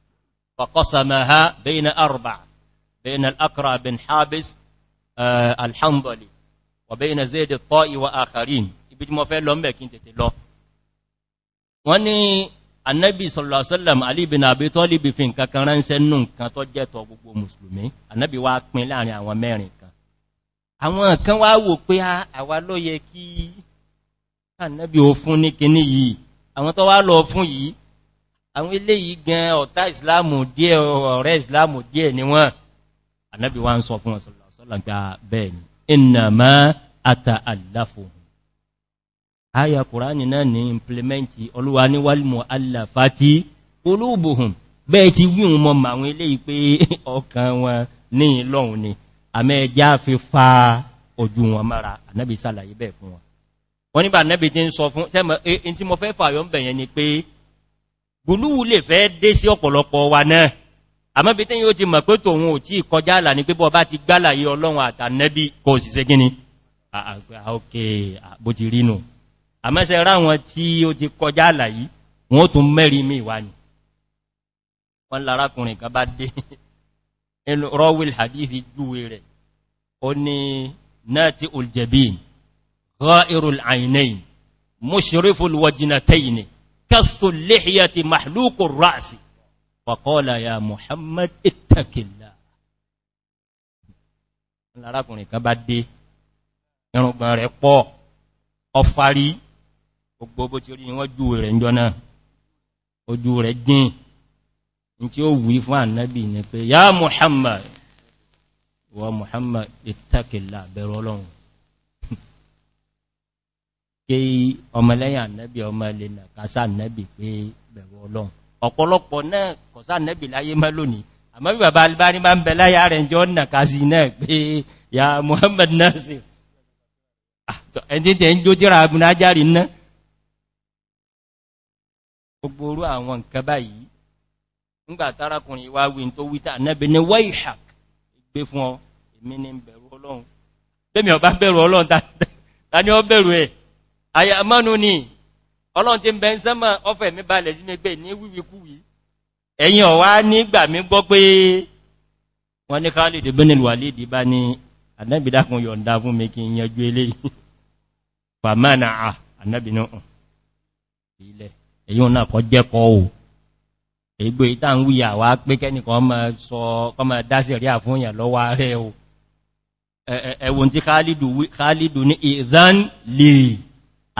A: fa qasamaha bayna arba بين al بن حابس habis وبين زيد الطائي وآخرين zaid al-ta'i wa akharin ibi wọ́n ní annabi sallallahu alaihi wasallam ali bin abi talib fi nǹkan kan ránṣẹ́ nù nǹkan tó jẹ́ tọ gbogbo mùsùlùmí annabi wá pín láàrin àwọn mẹ́rin kan àwọn kan wá wò pé ah, àwa ló yẹ kí annabi ó fún ní kinní yìí àwọn tó wá lọ fún yìí àwọn eléyìí gan ọ̀tá ìsìláàmù díẹ̀ ọ̀rẹ́ ìsìláàmù díẹ̀ ni wọ́n annabi wá ń sọ fún wọn sallallahu alaihi wasallam gbà ah, bẹ́ẹ̀ ni innama ata'allafu àyà kùránì náà ní implementi olúwa ní wálìmọ̀ aláfàtí olóòbòhùn bẹ́ẹ̀ ti wíhun mọ́ màwọn ilé ìpé [laughs] ọkàn wọn ní ìlọ́un ni àmẹ́ẹjá fi fa ojú wọn mara anábi sàlàyé bẹ́ẹ̀ fún wọn wọ́n nígbà anábi ti ń sọ fún e, e, tí mo fẹ́ fàyọ́ ń bẹ̀yẹn ni pé gùlúù lè fẹ́ dé sí ọ̀pọ̀lọpọ̀ wa náà àmọ́ bí tí yóò ti mọ̀ pé tòun ò tí kọjá àlà ní pé bọ́ bá ti gbálàyé ọlọ́run àtànẹ́bí kò sì ṣe gíní àgbà òkè bó àmẹ́sẹ̀ ráwọn tí ó ti kọjá àlàyé wọ́n tún mẹ́rin mi wà ní wọ́n lárákùnrin kan bá dé [laughs] rọ́wìl hadithi júwe rẹ̀ ó ní náà tí olùjẹ̀bìn rọ́ irul àìnẹ́yìn mushriful wajinatayni kasu lihiyati mahlukur ra'si wa qala ya muhammad ittaqillah lárákùnrin kan bá dé irùngbọ̀n rẹ̀ pọ̀ ọfarí gbogbo bó ti rí wọ́n jú rẹ̀ ń jọna ojú rẹ̀ dín in tí ó wí fún ànábì ní pé ya muhammad wa muhammad ìtàkìlá bẹ̀rọ ọlọ́run [laughs] kí ọmọlẹ́yìn ànábì ọmọ ilẹ̀ nàkásá ànábì pé bẹ̀rọ ọlọ́run ọ̀pọ̀lọpọ̀ náà kọ̀sá ànábì láyé mẹ́ lónìí àmọ́ bí bàbá alibárí máa ń bẹ láyé ààrẹ jọ nàkásí náà pé ya muhammad nasir ah, ẹni tẹ́ ń jó tíra abúnájárì náà gbogbo orú àwọn nǹkan báyìí nígbà tárakùnrin wá wí tó wítà nẹ́bẹ̀ ní wáìhàk gbé fún ọ èmi ní bẹ̀rù ọlọ́run bẹ́mi ọba bẹ̀rù ọlọ́run ta ni ọ bẹ̀rù ẹ̀ àyàmánu ni ọlọ́run ti bẹ̀ ń sẹ́mọ̀ ọfẹ̀ mi balẹ̀ sí mi pé ní wíwíkúwí ẹ̀yìn ọ̀wá nígbà mi gbọ́ pé wọ́n ní khalid [laughs] ilẹ̀ èyí ò náà kọ jẹ́kọ́ o ègbò ìta ń wíyà wá pé kẹ́nìkan ma sọ kọmọ dásẹ̀ rí àfúnyà lọ́wọ́ rẹ̀ o ẹ̀wọ̀n tí khalidu ní ìdán lè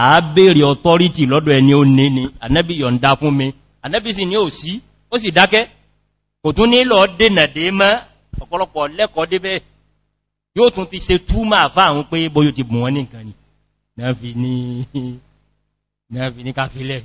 A: àábèrè authority lọ́dọ̀ ẹni ó ní ni anẹ́bí yọ̀nda fún mi anẹ́bí sì ní ò sí ó sì dákẹ́ kò tún ní lọ dènà dé mọ́ ọ̀pọ̀lọpọ̀ lẹ́kọ̀ọ́ débẹ̀ yóò tún ti ṣe túmà fáàrún pé bóyó ti bùn wọn ní ni náà fi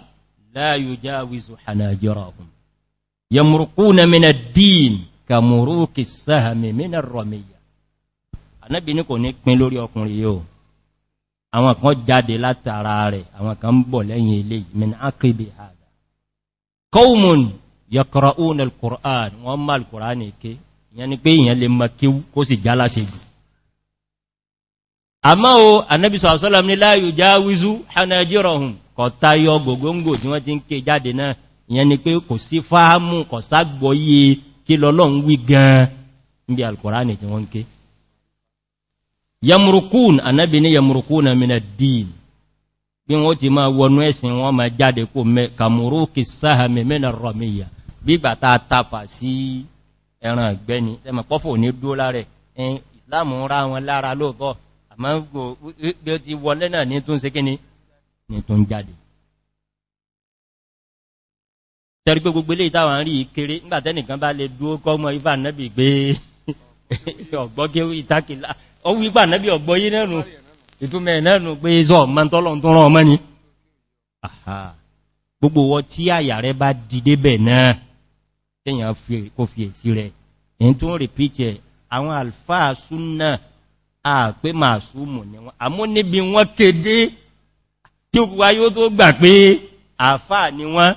A: la yujawizu hanajirahum yamruquna min ad-din kamuruqi as-sahmi min ar-ramiyya Ànábì ní kò ní pín lórí ọkùnrin yìí o àwọn kan jáde látara rẹ̀ àwọn kan bọ̀ lẹ́yìn eléyìí min aqibi hada qaumun yaqra'una al-qur'an wa ma al-qur'an ke ìyẹn ni pé o Ànábì sallallahu alaihi wasallam ní la yujawizu hanajirahum kọ̀tayọ gbogbo tí wọ́n ti ń ké jáde náà ìyẹn ni pé kò sí fáámù kọ̀ ságbọ́yé kí lọ́lọ́run wí gan níbi alkùránì tí wọ́n ń ké yamurukun anábi ní yamurukun amina dìín bí wọ́n ti máa wọnú ẹ̀sìn wọ́n máa jáde kó mẹ́ kàmùrú sáhàmì mẹ́nà ra wọn lára lóòtọ́ àmọ́ gbò bí ó ti wọlé ní tó ń jáde tẹ́rí pé gbogbo ilé ìtawà ń rí kéré nígbàtẹ́nìkan bá lè dúó kọ́mọ ìfà nẹ́bì gbé ọ̀gbọ́gé ìtàkìlá ọwọ́ ìgbà nẹ́bì ọ̀gbọ́yé nẹ́nu ìtumẹ̀ nẹ́nu pé zọ mọ́ntọ́lọ̀ tó rán ọmọ ni gbogbo wọ tí àyà rẹ bá dìde tẹ́yàn kò fi èsì rẹ̀ èyí tó ń rìpítì àwọn alfáà súnà àpé màá súnmù ni àmú níbi wọn kéde kí ó wá yóò tó gbà pé àfáà ni wọ́n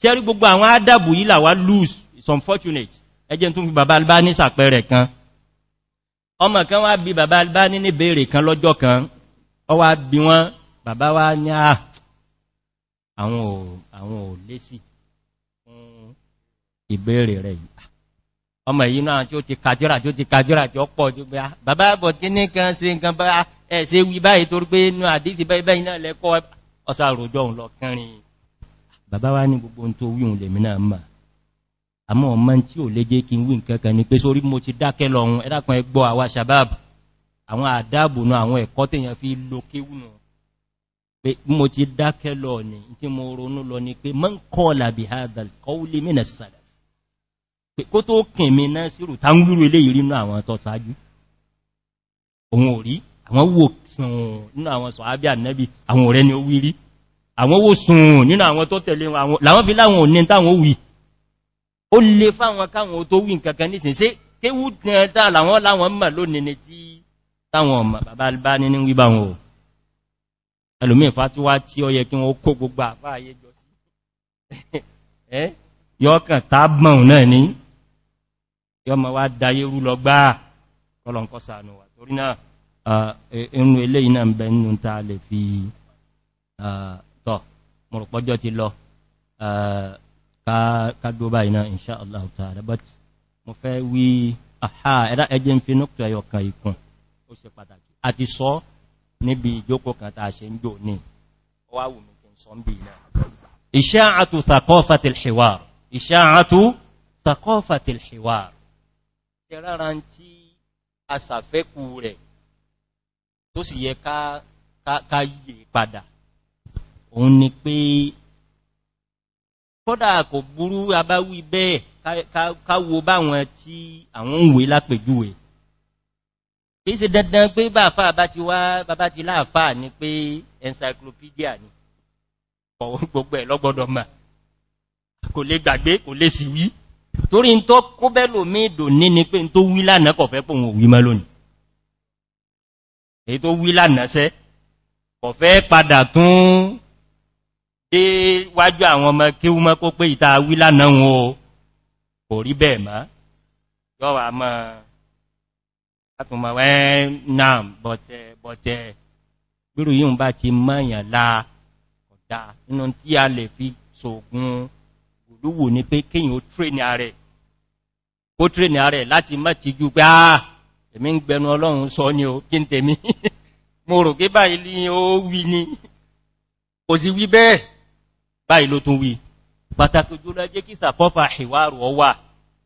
A: ṣẹ́rí gbogbo àwọn ádàbù yìí làwá lose is unfortunate ẹjẹ́ tó fi bàbá albani sàpẹẹrẹ kan ọmọ kan wá bí bàbá albani ní bèèrè kan lọ́jọ́ kan ọ wá bí wọ́n bàbá wá ní àwọn ò lésì fún ìbéèrè rẹ̀ yìí ọmọ èyí náà tí ó ti kàjírà tí ó ti kàjírà tí ó pọ̀ jù bá bàbá àbọ̀ kí ní kan sí nǹkan bá ẹ̀ṣẹ́ wí báyìí torí pé inú àdíjì báyìí náà lẹ́kọ́ ọ̀sà ròjọ́ òun lọ kẹrin bàbá wá ní gbogbo tó wíhun lèmi náà mà àmọ́ ọmọ tí ò lè jẹ́ kí n wí nǹkan kan ni pé sórí mo ti dákẹ́ lọ́run ẹ̀dàkan ẹgbọ́ àwa shabab àwọn àdáàbò náà àwọn lọ ní tí mo ronú lọ ni pé mọ́ ń kọ́ làbí hadal kọ́wùlé mìnà sàr kó tó kìn mi náà sírù tá ń wúrú ilé yìí nínú àwọn tó sáájú òun ò rí àwọn wò sùn nínú àwọn sọ̀hábí ànẹ́bí àwọn ọ̀rẹ́ ni ó wí rí àwọn wò sùn nínú àwọn tó tẹ̀lé wọn làwọn fi láwọn ò ní táwọn ó wì ó lè fáwọn káwọn tó wí nkankan nísìn sí kéwú tẹ́ẹ̀tà làwọn láwọn mọ̀ lónìí tí [laughs] yọ́kàn tábọ̀n náà ní yọmọ wá dayérú lọ gbá ọlọ́nkọ́ sàánù wà torí náà inú ilé iná ń bẹ nínú ta lè fi tọ́ mọ̀rọ̀pọ̀jọ́ ti lọ kágbóbá iná inṣá Allah but mo fẹ́ wí àhá ẹ̀dá ẹjẹ́ ń fi nọ́kùtù ẹyọkan ikùn ó ṣe pàtàkì àti sọ níbi ìjókòó kan tàà ṣe ń tẹ rárá ń tí a sàfẹ́kù rẹ̀ tó sì yẹ ká yè padà òun ni pé kọ́dà kò burú abáwí bẹ́ẹ̀ káwo báwọn tí àwọn òwe lápèjúwe kìí ṣe dandan pé bàfà bá ti wá bàbá ti láàfà ní pé encyclopedia ni ọ̀wọ́ gbogbo ẹ̀ lọ́gbọ́dọ̀ mà kò lè gbàgbé kò lè sì wí torí ń tó kó bẹ́lò méèdò ní ni pé ń tó wí lánàá kọ̀fẹ́ pò wọn òwí mọ́ lónìí èyí tó wí lánàá sẹ́ kọ̀fẹ́ padà tún dé wájú àwọn ọmọ kéwú mọ́ kó pé ìta wí lánàá wọn o kò rí bẹ́ẹ̀ mọ́ yọ́wà mọ́ látùmọ̀ wẹ́n náà bọ̀tẹ̀ àlùwò ní pé kíyàn ó tréní ààrẹ ó tréní ààrẹ láti má ti jú pé àà ah, èmi ń gbẹnu ọlọ́run sọ ní o kí n tèmi [laughs] mo rò pé báyìí lí ó wí ní kò sí wí bẹ́ẹ̀ báyìí ló tún wí pàtàkì jùlọ jẹ́ kí sàkọ́fà àṣìwárò ọwà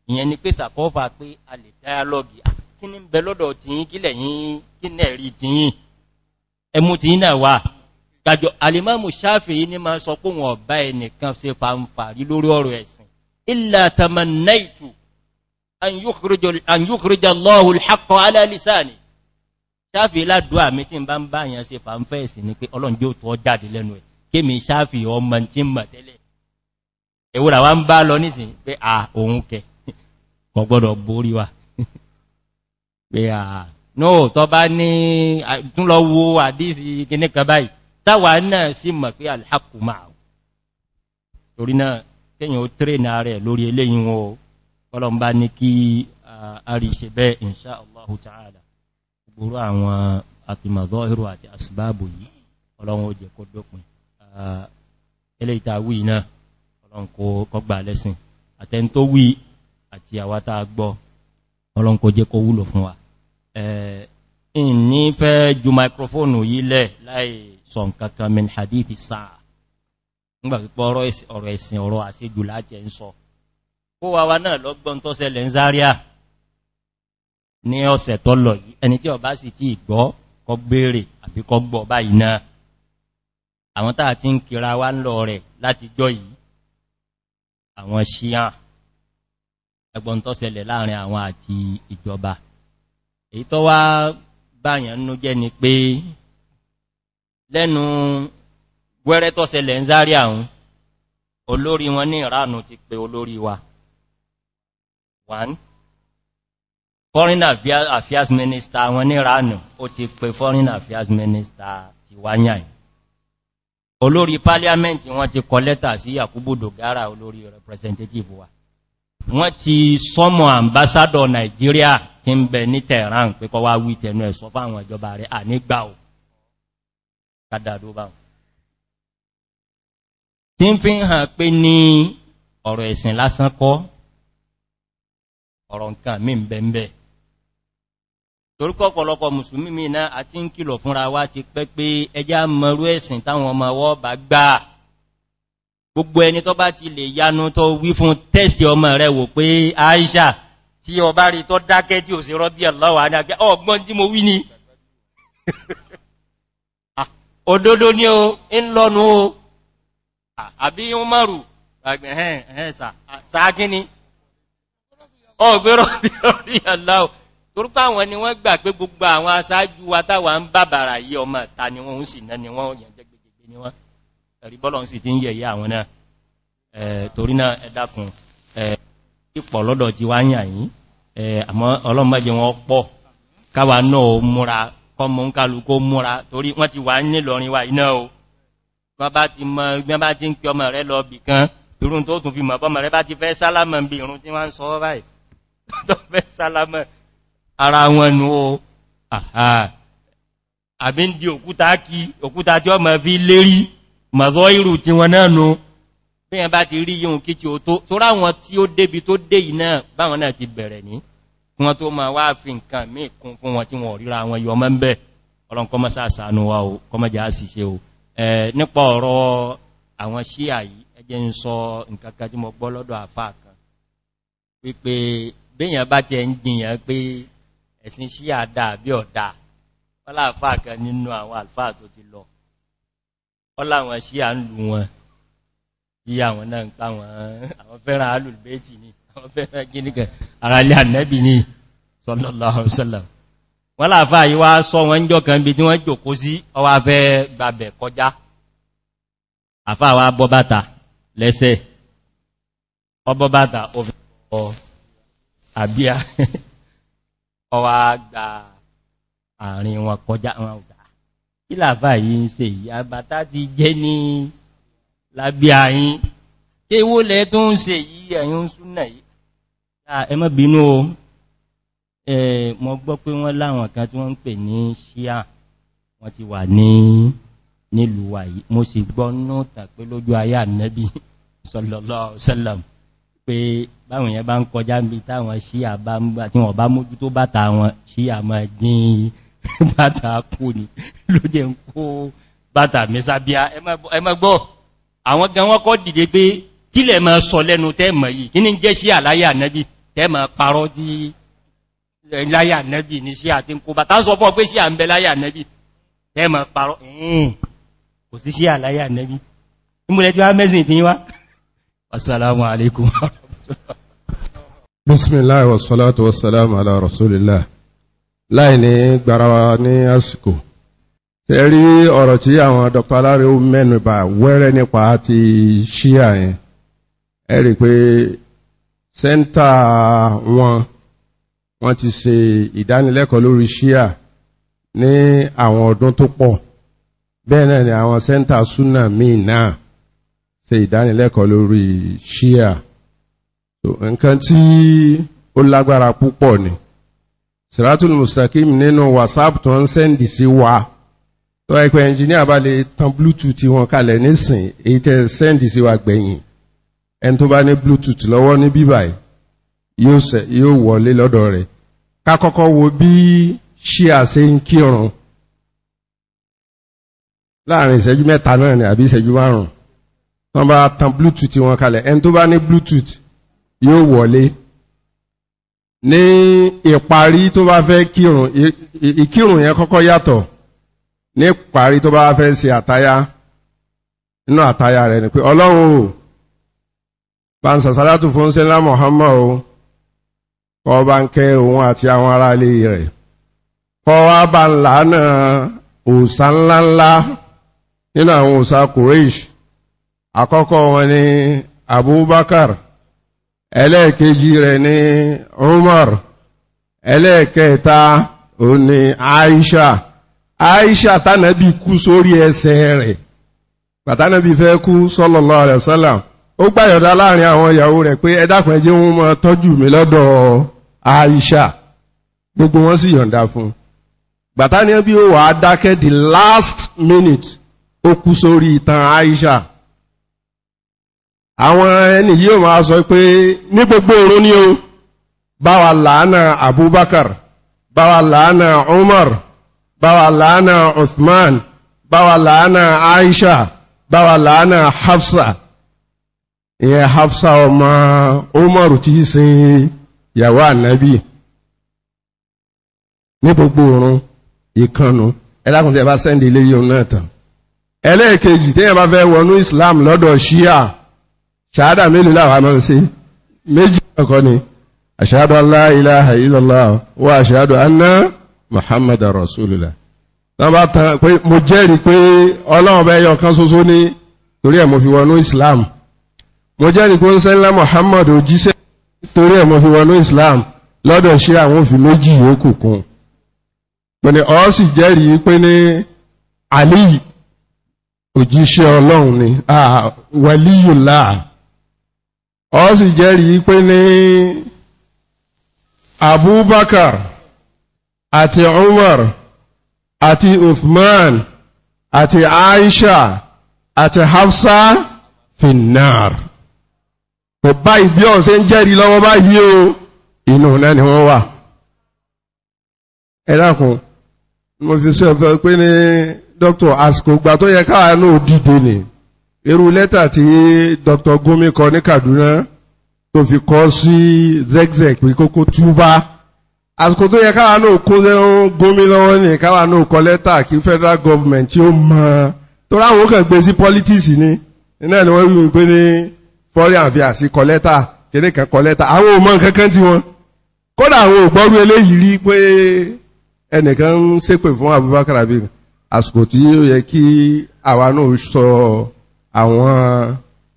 A: ìyẹn ni pé sàkọ́fà pé a lè dáyálọ́gì ah, kí ní bẹ lọ́dọ̀ tìyín kílẹ̀ yín kí náà rí tìyín ẹmú tìyín náà wà gbàjọ alìmọ́mù sáfì yìí ní ma sọ pé wọn ọ̀bá ẹnìkan se fàǹfàrí lórí ọ̀rọ̀ ẹ̀sìn ilẹ̀ tamannaitu an yúkúrújọ lọ́hùl hakọ̀ alálìsáàni sáfì ládùá mi tí bá ń bá yẹn se fàǹfẹ́ ẹ̀sìn ni pé ọlọ́njẹ́ ò tọ́ jáde lẹ́nu [laughs] [laughs] táwà náà sí mọ̀ pé alhaku máa torí náà kíyàn ó tíré náà rẹ̀ lórí eléyìn wọn kọlọmbá ní kí àríṣẹ́ bẹ́ inṣá allahu ta'ala gbogbo àwọn àtìmọ̀dọ́ ìrò àti asibabu yìí ọlọ́run ó jẹ kó dópin eléyìta wí náà ọlọ́run kó kọgbà lẹ́sìn àtẹ́n tó jẹ́ kó wúlò fún ní fẹ́ ju microphone yìí lẹ̀ láì sọ nkankan min hadithi sáà ngbàgbọ́ ọ̀rọ̀ ẹ̀sìn ọ̀rọ̀ àṣejù láti ẹ̀ ń sọ kó wa wa náà lọ́gbọ́n tó ṣẹlẹ̀ ń záríà ní ọ̀sẹ̀ tó lọ yìí ẹni tí ọba sì tí ìgbọ́ kọ gbére àbí kọ gbọ́ báyìí náà àwọn táà lẹ́nu gbẹ́rẹ́ tó ṣẹlẹ̀ ń zárí àwọn olórí wọn ní ìránù ti pé olórí wa 1 foreign affairs minister wọn ní ìránù ó ti pé foreign affairs minister ti wáyà olórí parliament wọn ti kọ lẹ́tà sí Yakubu Dogara olórí representative wa wọ́n ti sọ́mọ̀ ambassador Nigeria tí ń bẹ ní Tehran pé kó wá wí tẹnu ẹ̀ sọ ìjọba rẹ̀ à ò kádàdó bá tí ń fi ń hàn pé ní ọ̀rọ̀ ẹ̀sìn lásán kọ́ ọ̀rọ̀ nǹkan mí ń bẹ̀m̀bẹ̀ torúkọ́ ọ̀pọ̀lọpọ̀ musulmi mi náà àti ń kìlọ̀ fúnra wá ti pẹ́ pé ẹjá mọ̀rú ẹ̀sìn táwọn ọmọ ọwọ́ bá gbà gbogbo ẹni tó bá ti lè yanu tó wí fún tẹ́sì ọmọ rẹ̀ wò pé aisha tí ọba rí tó dákẹ́ tí ò sí rọ́bí ọ̀lọ́wà ní agbẹ́ ọgbọ́n tí mo wí ni [laughs] òdodo ní o ń lọ́nu o àbí wọ́n márù ẹ̀hẹ́n sàákíní ọgbẹ́rọ̀ bí ọrí aláò torúpá àwọn ni wọ́n gbà pé gbogbo àwọn aṣáájú wa táwà ń bàbàrà yí ọmọ ta ni wọ́n ń sì náà ni wọ́n yàn jẹ́gbẹ̀gbẹ̀ ni wọ́n ẹ̀rí bọ́lọ̀ sì ti ń yẹ̀yẹ́ àwọn náà torí náà ẹ̀dàkùn ìpọ̀ lọ́dọ̀ ti wá yàn yìí àmọ́ ọlọ́mọ́jẹ wọn pọ̀ káwà náà múra kọmọ ń kálukó múra torí wọ́n ti wà nílọrin wà iná o wọ́n bá ti mọ́ gbẹ́ bá ti ń pẹ ọmọ rẹ lọ bì kan irun tó tún fi mọ̀ bọ́mọ̀ rẹ bá ti fẹ́ sálámọ̀ bí irun tí wọ́n ń sọ báyìí [laughs] tó fẹ́ sálámọ̀ ara bí wọn bá ti rí yíun kí tí ó tó tó ráwọn tí ó débi tó dé yìí báwọn náà ti bẹ̀rẹ̀ ní kí wọ́n tó ma wá fi nǹkan mí kún fún wọn tí wọ́n ríra wọn yọ mọ́ ń bẹ́ ọlọ́nkọ́ mọ́ sàásánú wa o kọ́ mọ́já sì ṣe o nípa ọ̀rọ̀ àwọn ṣíà yìí ẹjẹ́ ń sọ nǹkankan tí mo gbọ́ lọ́dọ̀ àfáà kan wípé béèyàn bá ọ̀fẹ́ràn gíní kan sallallahu alaihi wasallam wọ́n láàfáà yí wá sọ wọn jọ kan bí tí wọ́n jòkó sí ọwá fẹ́ gbàbẹ̀ kọjá àfáà wá bọ́ bàtà lẹ́sẹ̀ ọbọ́ bàtà ọ̀fẹ́ àbíà ọwá gbà àárín wọn kọjá wọn ọ̀gá kí làfáà yí ń ṣe yìí àbàtà ti jẹ́ ní lábí àyín kéwó lẹ́ tó ń ṣe yìí ẹ̀yìn súnà yìí ẹmọ́ bínú o mọ́ gbọ́ pé wọ́n láwọn kan tí wọ́n ń pè ní ṣíà wọ́n ti wà ní nílùwà yìí mo sì gbọ́ nóòtà pé lójú ayé ànẹ́bí sọlọ́lọ́sọ́lọ́m pé báwọn yẹn bá ń kọjá ń bí táwọn ṣíà bá ń gbà tí wọ́n bá mójú tó bàtà wọn ṣíà mọ́ dín [laughs] bàtà kú ni lójẹ́ ń kó bàtà mẹ́sàbíà ẹmọ́gbọ́ àwọn gan wọ́n kọ́ dìde pé kílẹ̀ mọ́ sọ lẹ́nu tẹ́ mọ̀ yìí kí ní jẹ́ ṣíà láyé ànẹ́bí tẹ́mà parọ́ dí láyà nẹ́bì ní sí àti ń kó bá tán sọ fọ́ pé sí à ń bẹ láyà nẹ́bì tẹ́mà parọ́ ẹ̀yìn kò sí sí àláyà nẹ́bì ìmúlẹ̀ tí tí wá assalamu alaikum
B: bismillah wa salatu salam ala rasulillah láì ní gbarawa ní àsìkò tẹ́rí ọ̀rọ̀ tí àwọn dr alárẹ̀ mẹ́nu bà wẹ́rẹ́ nípa ti ṣíà ẹ̀rì pé sẹ́ńtà wọn wọ́n ti ṣe ìdánilẹ́kọ̀ọ́ lórí ṣíà ní àwọn ọdún tó pọ̀ bẹ́ẹ̀ náà ni àwọn sẹ́ńtà súnà míì náà ṣe ìdánilẹ́kọ̀ọ́ lórí ṣíà nǹkan tí ó lágbára púpọ̀ ni siratul mustakim nínú whatsapp tó ń sẹ́ndì sí wa tó ẹ̀pẹ́ ẹnjìníà bá lè tan bluetooth wọn kalẹ̀ nísìn èyí tẹ́ sẹ́ndì sí wa gbẹ̀yìn ẹni tó bá ní bluetooth lọ́wọ́ ní bíbáyìí yóò ṣe yóò wọlé lọ́dọ̀ rẹ̀ ká kọ́kọ́ wo bí ṣíà ṣe ń kírun láàrin ìṣẹ́jú mẹ́ta náà ni àbí ìṣẹ́jú márùn tán bá tan bluetooth wọn kalẹ̀ ẹni tó bá ní bluetooth yóò wọlé ní ìparí tó bá fẹ́ kírun ìkírun yẹn kọ́kọ́ yàtọ̀ ní ìparí tó bá fẹ́ ṣe àtáyá nínú àtáyá rẹ̀ ni pé ọlọ́run o bá ń sàsálátù fún sílá Muhammad o kọ́ bá ń kẹ́ òun àti àwọn ará ilé rẹ̀ kọ́ wá bá ń làánà òòsà ńláńlá nínú àwọn òòsà Quraysh àkọ́kọ́ wọn ni Abubakar ẹlẹ́ẹ̀kejì rẹ̀ ni Umar ẹlẹ́ẹ̀kẹta òun ni Aisha Aisha tánàbí kú sórí ẹsẹ̀ rẹ̀ pàtánàbí fẹ́ kú sallallahu alaihi wasallam ó gbàyọ̀dá láàrin àwọn ìyàwó rẹ̀ pé ẹ dákun ẹ wọn mọ́ tọ́jú mi lọ́dọ̀ Aisha gbogbo wọn sì yọ̀ǹda fún gbàtá ní bí ó wà dákẹ́ the last minute ó kú sórí ìtàn Aisha àwọn ẹni yíò máa sọ pé ní gbogbo òru ni o báwa làánà Abubakar báwa làánà Umar báwa làánà Uthman báwa làánà Aisha báwa làánà Hafsa ìyẹn Hafsa ọmọ Omaru tí í sin yàwó ànábì ní gbogbo òrun ìkànnù ẹlákùn tí ẹ bá sẹ́ndì ilé yíò náà tàn ẹlẹ́ẹ̀kejì tí ẹ bá fẹ́ wọnú Islam lọ́dọ̀ Shia ṣáádà mélòó láwà máa ń ṣe méjì ọkọ̀ ni ashhadu an ilaha illallah wa ashhadu anna Muhammad rasulullah tán bá tán pé mo jẹ́rìí pé Ọlọ́run bẹ́ẹ̀ yọ kan ṣoṣo ní torí ẹ̀ mo fi wọnú Islam mo jẹ́rìí pé ń sẹ́lá Muhammad òjíṣẹ́ torí ẹ̀ mo fi wọnú Islam lọ́dọ̀ ṣe àwọn òfin méjì yòókù kún pé ní ọ́ sì jẹ́rìí pé ní Ali òjíṣẹ́ Ọlọ́run ni wàlíyùlá ọ́ sì jẹ́rìí pé ní Abubakar àti Umar àti Uthman àti Aisha àti Hafsa finnar kò bá ìbí ọ̀n ṣe ń jẹ́rìí lọ́wọ́ báyìí o inú náà ni wọ́n wà ẹ dákun mo fi sọ ẹ̀fẹ́ pé ní dr asko gbà tó yẹ káwa náà dìde ni irú lẹ́tà tí dr Gumi kọ ní Kaduna tó fi kọ sí zegzeg pé kókó túbá àsìkò tó yẹ káwa náà kó sẹ́wọ́n Gumi lọ́wọ́ ni káwa náà kọ lẹ́tà kí federal government tí ó mọ̀ tó ráwọn ó kàn gbé sí politics ni iná ni wọ́n wí pé ní fọ́rí àǹfíàsí kọ́lẹ́tà kéde kan kọ́lẹ́tà àwọn ò mọ nǹkan kan tí wọ́n kódà àwọn ò gbọ́rú eléyìí rí pé ẹnìkan ń ṣépè fún Abubakar abiy àsìkò tí ó yẹ kí àwa náà sọ àwọn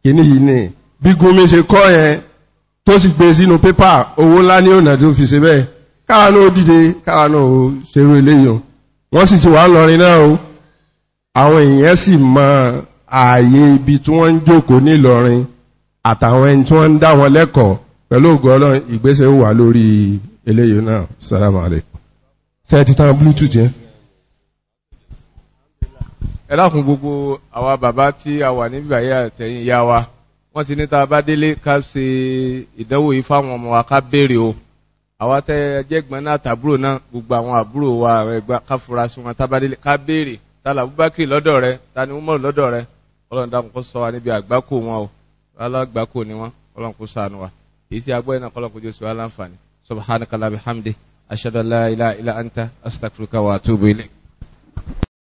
B: kìíní yìí ni bí Gumi ṣe kọ́ yẹn tó sì gbé sínú pépà owó ńlá ní ọ̀nà tó fi ṣe bẹ́ẹ̀ káwa náà dìde káwa náà ṣerú eléyìí o wọ́n sì ti wà lọ́rin náà o àwọn èèyàn sì mọ ààyè ibi tí wọ́n ń jókòó nílọrin àtàwọn ẹni tí wọ́n ń dá wọn lẹ́kọ̀ọ́ pẹ̀lú ògùn ọlọ́run ìgbésẹ̀ wà lórí eléyìí náà salaam alaikum ṣe ti tán bluetooth yẹn. ẹ lákun gbogbo àwa bàbá tí a wà níbi àyè àtẹ̀yìn ìyá wa wọ́n ti ní ta bá délé ká ṣe ìdánwò yìí fáwọn ọmọ wa ká béèrè o àwa tẹ jẹ́gbọ́n náà tàbúrò náà gbogbo àwọn àbúrò wa àwọn ẹ̀gbọ́n ká fura sí wọn tá bá délé ká béèrè ta làbúbákì lọ́dọ̀ rẹ ta ni Umar lọ́dọ̀ rẹ ọlọ́run dákun sọ wa níbi àgbákò wọn o alágbàkó ni wọ́n ọlọ́run kó ṣàánú wa èyí tí agbọ́ iná kọ́lọ́kù jẹ́ sọ aláǹfààní subhanaka la bihamdi ashhadu ila ila anta astaghfiruka
A: wa atubu ilayk